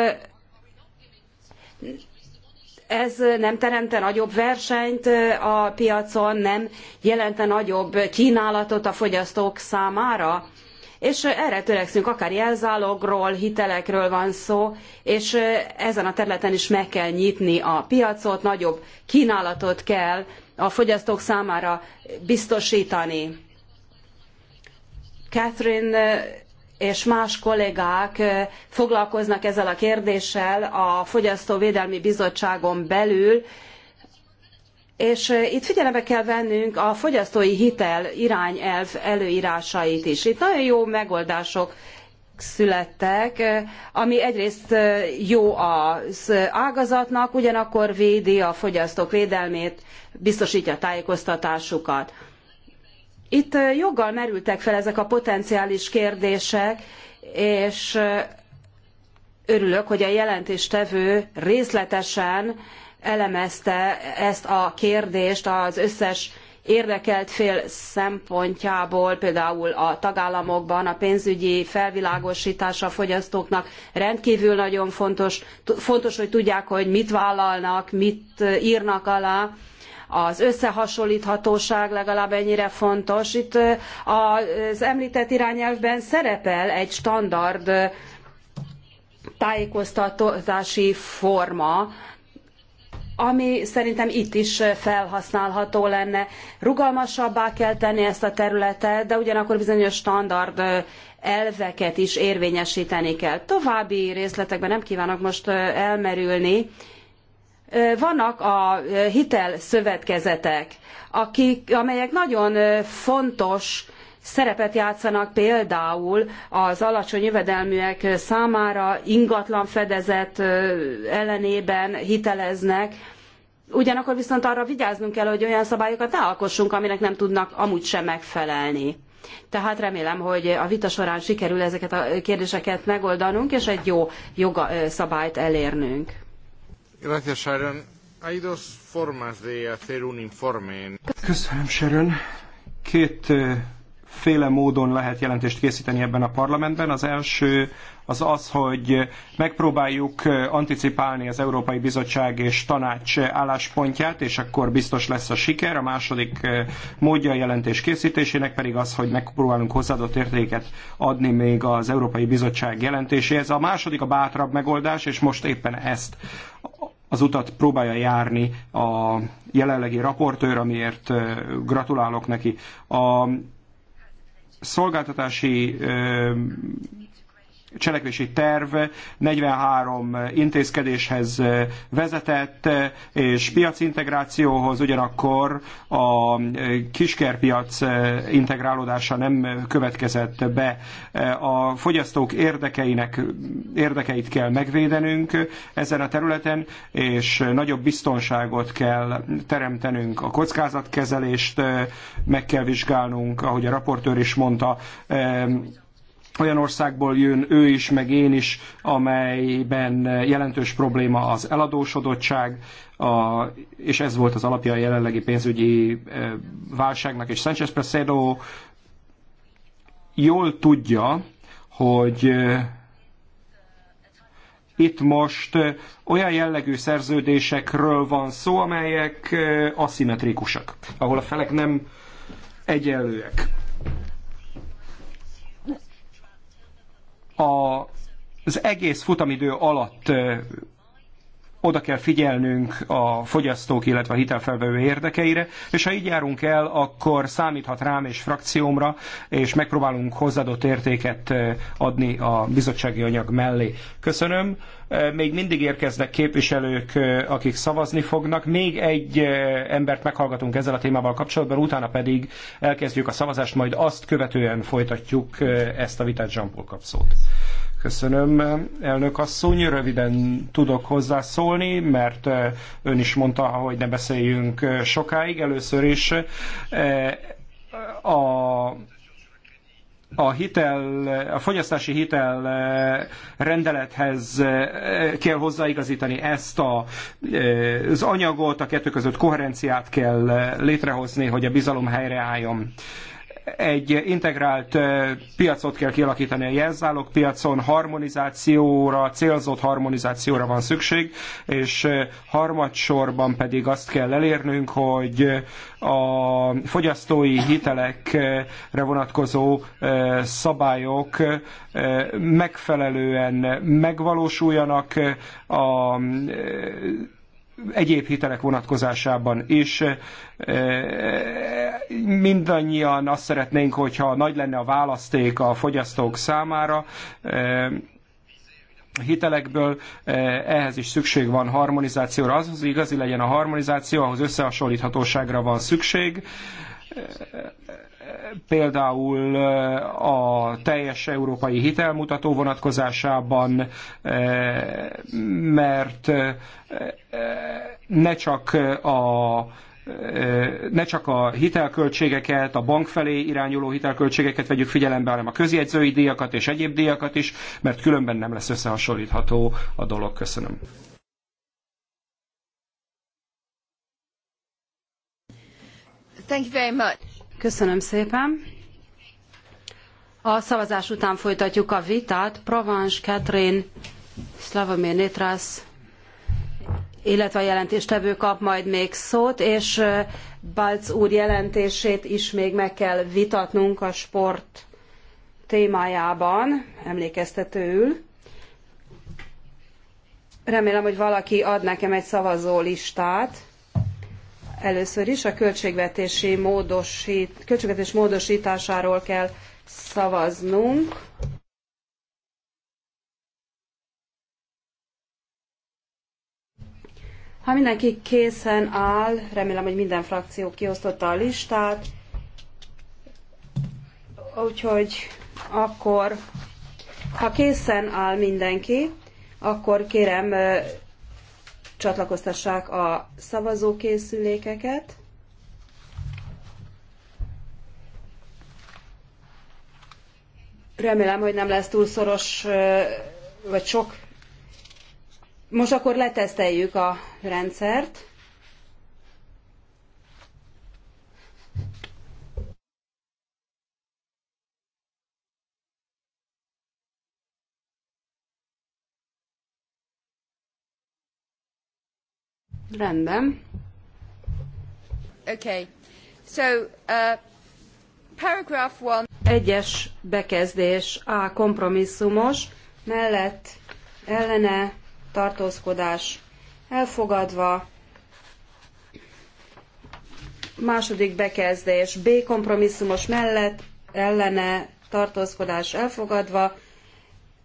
Speaker 3: ez nem teremte nagyobb versenyt a piacon, nem jelente nagyobb kínálatot a fogyasztók számára? és erre törekszünk, akár jelzálogról, hitelekről van szó, és ezen a területen is meg kell nyitni a piacot, nagyobb kínálatot kell a fogyasztók számára biztosítani. Catherine és más kollégák foglalkoznak ezzel a kérdéssel a Fogyasztóvédelmi Bizottságon belül, és itt figyelembe kell vennünk a fogyasztói hitel irányelv előírásait is. Itt nagyon jó megoldások születtek, ami egyrészt jó az ágazatnak, ugyanakkor védi a fogyasztók védelmét, biztosítja a tájékoztatásukat. Itt joggal merültek fel ezek a potenciális kérdések, és örülök, hogy a jelentéstevő részletesen elemezte ezt a kérdést az összes érdekelt fél szempontjából, például a tagállamokban a pénzügyi felvilágosítása a fogyasztóknak rendkívül nagyon fontos. Fontos, hogy tudják, hogy mit vállalnak, mit írnak alá. Az összehasonlíthatóság legalább ennyire fontos. Itt az említett irányelvben szerepel egy standard tájékoztatási forma, ami szerintem itt is felhasználható lenne. Rugalmasabbá kell tenni ezt a területet, de ugyanakkor bizonyos standard elveket is érvényesíteni kell. További részletekben nem kívánok most elmerülni. Vannak a hitel szövetkezetek, akik, amelyek nagyon fontos szerepet játszanak például az alacsony jövedelműek számára ingatlan fedezet ellenében hiteleznek, ugyanakkor viszont arra vigyáznunk kell, hogy olyan szabályokat ne alkossunk, aminek nem tudnak amúgy sem megfelelni. Tehát remélem, hogy a vita során sikerül ezeket a kérdéseket megoldanunk, és egy jó jogszabályt elérnünk.
Speaker 1: Gracias, Sharon. Hay dos formas de hacer un informe. Köszönöm, Sharon. Két féle módon lehet jelentést készíteni ebben a parlamentben. Az első az az, hogy megpróbáljuk anticipálni az Európai Bizottság és Tanács álláspontját, és akkor biztos lesz a siker. A második módja a jelentés készítésének pedig az, hogy megpróbálunk hozzáadott értéket adni még az Európai Bizottság jelentéséhez. A második a bátrabb megoldás, és most éppen ezt az utat próbálja járni a jelenlegi raportőr, amiért gratulálok neki. A szolgáltatási cselekvési terv 43 intézkedéshez vezetett, és piacintegrációhoz ugyanakkor a kiskerpiac integrálódása nem következett be. A fogyasztók érdekeinek, érdekeit kell megvédenünk ezen a területen, és nagyobb biztonságot kell teremtenünk. A kockázatkezelést meg kell vizsgálnunk, ahogy a raportőr is mondta, olyan országból jön ő is, meg én is, amelyben jelentős probléma az eladósodottság, a, és ez volt az alapja a jelenlegi pénzügyi e, válságnak, és Sánchez Presedo jól tudja, hogy e, itt most olyan jellegű szerződésekről van szó, amelyek e, aszimmetrikusak, ahol a felek nem egyenlőek. az egész futamidő alatt oda kell figyelnünk a fogyasztók, illetve a hitelfelvevő érdekeire, és ha így járunk el, akkor számíthat rám és frakciómra, és megpróbálunk hozzáadott értéket adni a bizottsági anyag mellé. Köszönöm. Még mindig érkeznek képviselők, akik szavazni fognak. Még egy embert meghallgatunk ezzel a témával kapcsolatban, utána pedig elkezdjük a szavazást, majd azt követően folytatjuk ezt a vitát Jean-Paul kapszót. Köszönöm, elnök asszony. Röviden tudok hozzászólni, mert eh, ön is mondta, hogy ne beszéljünk eh, sokáig. Először is eh, a a hitel, a fogyasztási hitel rendelethez kell hozzáigazítani ezt a, az anyagot, a kettő között koherenciát kell létrehozni, hogy a bizalom helyreálljon egy integrált piacot kell kialakítani a jelzálog piacon, harmonizációra, célzott harmonizációra van szükség, és harmadsorban pedig azt kell elérnünk, hogy a fogyasztói hitelekre vonatkozó szabályok megfelelően megvalósuljanak, a egyéb hitelek vonatkozásában is. E, mindannyian azt szeretnénk, hogyha nagy lenne a választék a fogyasztók számára, e, hitelekből, e, ehhez is szükség van harmonizációra. Az, az igazi legyen a harmonizáció, ahhoz összehasonlíthatóságra van szükség például a teljes európai hitelmutató vonatkozásában, mert ne csak a ne csak a hitelköltségeket, a bank felé irányuló hitelköltségeket vegyük figyelembe, hanem a közjegyzői díjakat és egyéb díjakat is, mert különben nem lesz összehasonlítható a dolog. Köszönöm.
Speaker 3: Thank you very much. Köszönöm szépen. A szavazás után folytatjuk a vitát. Provence, Catherine, Slavomir Nitras, illetve a jelentéstevő kap majd még szót, és Balc úr jelentését is még meg kell vitatnunk a sport témájában, emlékeztetőül. Remélem, hogy valaki ad nekem egy szavazólistát. Először is a költségvetési módosít, költségvetés módosításáról kell szavaznunk. Ha mindenki készen áll, remélem, hogy minden frakció kiosztotta a listát, úgyhogy akkor, ha készen áll mindenki, akkor kérem csatlakoztassák a szavazókészülékeket. Remélem, hogy nem lesz túl szoros, vagy sok. Most akkor leteszteljük a rendszert. Rendben. Okay. So, uh, paragraph one. Egyes bekezdés A kompromisszumos, mellett ellene tartózkodás elfogadva, második bekezdés B kompromisszumos mellett ellene tartózkodás elfogadva,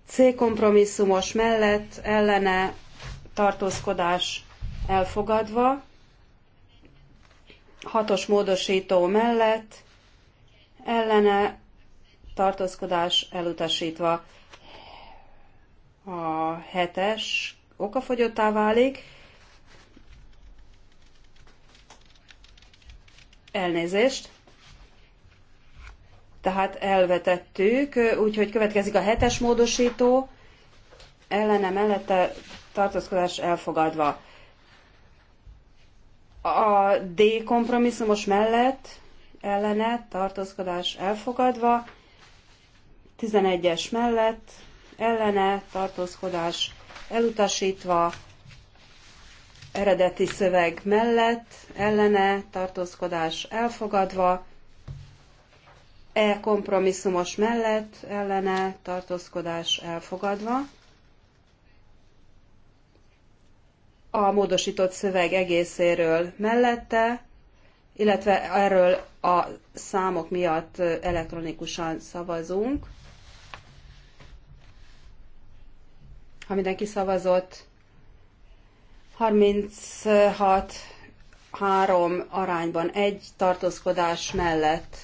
Speaker 3: C kompromisszumos mellett ellene tartózkodás elfogadva, hatos módosító mellett, ellene tartózkodás elutasítva. A hetes okafogyottá válik. Elnézést. Tehát elvetettük, úgyhogy következik a hetes módosító, ellene mellette tartózkodás elfogadva. A D kompromisszumos mellett ellene tartózkodás elfogadva, 11-es mellett ellene tartózkodás elutasítva, eredeti szöveg mellett ellene tartózkodás elfogadva, E kompromisszumos mellett ellene tartózkodás elfogadva, a módosított szöveg egészéről mellette, illetve erről a számok miatt elektronikusan szavazunk. Ha mindenki szavazott, 36 3 arányban egy tartózkodás mellett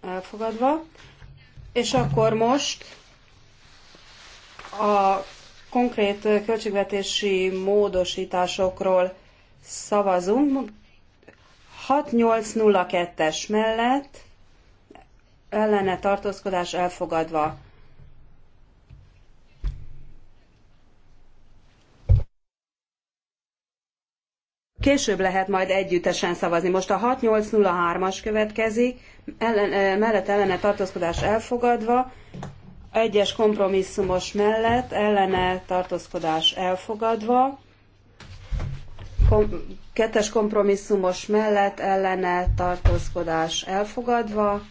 Speaker 3: elfogadva. És akkor most a konkrét költségvetési módosításokról szavazunk. 6802-es mellett ellene tartózkodás elfogadva. Később lehet majd együttesen szavazni. Most a 6803-as következik, ellen, eh, mellett ellene tartózkodás elfogadva, egyes kompromisszumos mellett ellene tartózkodás elfogadva, kom- kettes kompromisszumos mellett ellene tartózkodás elfogadva,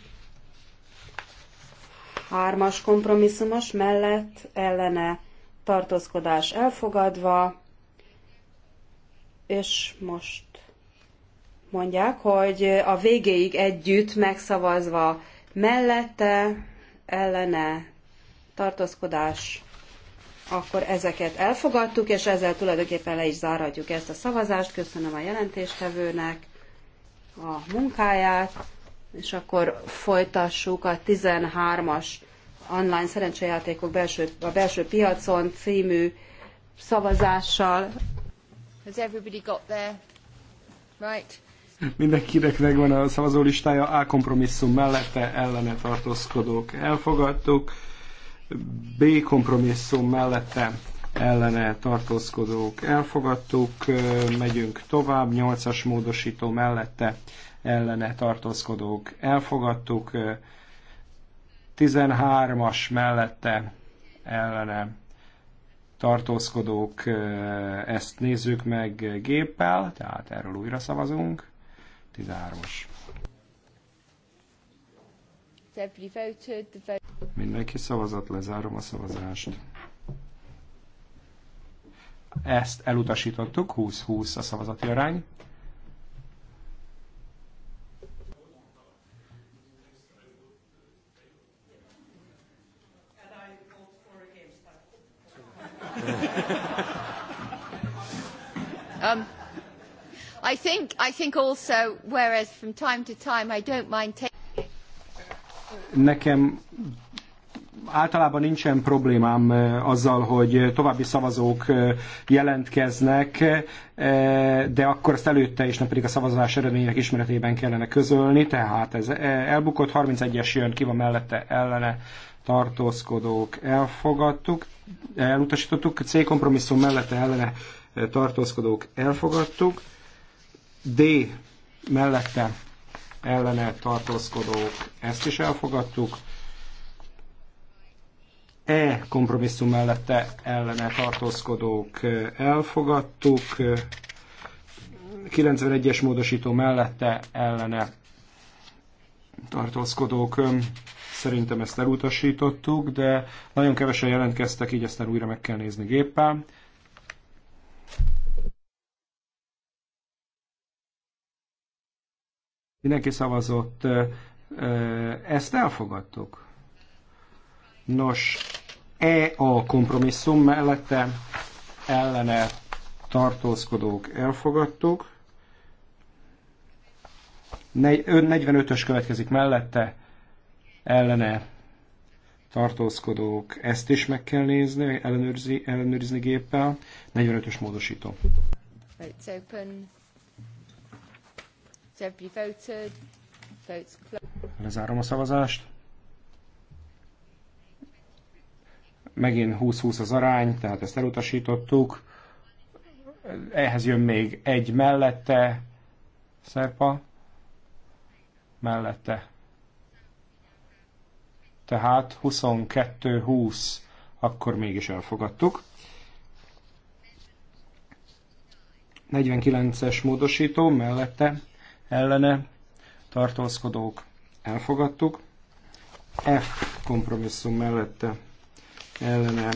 Speaker 3: hármas kompromisszumos mellett ellene tartózkodás elfogadva, és most mondják, hogy a végéig együtt megszavazva mellette ellene tartózkodás, akkor ezeket elfogadtuk, és ezzel tulajdonképpen le is zárhatjuk ezt a szavazást. Köszönöm a jelentéstevőnek a munkáját, és akkor folytassuk a 13-as online szerencsejátékok belső, a belső piacon című szavazással.
Speaker 2: Has everybody got there?
Speaker 3: Right.
Speaker 1: Mindenkinek megvan a szavazólistája, A kompromisszum mellette ellene tartózkodók elfogadtuk. B kompromisszum mellette ellene tartózkodók elfogadtuk, megyünk tovább, 8-as módosító mellette ellene tartózkodók elfogadtuk, 13-as mellette ellene tartózkodók, ezt nézzük meg géppel, tehát erről újra szavazunk, 13-as. Mindenki szavazat lezárom a szavazást. Ezt elutasítottuk, 20-20 a szavazati arány.
Speaker 3: Um,
Speaker 2: I think, I think also, whereas from time to time I don't mind taking
Speaker 1: nekem általában nincsen problémám eh, azzal, hogy további szavazók eh, jelentkeznek, eh, de akkor ezt előtte és nem pedig a szavazás eredmények ismeretében kellene közölni, tehát ez elbukott, 31-es jön, ki van mellette ellene tartózkodók elfogadtuk, elutasítottuk, C kompromisszum mellette ellene tartózkodók elfogadtuk, D mellette ellene tartózkodók, ezt is elfogadtuk. E kompromisszum mellette ellene tartózkodók elfogadtuk, 91-es módosító mellette ellene tartózkodók szerintem ezt elutasítottuk, de nagyon kevesen jelentkeztek, így ezt újra meg kell nézni géppel. Mindenki szavazott. Ezt elfogadtuk. Nos, E a kompromisszum mellette ellene tartózkodók elfogadtuk. 45-ös következik mellette ellene tartózkodók, ezt is meg kell nézni, ellenőrizni, ellenőrizni géppel. 45-ös módosító. Votes open. Lezárom a szavazást. Megint 20-20 az arány, tehát ezt elutasítottuk. Ehhez jön még egy mellette, szerpa, mellette. Tehát 22-20, akkor mégis elfogadtuk. 49-es módosító mellette ellene tartózkodók elfogadtuk. F kompromisszum mellette ellene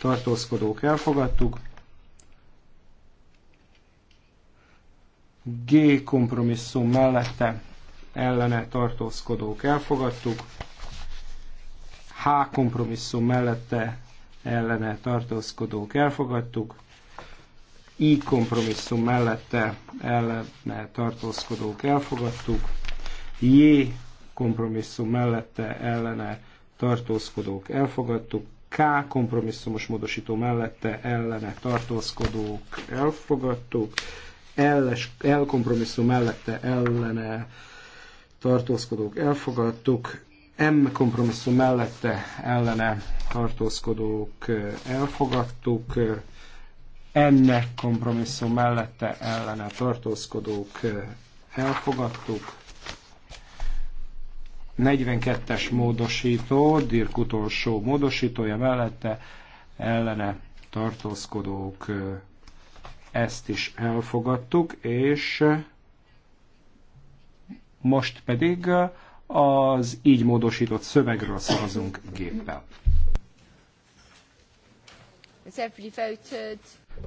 Speaker 1: tartózkodók elfogadtuk. G kompromisszum mellette ellene tartózkodók elfogadtuk. H kompromisszum mellette ellene tartózkodók elfogadtuk így kompromisszum mellette ellene tartózkodók elfogadtuk, J kompromisszum mellette ellene tartózkodók elfogadtuk, K kompromisszumos módosító mellette ellene tartózkodók elfogadtuk, L, L kompromisszum mellette ellene tartózkodók elfogadtuk, M kompromisszum mellette ellene tartózkodók elfogadtuk, ennek kompromisszum mellette ellene tartózkodók elfogadtuk. 42-es módosító, Dirk utolsó módosítója mellette ellene tartózkodók ezt is elfogadtuk, és most pedig az így módosított szövegről szavazunk géppel.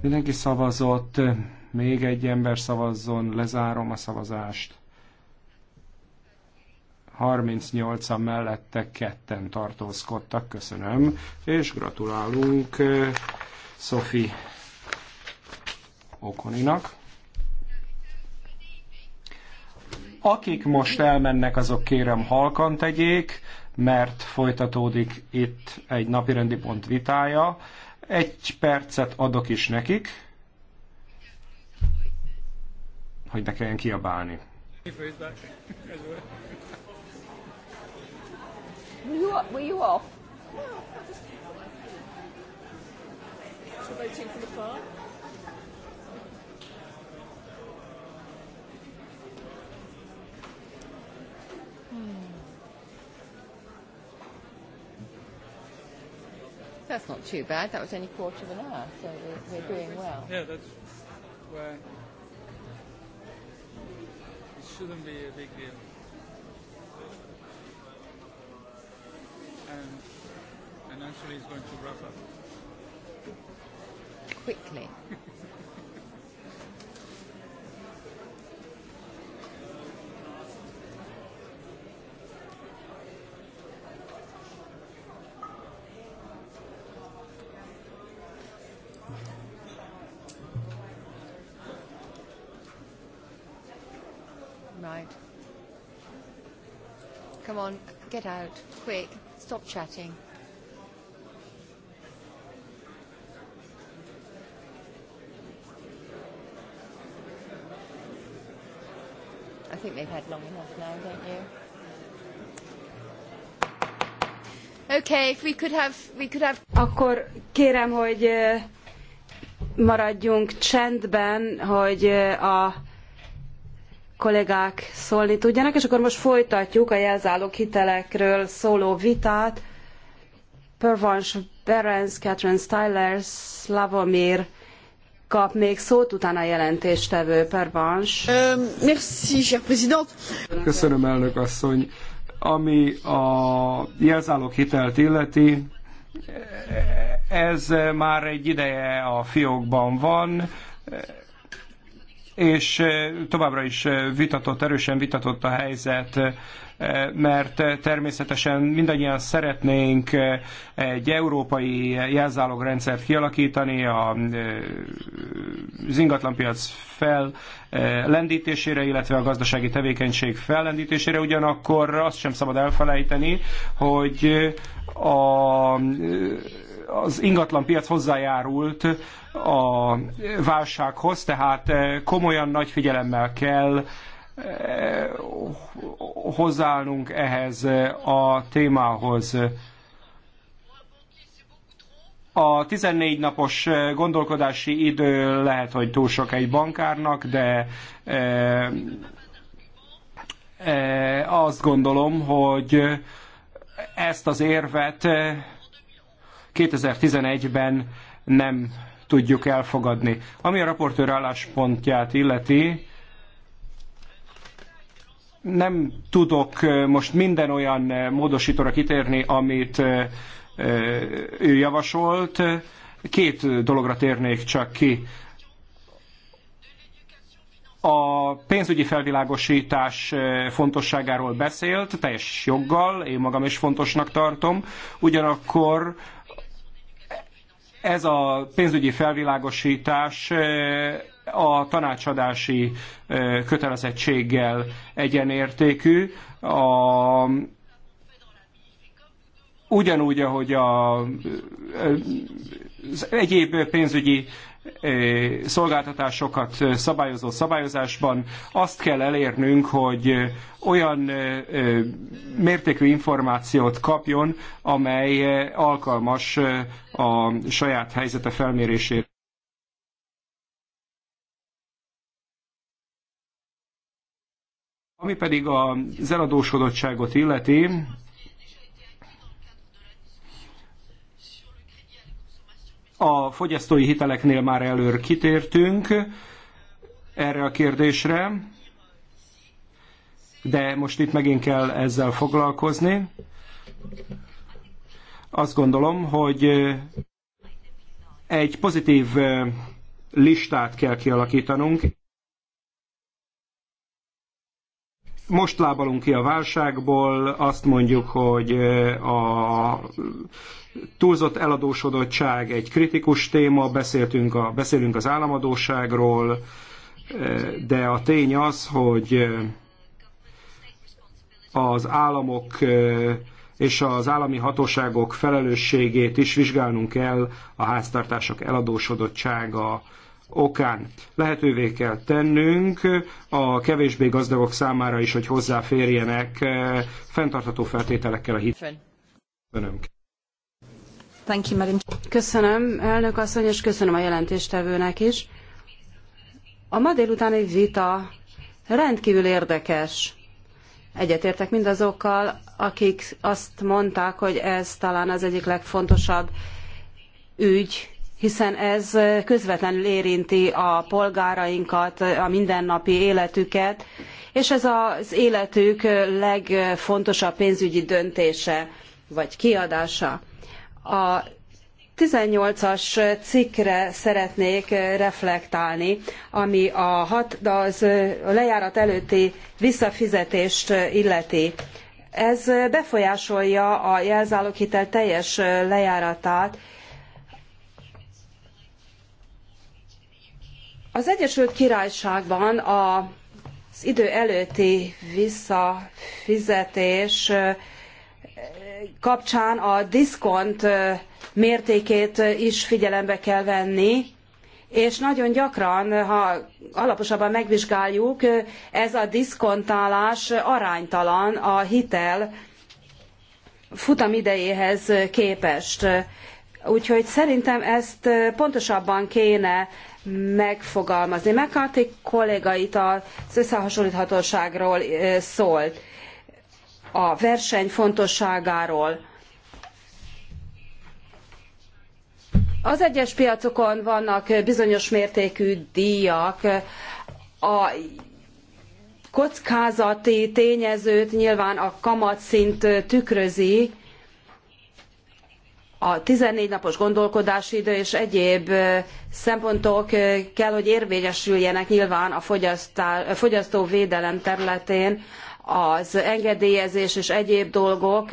Speaker 1: Mindenki szavazott, még egy ember szavazzon, lezárom a szavazást. 38-an mellette ketten tartózkodtak, köszönöm, és gratulálunk eh, Szofi Okoninak. Akik most elmennek, azok kérem halkan tegyék, mert folytatódik itt egy napirendi pont vitája. Egy percet adok is nekik, hogy ne kelljen kiabálni. Were
Speaker 2: you, were you off? Hmm. That's not too bad. That was only quarter of an hour, so we're, we're doing well.
Speaker 1: Yeah, that's where it shouldn't be a big deal. And, and actually, it's going to wrap up
Speaker 2: quickly. *laughs* Come on, get out, quick. Stop chatting. I think they've had long enough now, don't you? Okay, if we could have, we could have... Akkor kérem,
Speaker 3: hogy eh, maradjunk csendben, hogy eh, a kollégák szólni tudjanak, és akkor most folytatjuk a jelzálók hitelekről szóló vitát. Pervans Berens, Catherine Styler, Slavomir kap még szót, utána jelentéstevő Pervans. Merci, cher président.
Speaker 1: Köszönöm, elnök asszony. Ami a jelzálók hitelt illeti, ez már egy ideje a fiókban van és továbbra is vitatott, erősen vitatott a helyzet, mert természetesen mindannyian szeretnénk egy európai jelzálogrendszert kialakítani az ingatlanpiac fel lendítésére, illetve a gazdasági tevékenység fellendítésére, ugyanakkor azt sem szabad elfelejteni, hogy a az ingatlanpiac hozzájárult a válsághoz, tehát eh, komolyan nagy figyelemmel kell eh, hozzáállnunk ehhez eh, a témához. A 14 napos gondolkodási idő lehet, hogy túl sok egy bankárnak, de azt gondolom, hogy ezt az érvet 2011-ben nem tudjuk elfogadni. Ami a raportőr álláspontját illeti, nem tudok most minden olyan módosítóra kitérni, amit ő javasolt. Két dologra térnék csak ki. A pénzügyi felvilágosítás fontosságáról beszélt, teljes joggal, én magam is fontosnak tartom, ugyanakkor ez a pénzügyi felvilágosítás a tanácsadási kötelezettséggel egyenértékű. A, ugyanúgy, ahogy a, az egyéb pénzügyi szolgáltatásokat szabályozó szabályozásban azt kell elérnünk, hogy olyan mértékű információt kapjon, amely alkalmas a saját helyzete felmérésére. Ami pedig az eladósodottságot illeti, A fogyasztói hiteleknél már előr kitértünk erre a kérdésre, de most itt megint kell ezzel foglalkozni. Azt gondolom, hogy egy pozitív listát kell kialakítanunk, most lábalunk ki a válságból, azt mondjuk, hogy a túlzott eladósodottság egy kritikus téma, beszéltünk a, beszélünk az államadóságról, de a tény az, hogy az államok és az állami hatóságok felelősségét is vizsgálnunk kell a háztartások eladósodottsága okán. Lehetővé kell tennünk a kevésbé gazdagok számára is, hogy hozzáférjenek eh, fenntartható feltételekkel a hit. Önöm.
Speaker 3: Köszönöm, elnök asszony, és köszönöm a jelentéstevőnek is. A ma délutáni vita rendkívül érdekes. Egyetértek mindazokkal, akik azt mondták, hogy ez talán az egyik legfontosabb ügy, hiszen ez közvetlenül érinti a polgárainkat, a mindennapi életüket, és ez az életük legfontosabb pénzügyi döntése vagy kiadása. A 18-as cikkre szeretnék reflektálni, ami a, hat, az, a lejárat előtti visszafizetést illeti. Ez befolyásolja a jelzáloghitel teljes lejáratát, Az Egyesült Királyságban a, az idő előtti visszafizetés kapcsán a diszkont mértékét is figyelembe kell venni, és nagyon gyakran, ha alaposabban megvizsgáljuk, ez a diszkontálás aránytalan a hitel futamidejéhez képest. Úgyhogy szerintem ezt pontosabban kéne megfogalmazni. McCarthy itt az összehasonlíthatóságról szólt, a verseny fontosságáról. Az egyes piacokon vannak bizonyos mértékű díjak, a kockázati tényezőt nyilván a kamatszint tükrözi, a 14 napos gondolkodási idő és egyéb szempontok kell, hogy érvényesüljenek nyilván a fogyasztóvédelem területén, az engedélyezés és egyéb dolgok,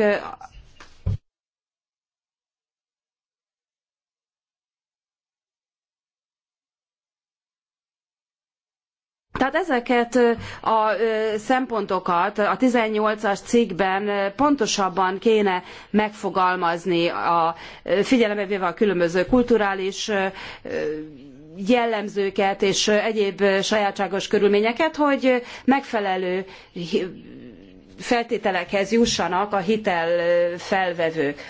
Speaker 3: Tehát ezeket a szempontokat a 18-as cikkben pontosabban kéne megfogalmazni, a, figyelembe véve a különböző kulturális jellemzőket és egyéb sajátságos körülményeket, hogy megfelelő feltételekhez jussanak a hitelfelvevők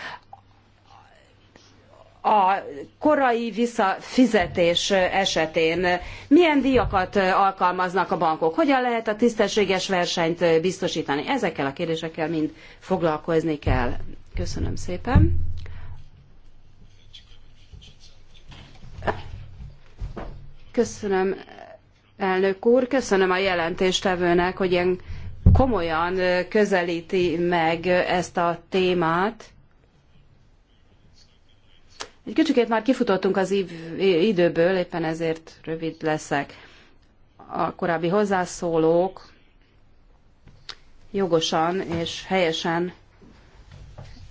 Speaker 3: a korai visszafizetés esetén milyen díjakat alkalmaznak a bankok, hogyan lehet a tisztességes versenyt biztosítani. Ezekkel a kérdésekkel mind foglalkozni kell. Köszönöm szépen. Köszönöm, elnök úr, köszönöm a jelentéstevőnek, hogy ilyen komolyan közelíti meg ezt a témát. Egy kicsikét már kifutottunk az időből, éppen ezért rövid leszek. A korábbi hozzászólók jogosan és helyesen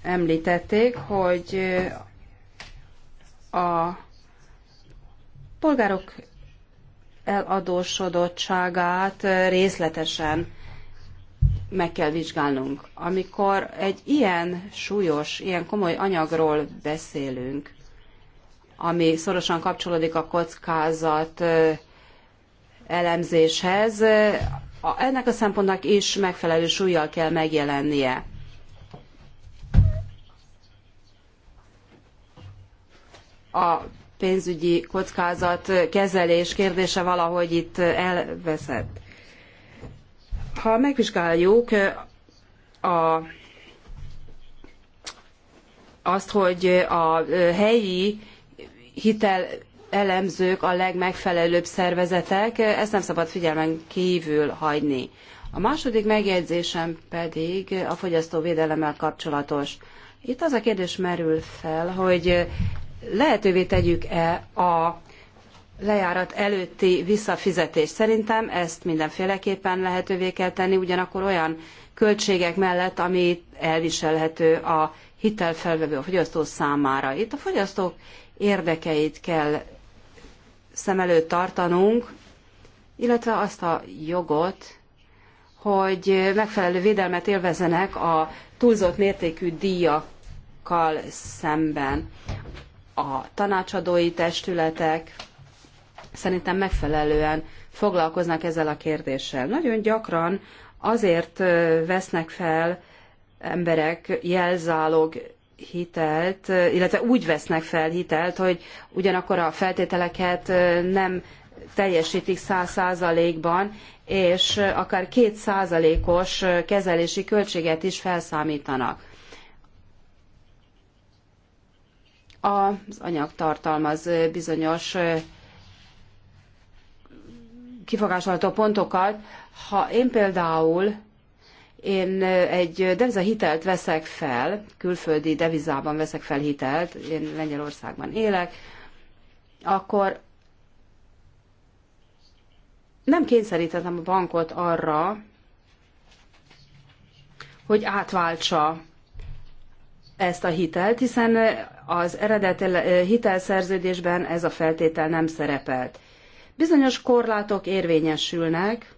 Speaker 3: említették, hogy a polgárok eladósodottságát részletesen meg kell vizsgálnunk. Amikor egy ilyen súlyos, ilyen komoly anyagról beszélünk, ami szorosan kapcsolódik a kockázat elemzéshez, ennek a szempontnak is megfelelő súlyjal kell megjelennie. A pénzügyi kockázat kezelés kérdése valahogy itt elveszett. Ha megvizsgáljuk a, azt, hogy a helyi hitel elemzők a legmegfelelőbb szervezetek, ezt nem szabad figyelmen kívül hagyni. A második megjegyzésem pedig a fogyasztóvédelemmel kapcsolatos. Itt az a kérdés merül fel, hogy lehetővé tegyük-e a lejárat előtti visszafizetést. Szerintem ezt mindenféleképpen lehetővé kell tenni, ugyanakkor olyan költségek mellett, ami elviselhető a hitelfelvevő a fogyasztó számára. Itt a fogyasztók érdekeit kell szem előtt tartanunk, illetve azt a jogot, hogy megfelelő védelmet élvezenek a túlzott mértékű díjakkal szemben. A tanácsadói testületek szerintem megfelelően foglalkoznak ezzel a kérdéssel. Nagyon gyakran azért vesznek fel emberek jelzálog hitelt, illetve úgy vesznek fel hitelt, hogy ugyanakkor a feltételeket nem teljesítik száz százalékban, és akár két százalékos kezelési költséget is felszámítanak. Az anyag tartalmaz bizonyos kifogásolható pontokat. Ha én például én eh, egy devizahitelt veszek fel, külföldi devizában veszek fel hitelt, én Lengyelországban élek, akkor nem kényszerítettem a bankot arra, hogy átváltsa ezt a hitelt, hiszen az eredeti eh, hitelszerződésben ez a feltétel nem szerepelt. Bizonyos korlátok érvényesülnek,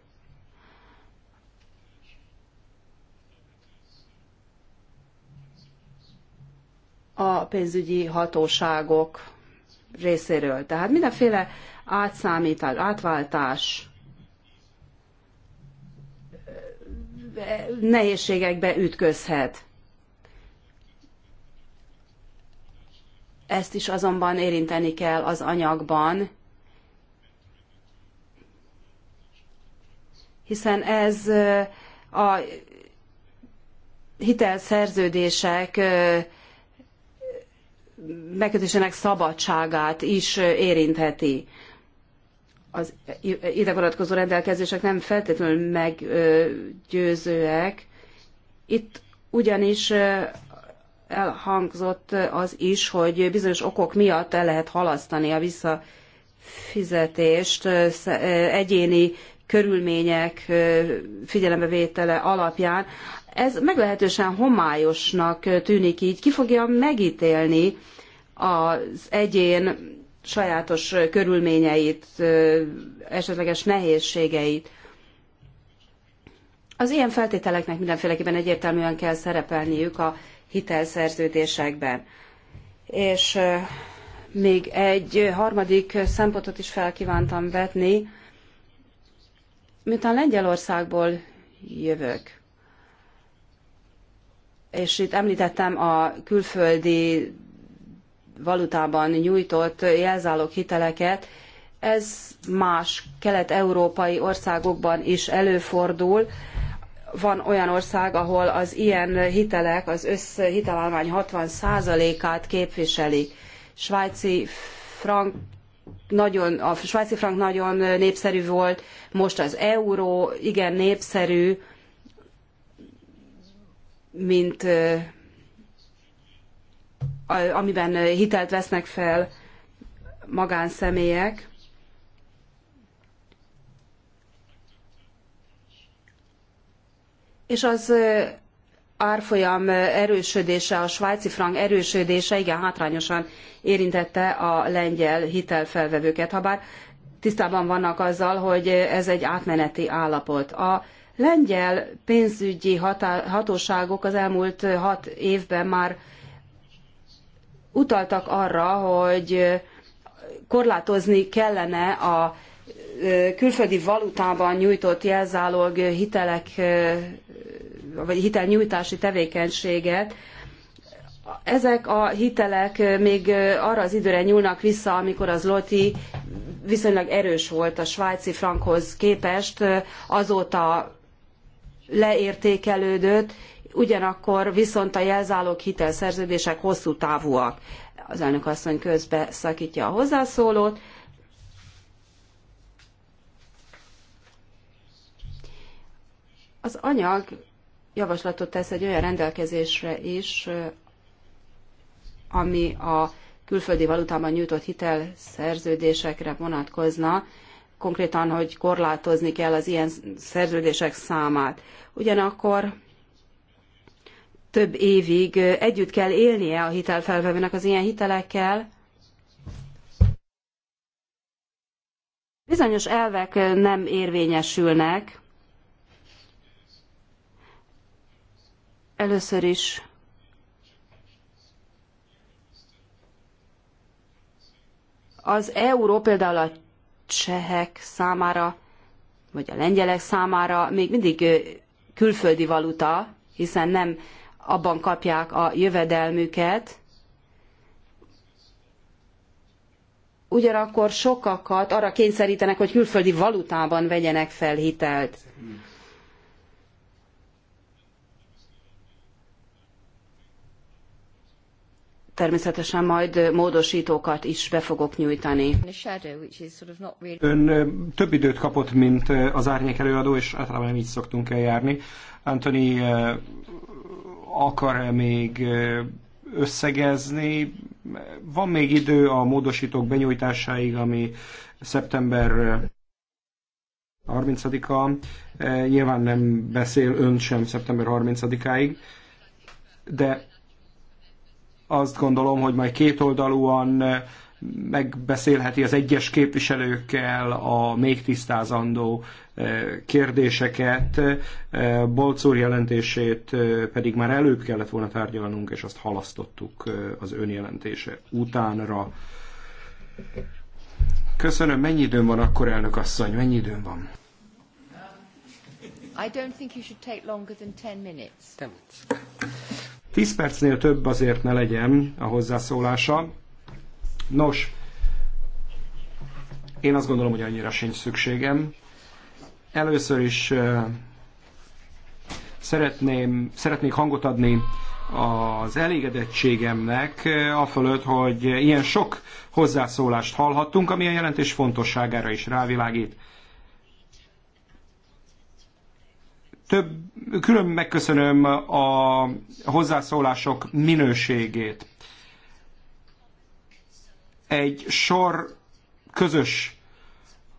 Speaker 3: a pénzügyi hatóságok részéről. Tehát mindenféle átszámítás, átváltás nehézségekbe ütközhet. Ezt is azonban érinteni kell az anyagban, hiszen ez a hitelszerződések megkötésének szabadságát is érintheti. Az ide vonatkozó rendelkezések nem feltétlenül meggyőzőek. Itt ugyanis elhangzott az is, hogy bizonyos okok miatt el lehet halasztani a visszafizetést egyéni körülmények figyelembevétele alapján. Ez meglehetősen homályosnak tűnik így. Ki fogja megítélni az egyén sajátos körülményeit, esetleges nehézségeit. Az ilyen feltételeknek mindenféleképpen egyértelműen kell szerepelniük a hitelszerződésekben. És még egy harmadik szempontot is felkívántam vetni. Miután Lengyelországból jövök, és itt említettem a külföldi valutában nyújtott jelzálók hiteleket, ez más kelet-európai országokban is előfordul. Van olyan ország, ahol az ilyen hitelek az összhitelállomány 60%-át képviselik. Svájci frank nagyon, a svájci frank nagyon népszerű volt, most az euró igen népszerű, mint amiben hitelt vesznek fel magánszemélyek. És az árfolyam erősödése, a svájci frank erősödése igen hátrányosan érintette a lengyel hitelfelvevőket, habár tisztában vannak azzal, hogy ez egy átmeneti állapot. A lengyel pénzügyi hatóságok az elmúlt hat évben már utaltak arra, hogy korlátozni kellene a külföldi valutában nyújtott jelzálog hitelek vagy hitelnyújtási tevékenységet. Ezek a hitelek még arra az időre nyúlnak vissza, amikor az loti viszonylag erős volt a svájci frankhoz képest, azóta leértékelődött, ugyanakkor viszont a jelzálók hitelszerződések hosszú távúak. Az elnök asszony közbe szakítja a hozzászólót. Az anyag javaslatot tesz egy olyan rendelkezésre is, ami a külföldi valutában nyújtott hitelszerződésekre vonatkozna, konkrétan, hogy korlátozni kell az ilyen szerződések számát. Ugyanakkor több évig együtt kell élnie a hitelfelvevőnek az ilyen hitelekkel. Bizonyos elvek nem érvényesülnek. Először is az euró például a csehek számára, vagy a lengyelek számára még mindig külföldi valuta, hiszen nem abban kapják a jövedelmüket, ugyanakkor sokakat arra kényszerítenek, hogy külföldi valutában vegyenek fel hitelt. természetesen majd módosítókat is be fogok nyújtani.
Speaker 1: Ön több időt kapott, mint az árnyék előadó, és általában nem így szoktunk eljárni. Anthony akar-e még összegezni? Van még idő a módosítók benyújtásáig, ami szeptember 30-a. Nyilván nem beszél ön sem szeptember 30-áig, de azt gondolom, hogy majd kétoldalúan eh, megbeszélheti az egyes képviselőkkel a még tisztázandó eh, kérdéseket. Eh, Bolcúr jelentését pedig már előbb kellett volna tárgyalnunk, és azt halasztottuk az önjelentése utánra. Köszönöm, mennyi időm van akkor, elnök asszony, mennyi időm van?
Speaker 2: I don't think you should take longer than 10 minutes. 10 minutes.
Speaker 1: 10 percnél több azért ne legyen a hozzászólása. Nos, én azt gondolom, hogy annyira sincs szükségem. Először is szeretném, szeretnék hangot adni az elégedettségemnek fölött, hogy ilyen sok hozzászólást hallhattunk, ami a jelentés fontosságára is rávilágít. Több, külön megköszönöm a hozzászólások minőségét. Egy sor közös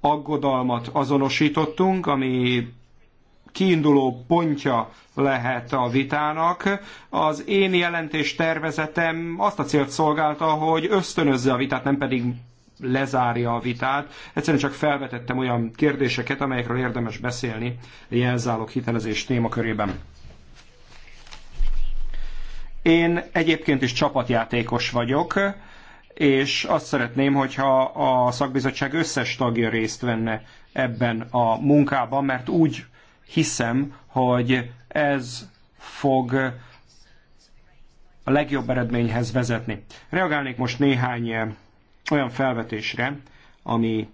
Speaker 1: aggodalmat azonosítottunk, ami kiinduló pontja lehet a vitának. Az én jelentés tervezetem azt a célt szolgálta, hogy ösztönözze a vitát, nem pedig lezárja a vitát. Egyszerűen csak felvetettem olyan kérdéseket, amelyekről érdemes beszélni jelzálog hitelezés témakörében. Én egyébként is csapatjátékos vagyok, és azt szeretném, hogyha a szakbizottság összes tagja részt venne ebben a munkában, mert úgy hiszem, hogy ez fog a legjobb eredményhez vezetni. Reagálnék most néhány olyan felvetésre, ami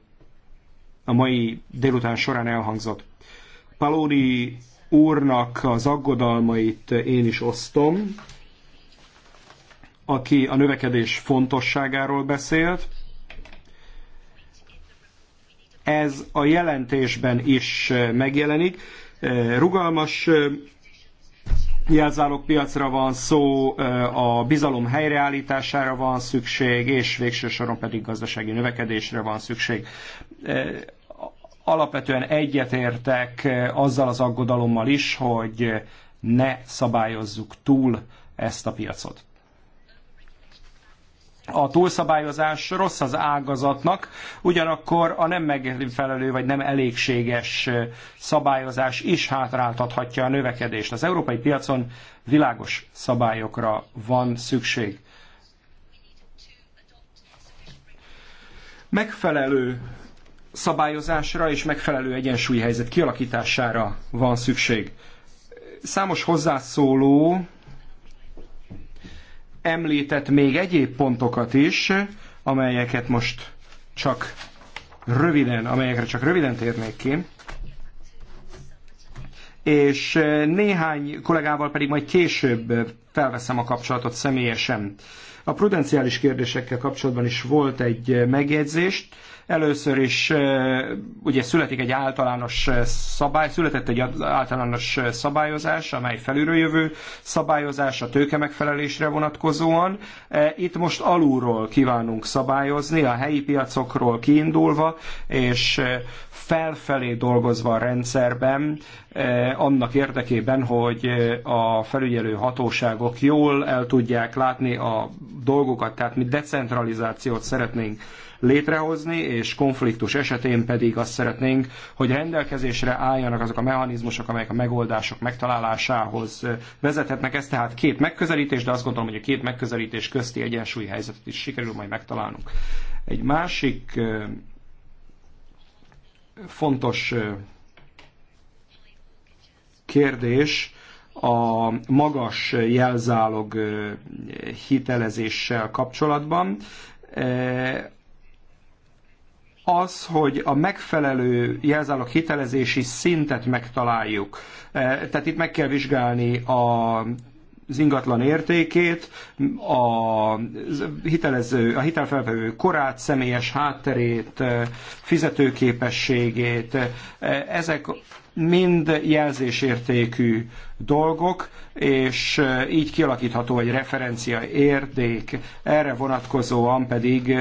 Speaker 1: a mai délután során elhangzott. Palóri úrnak az aggodalmait én is osztom, aki a növekedés fontosságáról beszélt. Ez a jelentésben is megjelenik. Rugalmas jelzálog piacra van szó, a bizalom helyreállítására van szükség, és végső soron pedig gazdasági növekedésre van szükség alapvetően egyetértek azzal az aggodalommal is, hogy ne szabályozzuk túl ezt a piacot a túlszabályozás rossz az ágazatnak, ugyanakkor a nem megfelelő vagy nem elégséges szabályozás is hátráltathatja a növekedést. Az európai piacon világos szabályokra van szükség. Megfelelő szabályozásra és megfelelő egyensúlyhelyzet kialakítására van szükség. Számos hozzászóló említett még egyéb pontokat is, amelyeket most csak röviden, amelyekre csak röviden térnék ki, és eh, néhány kollégával pedig majd később eh, felveszem a kapcsolatot személyesen. A prudenciális kérdésekkel kapcsolatban is volt egy eh, megjegyzést, Először is ugye születik egy általános szabály, született egy általános szabályozás, amely felülről jövő szabályozás a tőke megfelelésre vonatkozóan. Itt most alulról kívánunk szabályozni, a helyi piacokról kiindulva, és felfelé dolgozva a rendszerben, annak érdekében, hogy a felügyelő hatóságok jól el tudják látni a dolgokat, tehát mi decentralizációt szeretnénk létrehozni, és konfliktus esetén pedig azt szeretnénk, hogy rendelkezésre álljanak azok a mechanizmusok, amelyek a megoldások megtalálásához vezethetnek. Ez tehát két megközelítés, de azt gondolom, hogy a két megközelítés közti egyensúlyi helyzetet is sikerül majd megtalálnunk. Egy másik fontos kérdés a magas jelzálog hitelezéssel kapcsolatban az, hogy a megfelelő jelzálog hitelezési szintet megtaláljuk. E, tehát itt meg kell vizsgálni a az ingatlan értékét, a, hitelező, a hitelfelvevő korát, személyes hátterét, e, fizetőképességét. E, ezek mind jelzésértékű dolgok, és így kialakítható egy referencia érték. Erre vonatkozóan pedig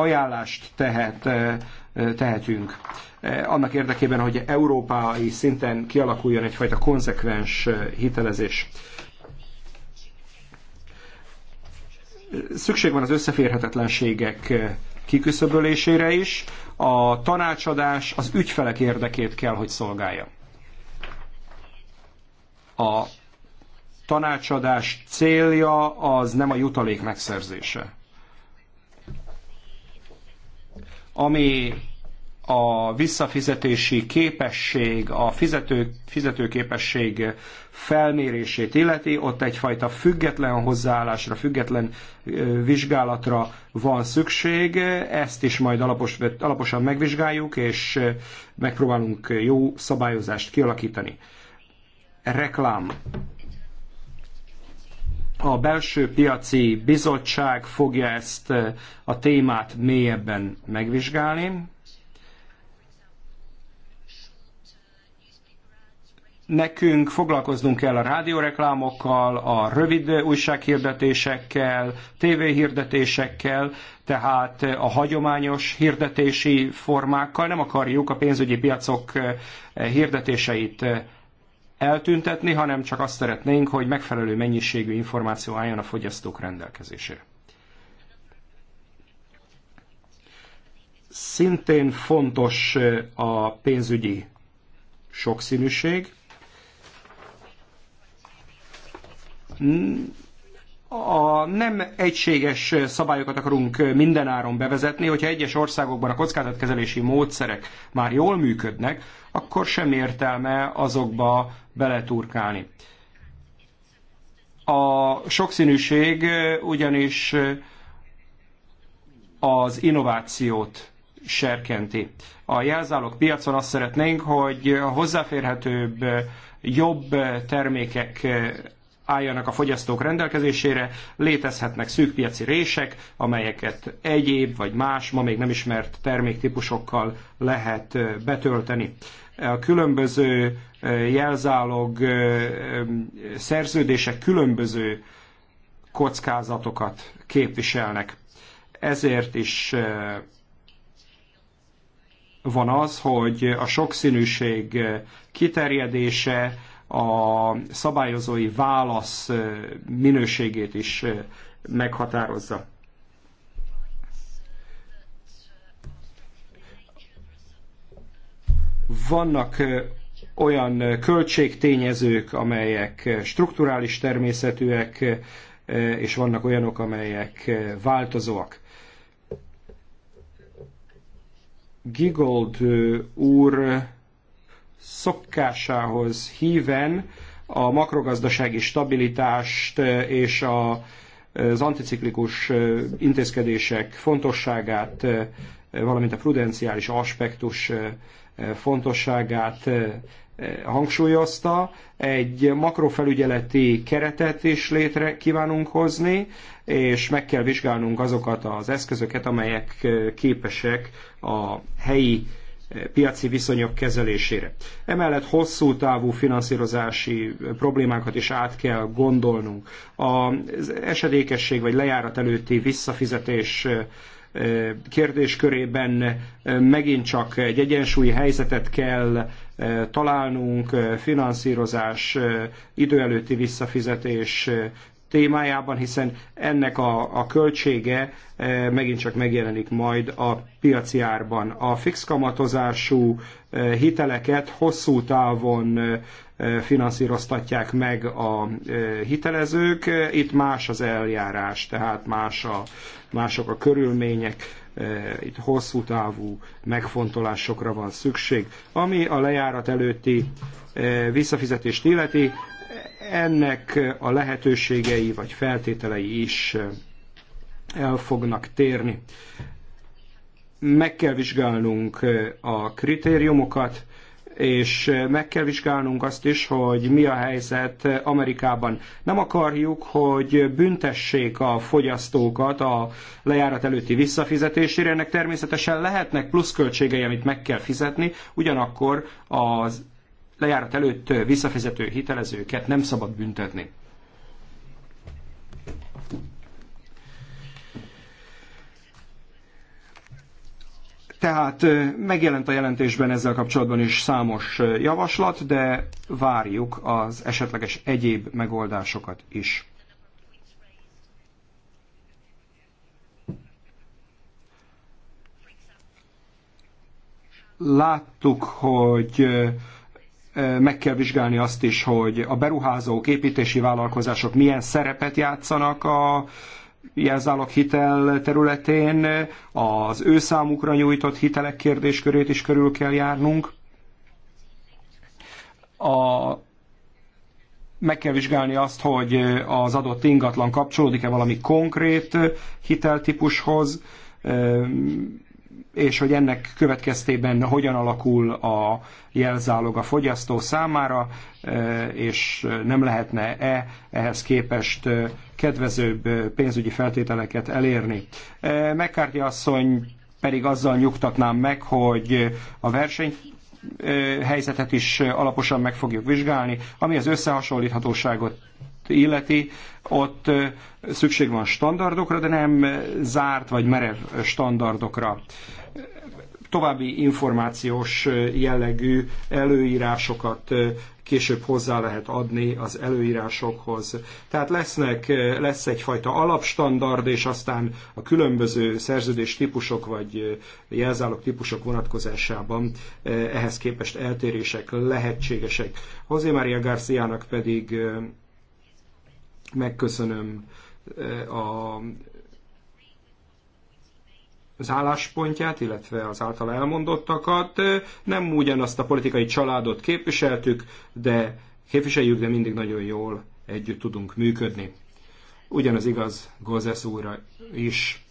Speaker 1: ajánlást tehet, tehetünk annak érdekében, hogy európai szinten kialakuljon egyfajta konzekvens hitelezés. Szükség van az összeférhetetlenségek kiküszöbölésére is. A tanácsadás az ügyfelek érdekét kell, hogy szolgálja. A tanácsadás célja az nem a jutalék megszerzése. ami a visszafizetési képesség, a fizető, fizetőképesség felmérését illeti, ott egyfajta független hozzáállásra, független vizsgálatra van szükség. Ezt is majd alapos, alaposan megvizsgáljuk, és megpróbálunk jó szabályozást kialakítani. Reklám. A belső piaci bizottság fogja ezt a témát mélyebben megvizsgálni. nekünk foglalkoznunk kell a rádióreklámokkal, a rövid újsághirdetésekkel, tévéhirdetésekkel, tehát a hagyományos hirdetési formákkal. Nem akarjuk a pénzügyi piacok hirdetéseit eltüntetni, hanem csak azt szeretnénk, hogy megfelelő mennyiségű információ álljon a fogyasztók rendelkezésére. Szintén fontos eh, a pénzügyi sokszínűség. A nem egységes szabályokat akarunk mindenáron bevezetni, hogyha egyes országokban a kockázatkezelési módszerek már jól működnek, akkor sem értelme azokba beleturkálni. A sokszínűség ugyanis az innovációt serkenti. A jelzálók piacon azt szeretnénk, hogy hozzáférhetőbb, jobb termékek álljanak a fogyasztók rendelkezésére, létezhetnek szűkpiaci rések, amelyeket egyéb vagy más, ma még nem ismert terméktípusokkal lehet betölteni a különböző e, jelzálog e, e, szerződések különböző kockázatokat képviselnek. Ezért is van az, hogy a sokszínűség kiterjedése a szabályozói válasz minőségét is meghatározza. Vannak olyan költségtényezők, amelyek strukturális természetűek, és vannak olyanok, amelyek változóak. Gigold úr szokásához híven a makrogazdasági stabilitást és a, az anticiklikus intézkedések fontosságát, valamint a prudenciális aspektus fontosságát eh, eh, hangsúlyozta. Egy makrofelügyeleti keretet is létre kívánunk hozni, és meg kell vizsgálnunk azokat az eszközöket, amelyek eh, képesek a helyi piaci viszonyok kezelésére. Emellett hosszú távú finanszírozási problémákat is át kell gondolnunk. Az esedékesség vagy lejárat előtti visszafizetés kérdéskörében megint csak egy egyensúlyi helyzetet kell találnunk, finanszírozás, idő előtti visszafizetés, témájában, hiszen ennek a, a költsége e, megint csak megjelenik majd a piaci árban. A fix kamatozású e, hiteleket hosszú távon e, finanszíroztatják meg a hitelezők, itt más az eljárás, tehát más a, mások a körülmények, itt hosszú távú megfontolásokra van szükség. Ami a lejárat előtti visszafizetést illeti, ennek a lehetőségei vagy feltételei is el fognak térni. Meg kell vizsgálnunk a kritériumokat, és meg kell vizsgálnunk azt is, hogy mi a helyzet Amerikában. Nem akarjuk, hogy büntessék a fogyasztókat a lejárat előtti visszafizetésére, ennek természetesen lehetnek pluszköltségei, amit meg kell fizetni, ugyanakkor az lejárat előtt visszafizető hitelezőket nem szabad büntetni. Tehát megjelent a jelentésben ezzel kapcsolatban is számos javaslat, de várjuk az esetleges egyéb megoldásokat is. Láttuk, hogy meg kell vizsgálni azt is, hogy a beruházók, építési vállalkozások milyen szerepet játszanak a jelzálog hitel területén, az ő számukra nyújtott hitelek kérdéskörét is körül kell járnunk. A meg kell vizsgálni azt, hogy az adott ingatlan kapcsolódik-e valami konkrét hiteltípushoz, és hogy ennek következtében hogyan alakul a jelzálog a fogyasztó számára, e, és nem lehetne-e ehhez képest e, kedvezőbb e, pénzügyi feltételeket elérni. McCarthy asszony pedig azzal nyugtatnám meg, hogy a verseny helyzetet is alaposan meg fogjuk vizsgálni, ami az összehasonlíthatóságot illeti, ott szükség van standardokra, de nem zárt vagy merev standardokra további információs jellegű előírásokat később hozzá lehet adni az előírásokhoz. Tehát lesznek, lesz egyfajta alapstandard, és aztán a különböző szerződés típusok vagy jelzálog típusok vonatkozásában ehhez képest eltérések lehetségesek. José Maria Garciának pedig megköszönöm a az álláspontját, illetve az által elmondottakat. Nem ugyanazt a politikai családot képviseltük, de képviseljük, de mindig nagyon jól együtt tudunk működni. Ugyanaz igaz Gozesz úrra is.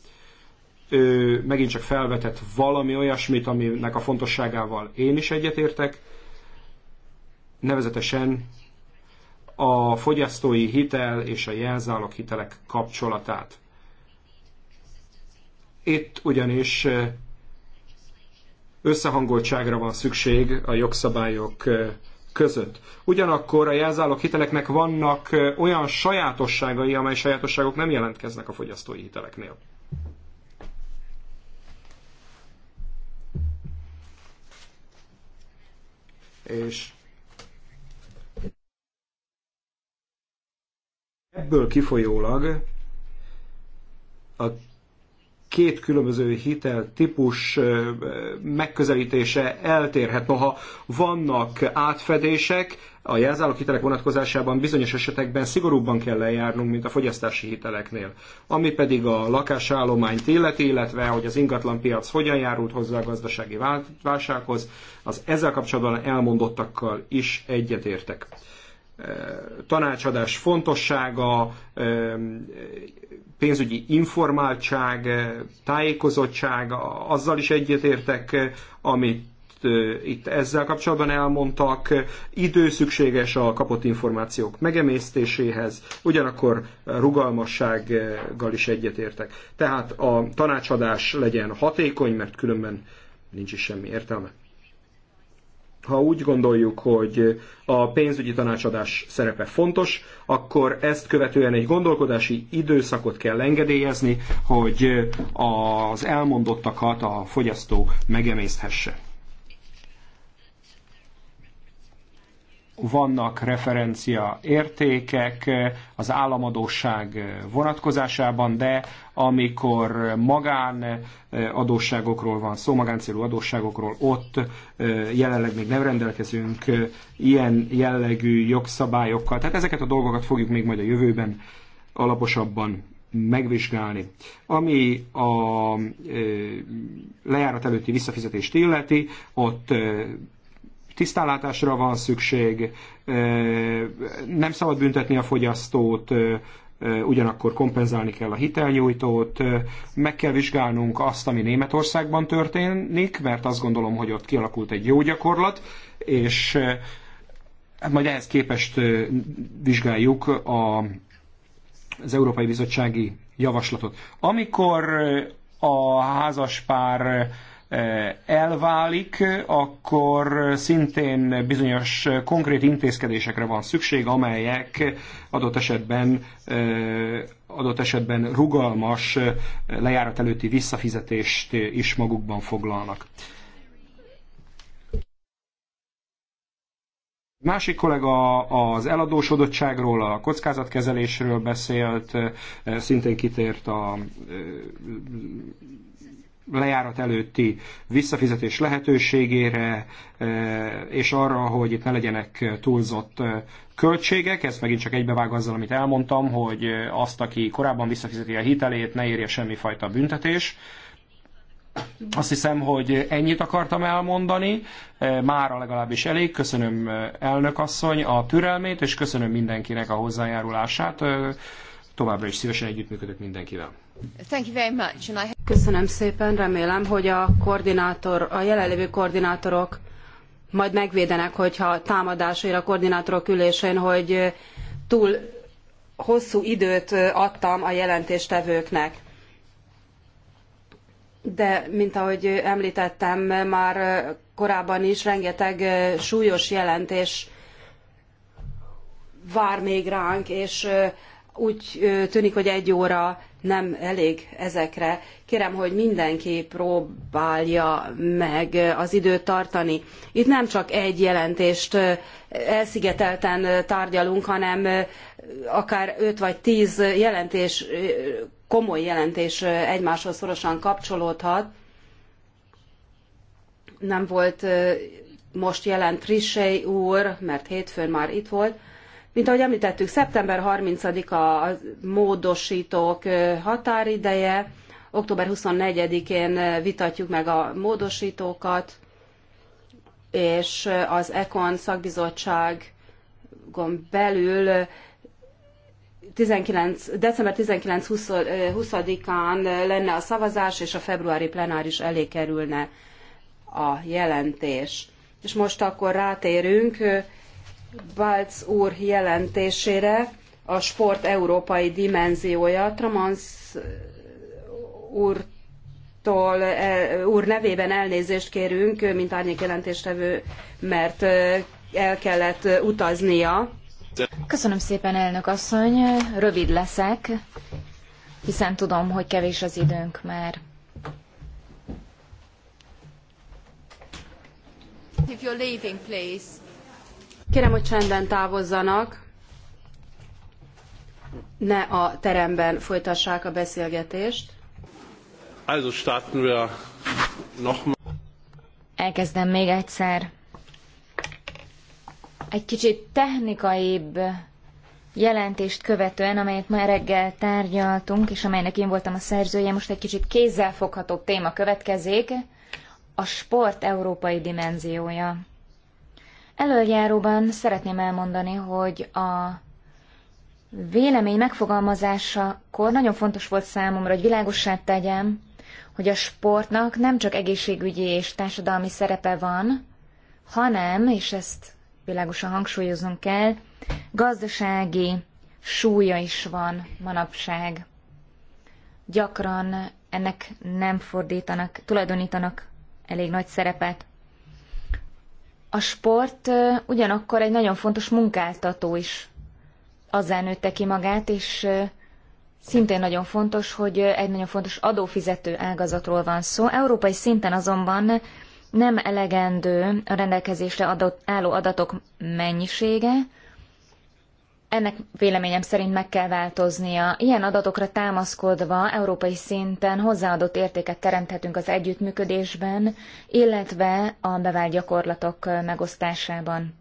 Speaker 1: Ő megint csak felvetett valami olyasmit, aminek a fontosságával én is egyetértek, nevezetesen a fogyasztói hitel és a jelzálok hitelek kapcsolatát. Itt ugyanis eh, összehangoltságra van szükség a jogszabályok eh, között. Ugyanakkor a jelzálók hiteleknek vannak eh, olyan sajátosságai, amely sajátosságok nem jelentkeznek a fogyasztói hiteleknél. És ebből kifolyólag a két különböző hitel típus megközelítése eltérhet. Noha vannak átfedések, a jelzálók hitelek vonatkozásában bizonyos esetekben szigorúbban kell lejárnunk, mint a fogyasztási hiteleknél. Ami pedig a lakásállományt illeti, illetve hogy az ingatlanpiac hogyan járult hozzá a gazdasági válsághoz, az ezzel kapcsolatban elmondottakkal is egyetértek tanácsadás fontossága, pénzügyi informáltság, tájékozottság, azzal is egyetértek, amit itt ezzel kapcsolatban elmondtak, idő szükséges a kapott információk megemésztéséhez, ugyanakkor rugalmassággal is egyetértek. Tehát a tanácsadás legyen hatékony, mert különben nincs is semmi értelme ha úgy gondoljuk, hogy a pénzügyi tanácsadás szerepe fontos, akkor ezt követően egy gondolkodási időszakot kell engedélyezni, hogy az elmondottakat a fogyasztó megemészhesse. vannak referencia értékek eh, az államadóság eh, vonatkozásában, de amikor magán eh, adósságokról van szó, magáncélú adósságokról, ott jelenleg még nem rendelkezünk ilyen jellegű jogszabályokkal. Tehát ezeket a dolgokat fogjuk még majd a jövőben alaposabban megvizsgálni. Ami a lejárat előtti visszafizetést illeti, ott tisztánlátásra van szükség, nem szabad büntetni a fogyasztót, ugyanakkor kompenzálni kell a hitelnyújtót, meg kell vizsgálnunk azt, ami Németországban történik, mert azt gondolom, hogy ott kialakult egy jó gyakorlat, és hát majd ehhez képest vizsgáljuk a, az Európai Bizottsági javaslatot. Amikor a házaspár Eh, elválik, akkor szintén bizonyos konkrét intézkedésekre van szükség, amelyek adott esetben eh, adott esetben rugalmas eh, lejárat előtti visszafizetést is magukban foglalnak. Másik kollega az eladósodottságról, a kockázatkezelésről beszélt, szintén kitért a lejárat előtti visszafizetés lehetőségére, e, és arra, hogy itt ne legyenek túlzott e, költségek, ez megint csak egybevág azzal, amit elmondtam, hogy azt, aki korábban visszafizeti a hitelét, ne érje semmifajta büntetés. Azt hiszem, hogy ennyit akartam elmondani, e, mára legalábbis elég. Köszönöm elnök asszony a türelmét, és köszönöm mindenkinek a hozzájárulását. Továbbra is szívesen együttműködök mindenkivel.
Speaker 3: Köszönöm szépen, remélem, hogy a, jelenlévő koordinátorok majd megvédenek, hogyha ér a koordinátorok ülésén, hogy túl hosszú időt adtam a jelentéstevőknek. De, mint ahogy említettem, már korábban is rengeteg súlyos jelentés vár még ránk, és úgy tűnik, hogy egy óra nem elég ezekre. Kérem, hogy mindenki próbálja meg az időt tartani. Itt nem csak egy jelentést elszigetelten tárgyalunk, hanem akár öt vagy tíz jelentés, komoly jelentés egymáshoz szorosan kapcsolódhat. Nem volt most jelent Trissei úr, mert hétfőn már itt volt, mint ahogy említettük, szeptember 30-a a módosítók határideje, október 24-én vitatjuk meg a módosítókat, és az ECON szakbizottságon belül 19, december 19-20-án lenne a szavazás, és a februári plenáris elé kerülne a jelentés. És most akkor rátérünk Balc úr jelentésére, a sport európai dimenziója. Tramans uh, úrtól, uh, úr nevében elnézést kérünk, uh, mint árnyék jelentéstevő,
Speaker 2: mert el kellett utaznia. Köszönöm szépen, elnök asszony. Rövid leszek, hiszen tudom, hogy kevés az időnk már. If you're
Speaker 3: leaving, please. Kérem, hogy csendben távozzanak. Ne a teremben folytassák a beszélgetést. Also starten wir nochmal.
Speaker 2: Elkezdem még egyszer. Egy kicsit technikaibb jelentést követően, amelyet ma reggel tárgyaltunk, és amelynek én voltam a szerzője, most egy kicsit kézzelfoghatóbb téma következik, a sport európai dimenziója. Előjáróban szeretném elmondani, hogy a vélemény megfogalmazásakor nagyon fontos volt számomra, hogy világossá tegyem, hogy a sportnak nem csak egészségügyi és társadalmi szerepe van, hanem, és ezt világosan hangsúlyozunk kell, gazdasági súlya is van manapság. Gyakran ennek nem fordítanak, tulajdonítanak elég nagy szerepet a sport ugyanakkor egy nagyon fontos munkáltató is azzá nőtte ki magát, és szintén nagyon fontos, hogy egy nagyon fontos adófizető ágazatról van szó. Európai szinten azonban nem elegendő a rendelkezésre adott, álló adatok mennyisége, ennek véleményem szerint meg kell változnia. Ilyen adatokra támaszkodva európai szinten hozzáadott értéket teremthetünk az együttműködésben, illetve a bevált gyakorlatok megosztásában.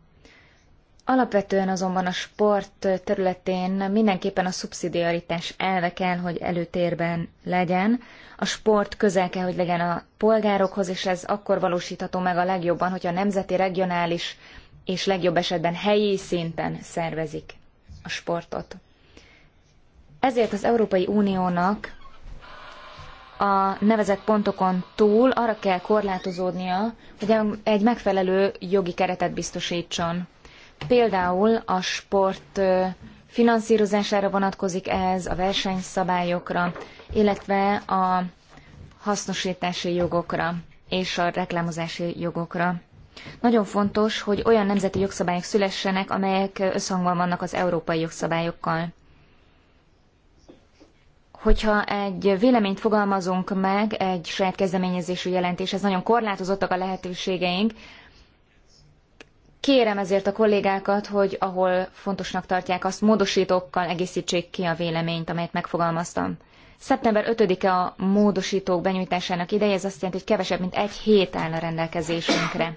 Speaker 2: Alapvetően azonban a sport területén mindenképpen a szubszidiaritás elve kell, hogy előtérben legyen. A sport közel kell, hogy legyen a polgárokhoz, és ez akkor valósítható meg a legjobban, hogyha a nemzeti, regionális és legjobb esetben helyi szinten szervezik a sportot. Ezért az Európai Uniónak a nevezett pontokon túl arra kell korlátozódnia, hogy egy megfelelő jogi keretet biztosítson. Például a sport finanszírozására vonatkozik ez, a versenyszabályokra, illetve a hasznosítási jogokra és a reklámozási jogokra. Nagyon fontos, hogy olyan nemzeti jogszabályok szülessenek, amelyek összhangban vannak az európai jogszabályokkal. Hogyha egy véleményt fogalmazunk meg, egy saját kezdeményezésű jelentéshez nagyon korlátozottak a lehetőségeink, Kérem ezért a kollégákat, hogy ahol fontosnak tartják, azt módosítókkal egészítsék ki a véleményt, amelyet megfogalmaztam. Szeptember 5-e a módosítók benyújtásának ideje, ez azt jelenti, hogy kevesebb, mint egy hét áll a rendelkezésünkre.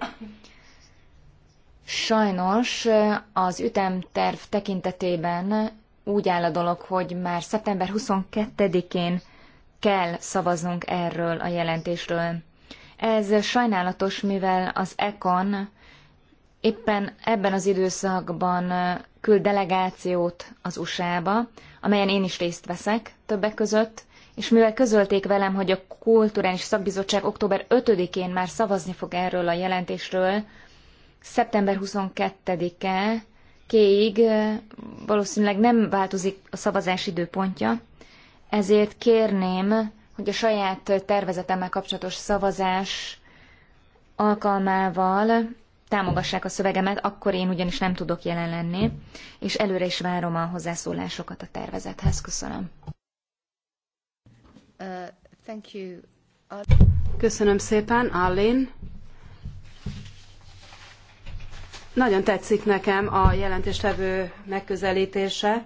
Speaker 2: Sajnos eh, az ütemterv tekintetében úgy áll a dolog, hogy már szeptember 22-én kell szavaznunk erről a jelentésről. Ez sajnálatos, mivel az ECON éppen ebben az időszakban eh, küld delegációt az USA-ba, amelyen én is részt veszek többek között, és mivel közölték velem, hogy a Kulturális Szakbizottság október 5-én már szavazni fog erről a jelentésről, szeptember 22-e kéig valószínűleg nem változik a szavazás időpontja, ezért kérném, hogy a saját tervezetemmel kapcsolatos szavazás alkalmával támogassák a szövegemet, akkor én ugyanis nem tudok jelen lenni, és előre is várom a hozzászólásokat a tervezethez. Köszönöm. Uh, uh
Speaker 3: Köszönöm szépen, Allin. Nagyon tetszik nekem a jelentéstevő megközelítése.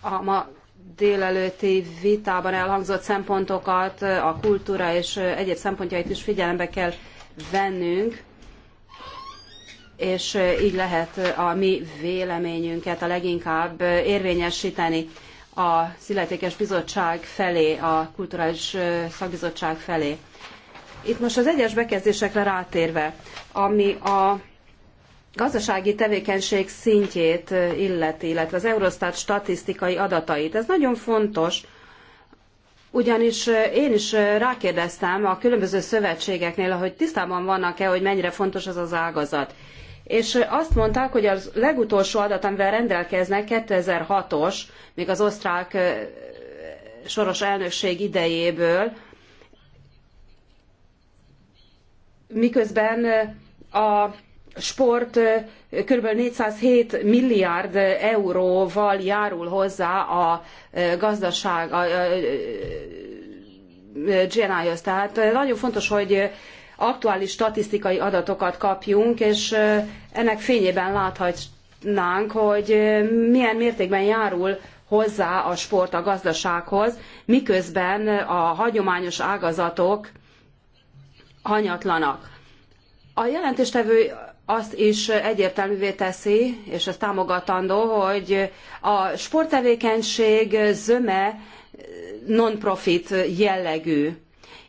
Speaker 3: A ma délelőtti vitában elhangzott szempontokat, a kultúra és egyéb szempontjait is figyelembe kell vennünk, és így lehet a mi véleményünket a leginkább érvényesíteni a illetékes bizottság felé, a kulturális szakbizottság felé. Itt most az egyes bekezdésekre rátérve, ami a gazdasági tevékenység szintjét illeti, illetve az Eurostat statisztikai adatait. Ez nagyon fontos, ugyanis én is rákérdeztem a különböző szövetségeknél, hogy tisztában vannak-e, hogy mennyire fontos az az ágazat. És azt mondták, hogy az legutolsó adat, amivel rendelkeznek, 2006-os, még az osztrák soros elnökség idejéből, miközben a sport kb. 407 milliárd euróval járul hozzá a gazdaság, a GNI-hoz. Tehát nagyon fontos, hogy aktuális statisztikai adatokat kapjunk, és ennek fényében láthatnánk, hogy milyen mértékben járul hozzá a sport a gazdasághoz, miközben a hagyományos ágazatok hanyatlanak. A jelentéstevő azt is egyértelművé teszi, és ez támogatandó, hogy a sporttevékenység zöme non-profit jellegű.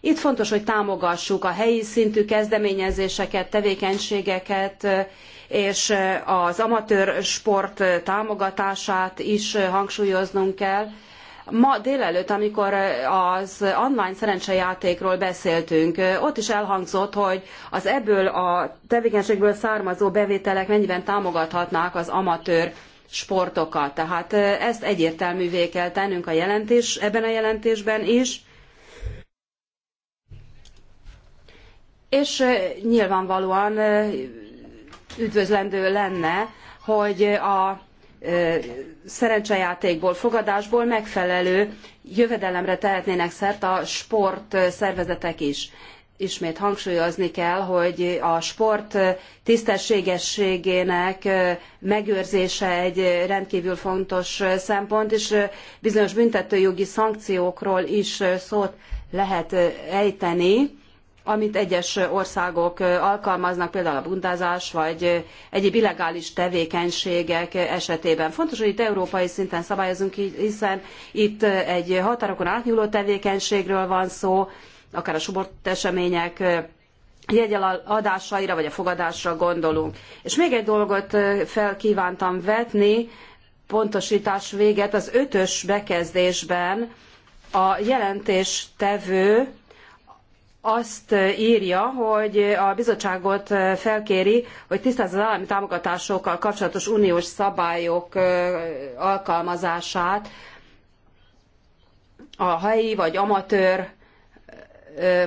Speaker 3: Itt fontos, hogy támogassuk a helyi szintű kezdeményezéseket, tevékenységeket, és az amatőr sport támogatását is hangsúlyoznunk kell, Ma délelőtt, amikor az online szerencsejátékról beszéltünk, ott is elhangzott, hogy az ebből a tevékenységből származó bevételek mennyiben támogathatnák az amatőr sportokat. Tehát ezt egyértelművé kell tennünk a jelentés, ebben a jelentésben is. És nyilvánvalóan üdvözlendő lenne, hogy a szerencsejátékból, fogadásból megfelelő jövedelemre tehetnének szert a sport szervezetek is. Ismét hangsúlyozni kell, hogy a sport tisztességességének megőrzése egy rendkívül fontos szempont, és bizonyos büntetőjogi szankciókról is szót lehet ejteni amit egyes országok alkalmaznak, például a bundázás vagy egyéb illegális tevékenységek esetében. Fontos, hogy itt európai szinten szabályozunk, hiszen itt egy határokon átnyúló tevékenységről van szó, akár a subort események jegyel adásaira vagy a fogadásra gondolunk. És még egy dolgot fel vetni, pontosítás véget az ötös bekezdésben a jelentéstevő azt írja, hogy a bizottságot felkéri, hogy tisztázza az állami támogatásokkal kapcsolatos uniós szabályok alkalmazását a helyi vagy amatőr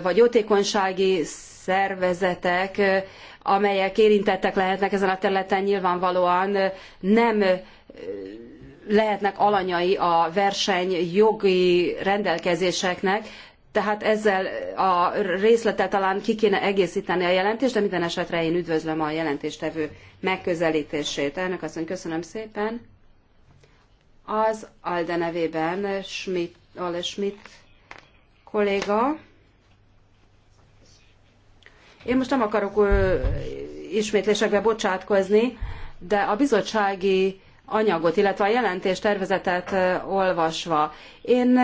Speaker 3: vagy jótékonysági szervezetek, amelyek érintettek lehetnek ezen a területen, nyilvánvalóan nem lehetnek alanyai a verseny jogi rendelkezéseknek, tehát ezzel a részletet talán ki kéne egészíteni a jelentést, de minden esetre én üdvözlöm a jelentéstevő megközelítését. Elnök asszony, köszönöm szépen. Az Alde nevében Schmidt, Ale Schmidt kolléga. Én most nem akarok ismétlésekbe bocsátkozni, de a bizottsági anyagot, illetve a jelentés tervezetet olvasva, én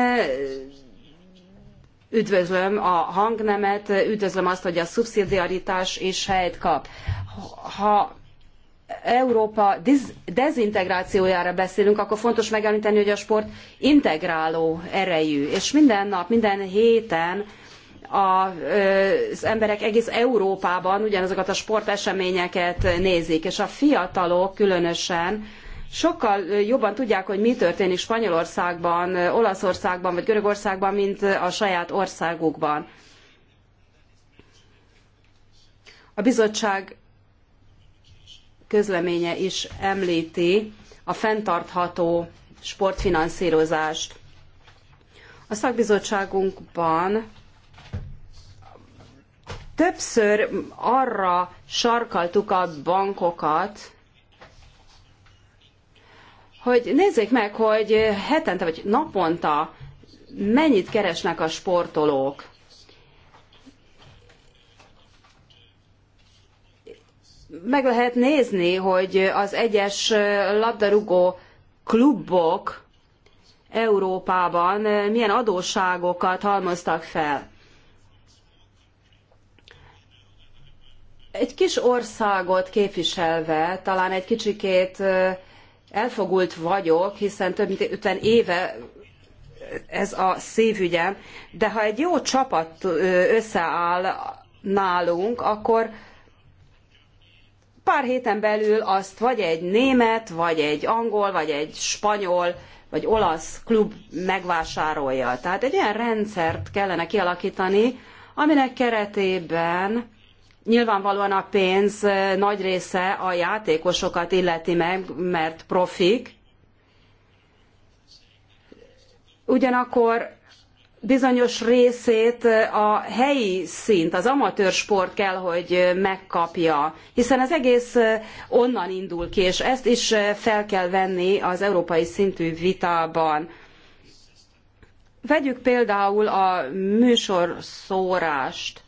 Speaker 3: Üdvözlöm a hangnemet, üdvözlöm azt, hogy a szubszidiaritás is helyt kap. Ha Európa dezintegrációjára beszélünk, akkor fontos megemlíteni, hogy a sport integráló erejű, és minden nap, minden héten az emberek egész Európában ugyanazokat a sporteseményeket nézik, és a fiatalok különösen sokkal jobban tudják, hogy mi történik Spanyolországban, Olaszországban vagy Görögországban, mint a saját országukban. A bizottság közleménye is említi a fenntartható sportfinanszírozást. A szakbizottságunkban többször arra sarkaltuk a bankokat, hogy nézzék meg, hogy hetente vagy naponta mennyit keresnek a sportolók. Meg lehet nézni, hogy az egyes labdarúgó klubok Európában milyen adósságokat halmoztak fel. Egy kis országot képviselve talán egy kicsikét elfogult vagyok, hiszen több mint 50 éve ez a szívügyem, de ha egy jó csapat összeáll nálunk, akkor pár héten belül azt vagy egy német, vagy egy angol, vagy egy spanyol, vagy olasz klub megvásárolja. Tehát egy olyan rendszert kellene kialakítani, aminek keretében Nyilvánvalóan a pénz nagy része a játékosokat illeti meg, mert profik. Ugyanakkor bizonyos részét a helyi szint, az amatőr sport kell, hogy megkapja, hiszen az egész onnan indul ki, és ezt is fel kell venni az európai szintű vitában. Vegyük például a műsorszórást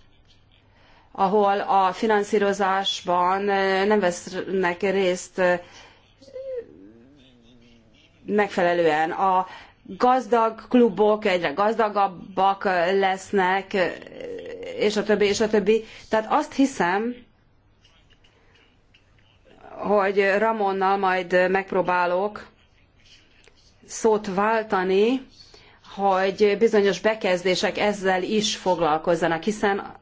Speaker 3: ahol a finanszírozásban eh, nem vesznek részt eh, megfelelően. A gazdag klubok egyre gazdagabbak lesznek, eh, és a többi, és a többi. Tehát azt hiszem, hogy Ramonnal majd megpróbálok szót váltani, hogy bizonyos bekezdések ezzel is foglalkozzanak, hiszen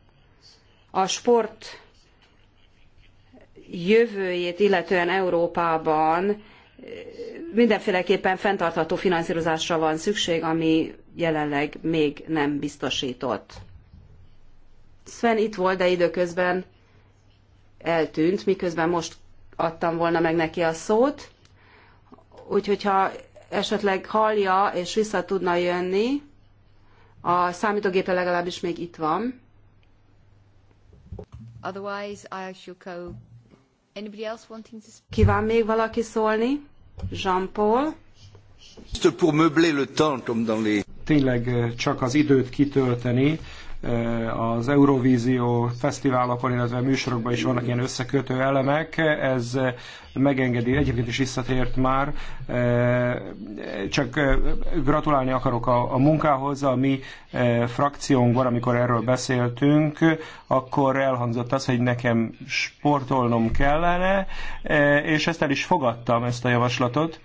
Speaker 3: a sport jövőjét illetően Európában eh, mindenféleképpen fenntartható finanszírozásra van szükség, ami jelenleg még nem biztosított. Sven itt volt, de időközben eltűnt, miközben most adtam volna meg neki a szót. Úgyhogy ha esetleg hallja és vissza tudna jönni, a számítógépe legalábbis még itt van.
Speaker 2: Otherwise, I shall go. Anybody else wanting to speak?
Speaker 3: Kíván még valaki szólni? Jean-Paul?
Speaker 1: Tényleg eh, csak az időt kitölteni, az Eurovízió fesztiválokon, illetve a műsorokban is vannak ilyen összekötő elemek, ez megengedi, egyébként is visszatért már, csak gratulálni akarok a, a munkához, a mi frakciónkban, amikor erről beszéltünk, akkor elhangzott az, hogy nekem sportolnom kellene, és ezt el is fogadtam, ezt a javaslatot.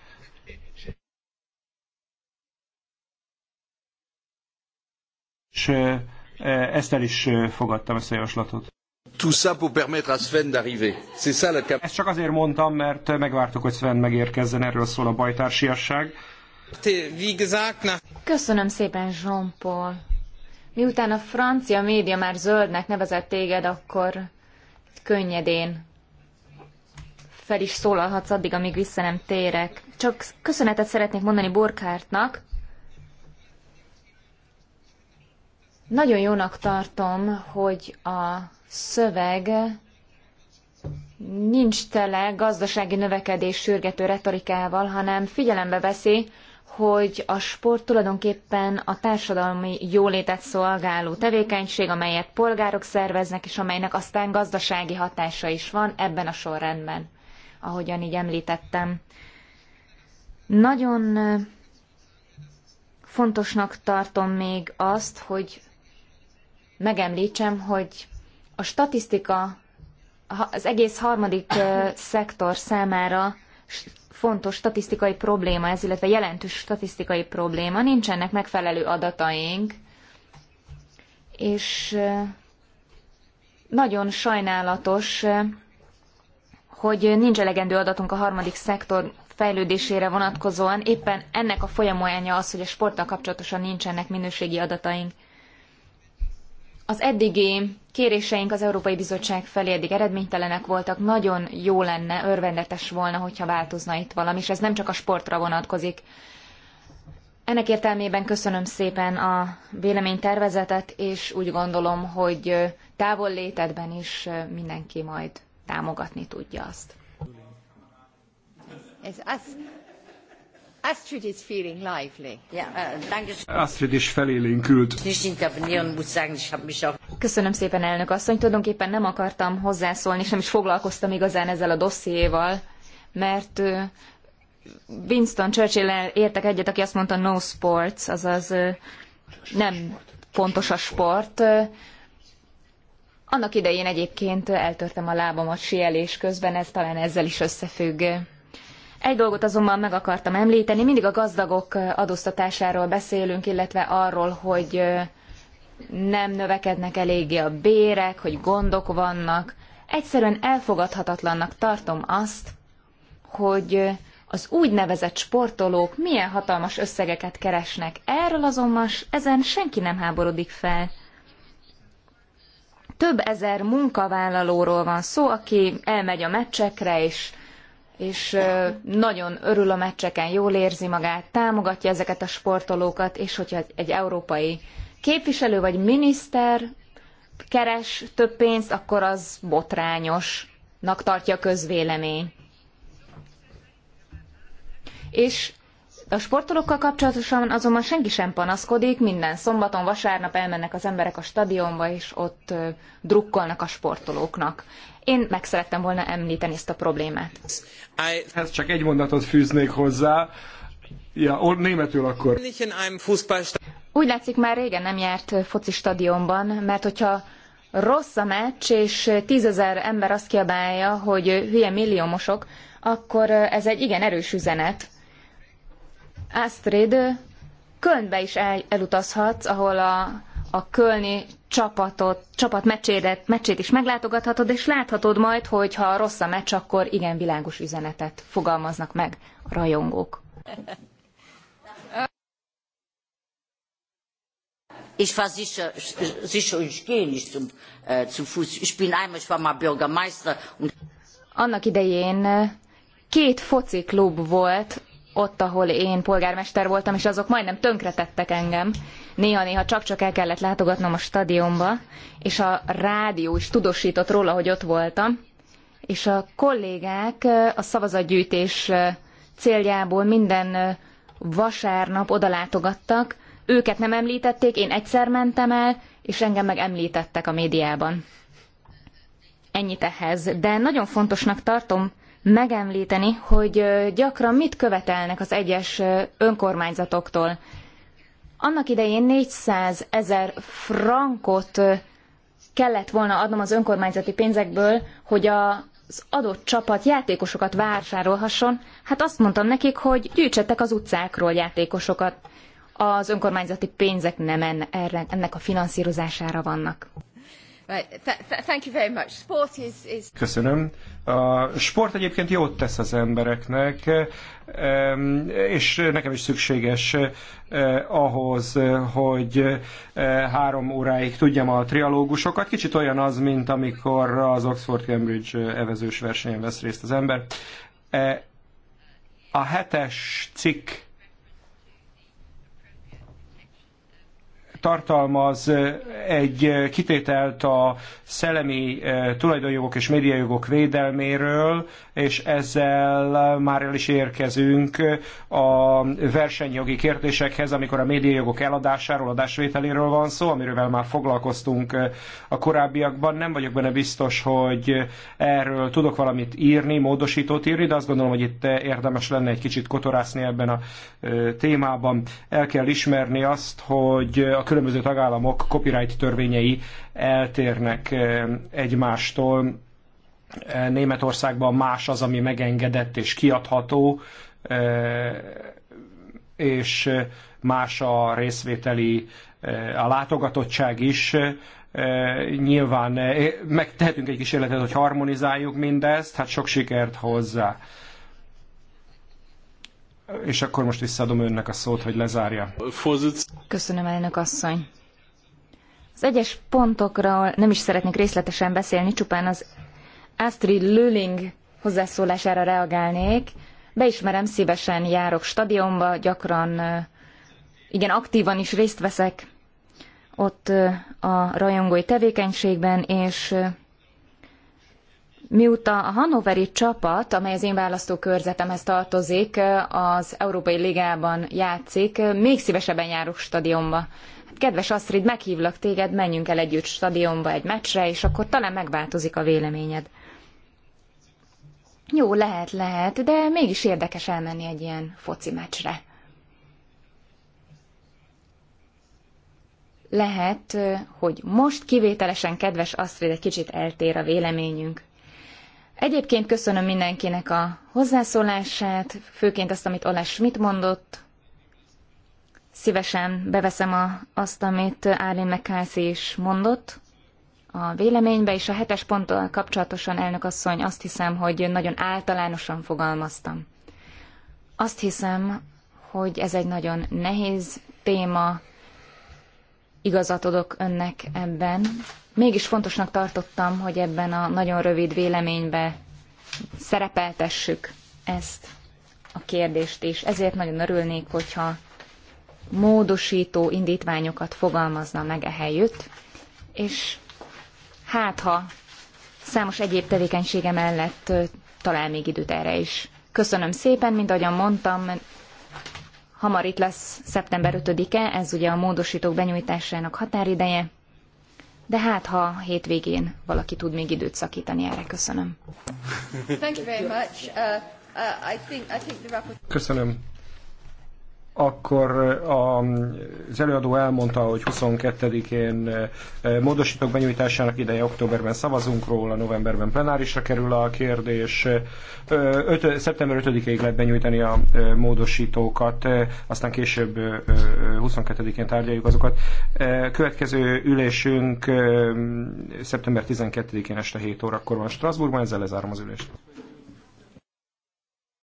Speaker 1: És ezt el is fogadtam, ezt a javaslatot.
Speaker 2: Tout
Speaker 1: Ezt csak azért mondtam, mert megvártuk, hogy Sven megérkezzen, erről szól a bajtársiasság.
Speaker 2: Köszönöm szépen, Jean-Paul. Miután a francia média már zöldnek nevezett téged, akkor könnyedén fel is szólalhatsz addig, amíg vissza nem térek. Csak köszönetet szeretnék mondani Borkártnak, Nagyon jónak tartom, hogy a szöveg nincs tele gazdasági növekedés sürgető retorikával, hanem figyelembe veszi, hogy a sport tulajdonképpen a társadalmi jólétet szolgáló tevékenység, amelyet polgárok szerveznek, és amelynek aztán gazdasági hatása is van ebben a sorrendben, ahogyan így említettem. Nagyon eh, fontosnak tartom még azt, hogy megemlítsem, hogy a statisztika az egész harmadik szektor számára fontos statisztikai probléma ez, illetve jelentős statisztikai probléma. Nincsenek megfelelő adataink, és nagyon sajnálatos, hogy nincs elegendő adatunk a harmadik szektor fejlődésére vonatkozóan. Éppen ennek a folyamánya az, hogy a sporttal kapcsolatosan nincsenek minőségi adataink. Az eddigi kéréseink az Európai Bizottság felé eddig eredménytelenek voltak, nagyon jó lenne, örvendetes volna, hogyha változna itt valami, és ez nem csak a sportra vonatkozik. Ennek értelmében köszönöm szépen a véleménytervezetet, és úgy gondolom, hogy távol létedben is mindenki majd támogatni tudja azt. Ez az. Astrid is feeling lively. Yeah, äh, uh,
Speaker 1: Astrid is felélénkült.
Speaker 2: Köszönöm szépen, elnök asszony. Tulajdonképpen nem akartam hozzászólni, és nem is foglalkoztam igazán ezzel a dossziéval, mert Winston churchill értek egyet, aki azt mondta no sports, azaz nem fontos a sport. Annak idején egyébként eltörtem a lábamat sielés közben, ez talán ezzel is összefügg. Egy dolgot azonban meg akartam említeni, mindig a gazdagok adóztatásáról beszélünk, illetve arról, hogy nem növekednek eléggé a bérek, hogy gondok vannak. Egyszerűen elfogadhatatlannak tartom azt, hogy az úgynevezett sportolók milyen hatalmas összegeket keresnek. Erről azonban ezen senki nem háborodik fel. Több ezer munkavállalóról van szó, aki elmegy a meccsekre, és és nagyon örül a meccseken, jól érzi magát, támogatja ezeket a sportolókat, és hogyha egy európai képviselő vagy miniszter keres több pénzt, akkor az botrányosnak tartja a közvélemény. És a sportolókkal kapcsolatosan azonban senki sem panaszkodik, minden szombaton, vasárnap elmennek az emberek a stadionba, és ott drukkolnak a sportolóknak. Én meg szerettem volna említeni ezt a problémát.
Speaker 1: Hát csak egy mondatot fűznék hozzá. Ja, or, németül akkor.
Speaker 2: Úgy látszik, már régen nem járt foci stadionban, mert hogyha rossz a meccs, és tízezer ember azt kiabálja, hogy hülye milliómosok, akkor ez egy igen erős üzenet Astrid, Kölnbe is el, elutazhatsz, ahol a, a kölni csapatot, csapat meccsédet, meccsét is meglátogathatod, és láthatod majd, hogy ha rossz a meccs, akkor igen világos üzenetet fogalmaznak meg a rajongók.
Speaker 1: Ich war sicher,
Speaker 3: sicher, ich gehe nicht zum, äh, zu Fuß. Ich bin einmal, ich war mal Bürgermeister. Und
Speaker 2: Annak idején két foci klub volt ott, ahol én polgármester voltam, és azok majdnem tönkretettek engem. Néha-néha csak-csak el kellett látogatnom a stadionba, és a rádió is tudósított róla, hogy ott voltam. És a kollégák a szavazatgyűjtés céljából minden vasárnap odalátogattak. Őket nem említették, én egyszer mentem el, és engem meg említettek a médiában. Ennyit ehhez. De nagyon fontosnak tartom, megemlíteni, hogy gyakran mit követelnek az egyes önkormányzatoktól. Annak idején 400 ezer frankot kellett volna adnom az önkormányzati pénzekből, hogy az adott csapat játékosokat vásárolhasson. Hát azt mondtam nekik, hogy gyűjtsetek az utcákról játékosokat. Az önkormányzati pénzek nem ennek a finanszírozására vannak.
Speaker 1: Köszönöm. A sport egyébként jót tesz az embereknek, és nekem is szükséges eh, ahhoz, hogy eh, három óráig tudjam a trialógusokat. Kicsit olyan az, mint amikor az Oxford-Cambridge eh, evezős versenyen vesz részt az ember. A hetes cikk tartalmaz egy kitételt a szellemi tulajdonjogok és médiajogok védelméről, és ezzel már el is érkezünk a versenyjogi kérdésekhez, amikor a médiajogok eladásáról, adásvételéről van szó, amiről már foglalkoztunk a korábbiakban. Nem vagyok benne biztos, hogy erről tudok valamit írni, módosítót írni, de azt gondolom, hogy itt érdemes lenne egy kicsit kotorászni ebben a témában. El kell ismerni azt, hogy a különböző tagállamok copyright törvényei eltérnek eh, egymástól. Eh, Németországban más az, ami megengedett és kiadható, eh, és más a részvételi, a látogatottság is. Nyilván megtehetünk egy kísérletet, hogy harmonizáljuk mindezt, hát sok sikert hozzá. És akkor most visszaadom önnek a szót, hogy lezárja. Köszönöm, elnök asszony.
Speaker 2: Az egyes pontokról nem is szeretnék részletesen beszélni, csupán az Astrid Lüling hozzászólására reagálnék. Beismerem, szívesen járok stadionba, gyakran igen aktívan is részt veszek ott a rajongói tevékenységben, és Mióta a hanoveri csapat, amely az én választókörzetemhez tartozik, az Európai Ligában játszik, még szívesebben járok stadionba. Hát, kedves Astrid, meghívlak téged, menjünk el együtt stadionba egy meccsre, és akkor talán megváltozik a véleményed. Jó, lehet, lehet, de mégis érdekes elmenni egy ilyen foci meccsre. Lehet, hogy most kivételesen kedves Astrid egy kicsit eltér a véleményünk. Egyébként köszönöm mindenkinek a hozzászólását, főként azt, amit Oles Schmidt mondott. Szívesen beveszem a, azt, amit Arlene McCarthy is mondott a véleménybe, és a hetes ponttal kapcsolatosan, elnök asszony, azt hiszem, hogy nagyon általánosan fogalmaztam. Azt hiszem, hogy ez egy nagyon nehéz téma, igazat adok önnek ebben, mégis fontosnak tartottam, hogy ebben a nagyon rövid véleménybe szerepeltessük ezt a kérdést is. Ezért nagyon örülnék, hogyha módosító indítványokat fogalmazna meg ehelyütt, és hát ha számos egyéb tevékenysége mellett talál még időt erre is. Köszönöm szépen, mint ahogyan mondtam, hamar itt lesz szeptember 5-e, ez ugye a módosítók benyújtásának határideje de hát ha hétvégén valaki tud még időt szakítani erre, köszönöm.
Speaker 3: Uh, uh,
Speaker 1: köszönöm akkor az előadó elmondta, hogy 22-én módosítók benyújtásának ideje októberben szavazunk róla, novemberben plenárisra kerül a kérdés. 5, szeptember 5-ig lehet benyújtani a módosítókat, aztán később 22-én tárgyaljuk azokat. Következő ülésünk szeptember 12-én este 7 órakor van Strasbourgban, ezzel lezárom az ülést.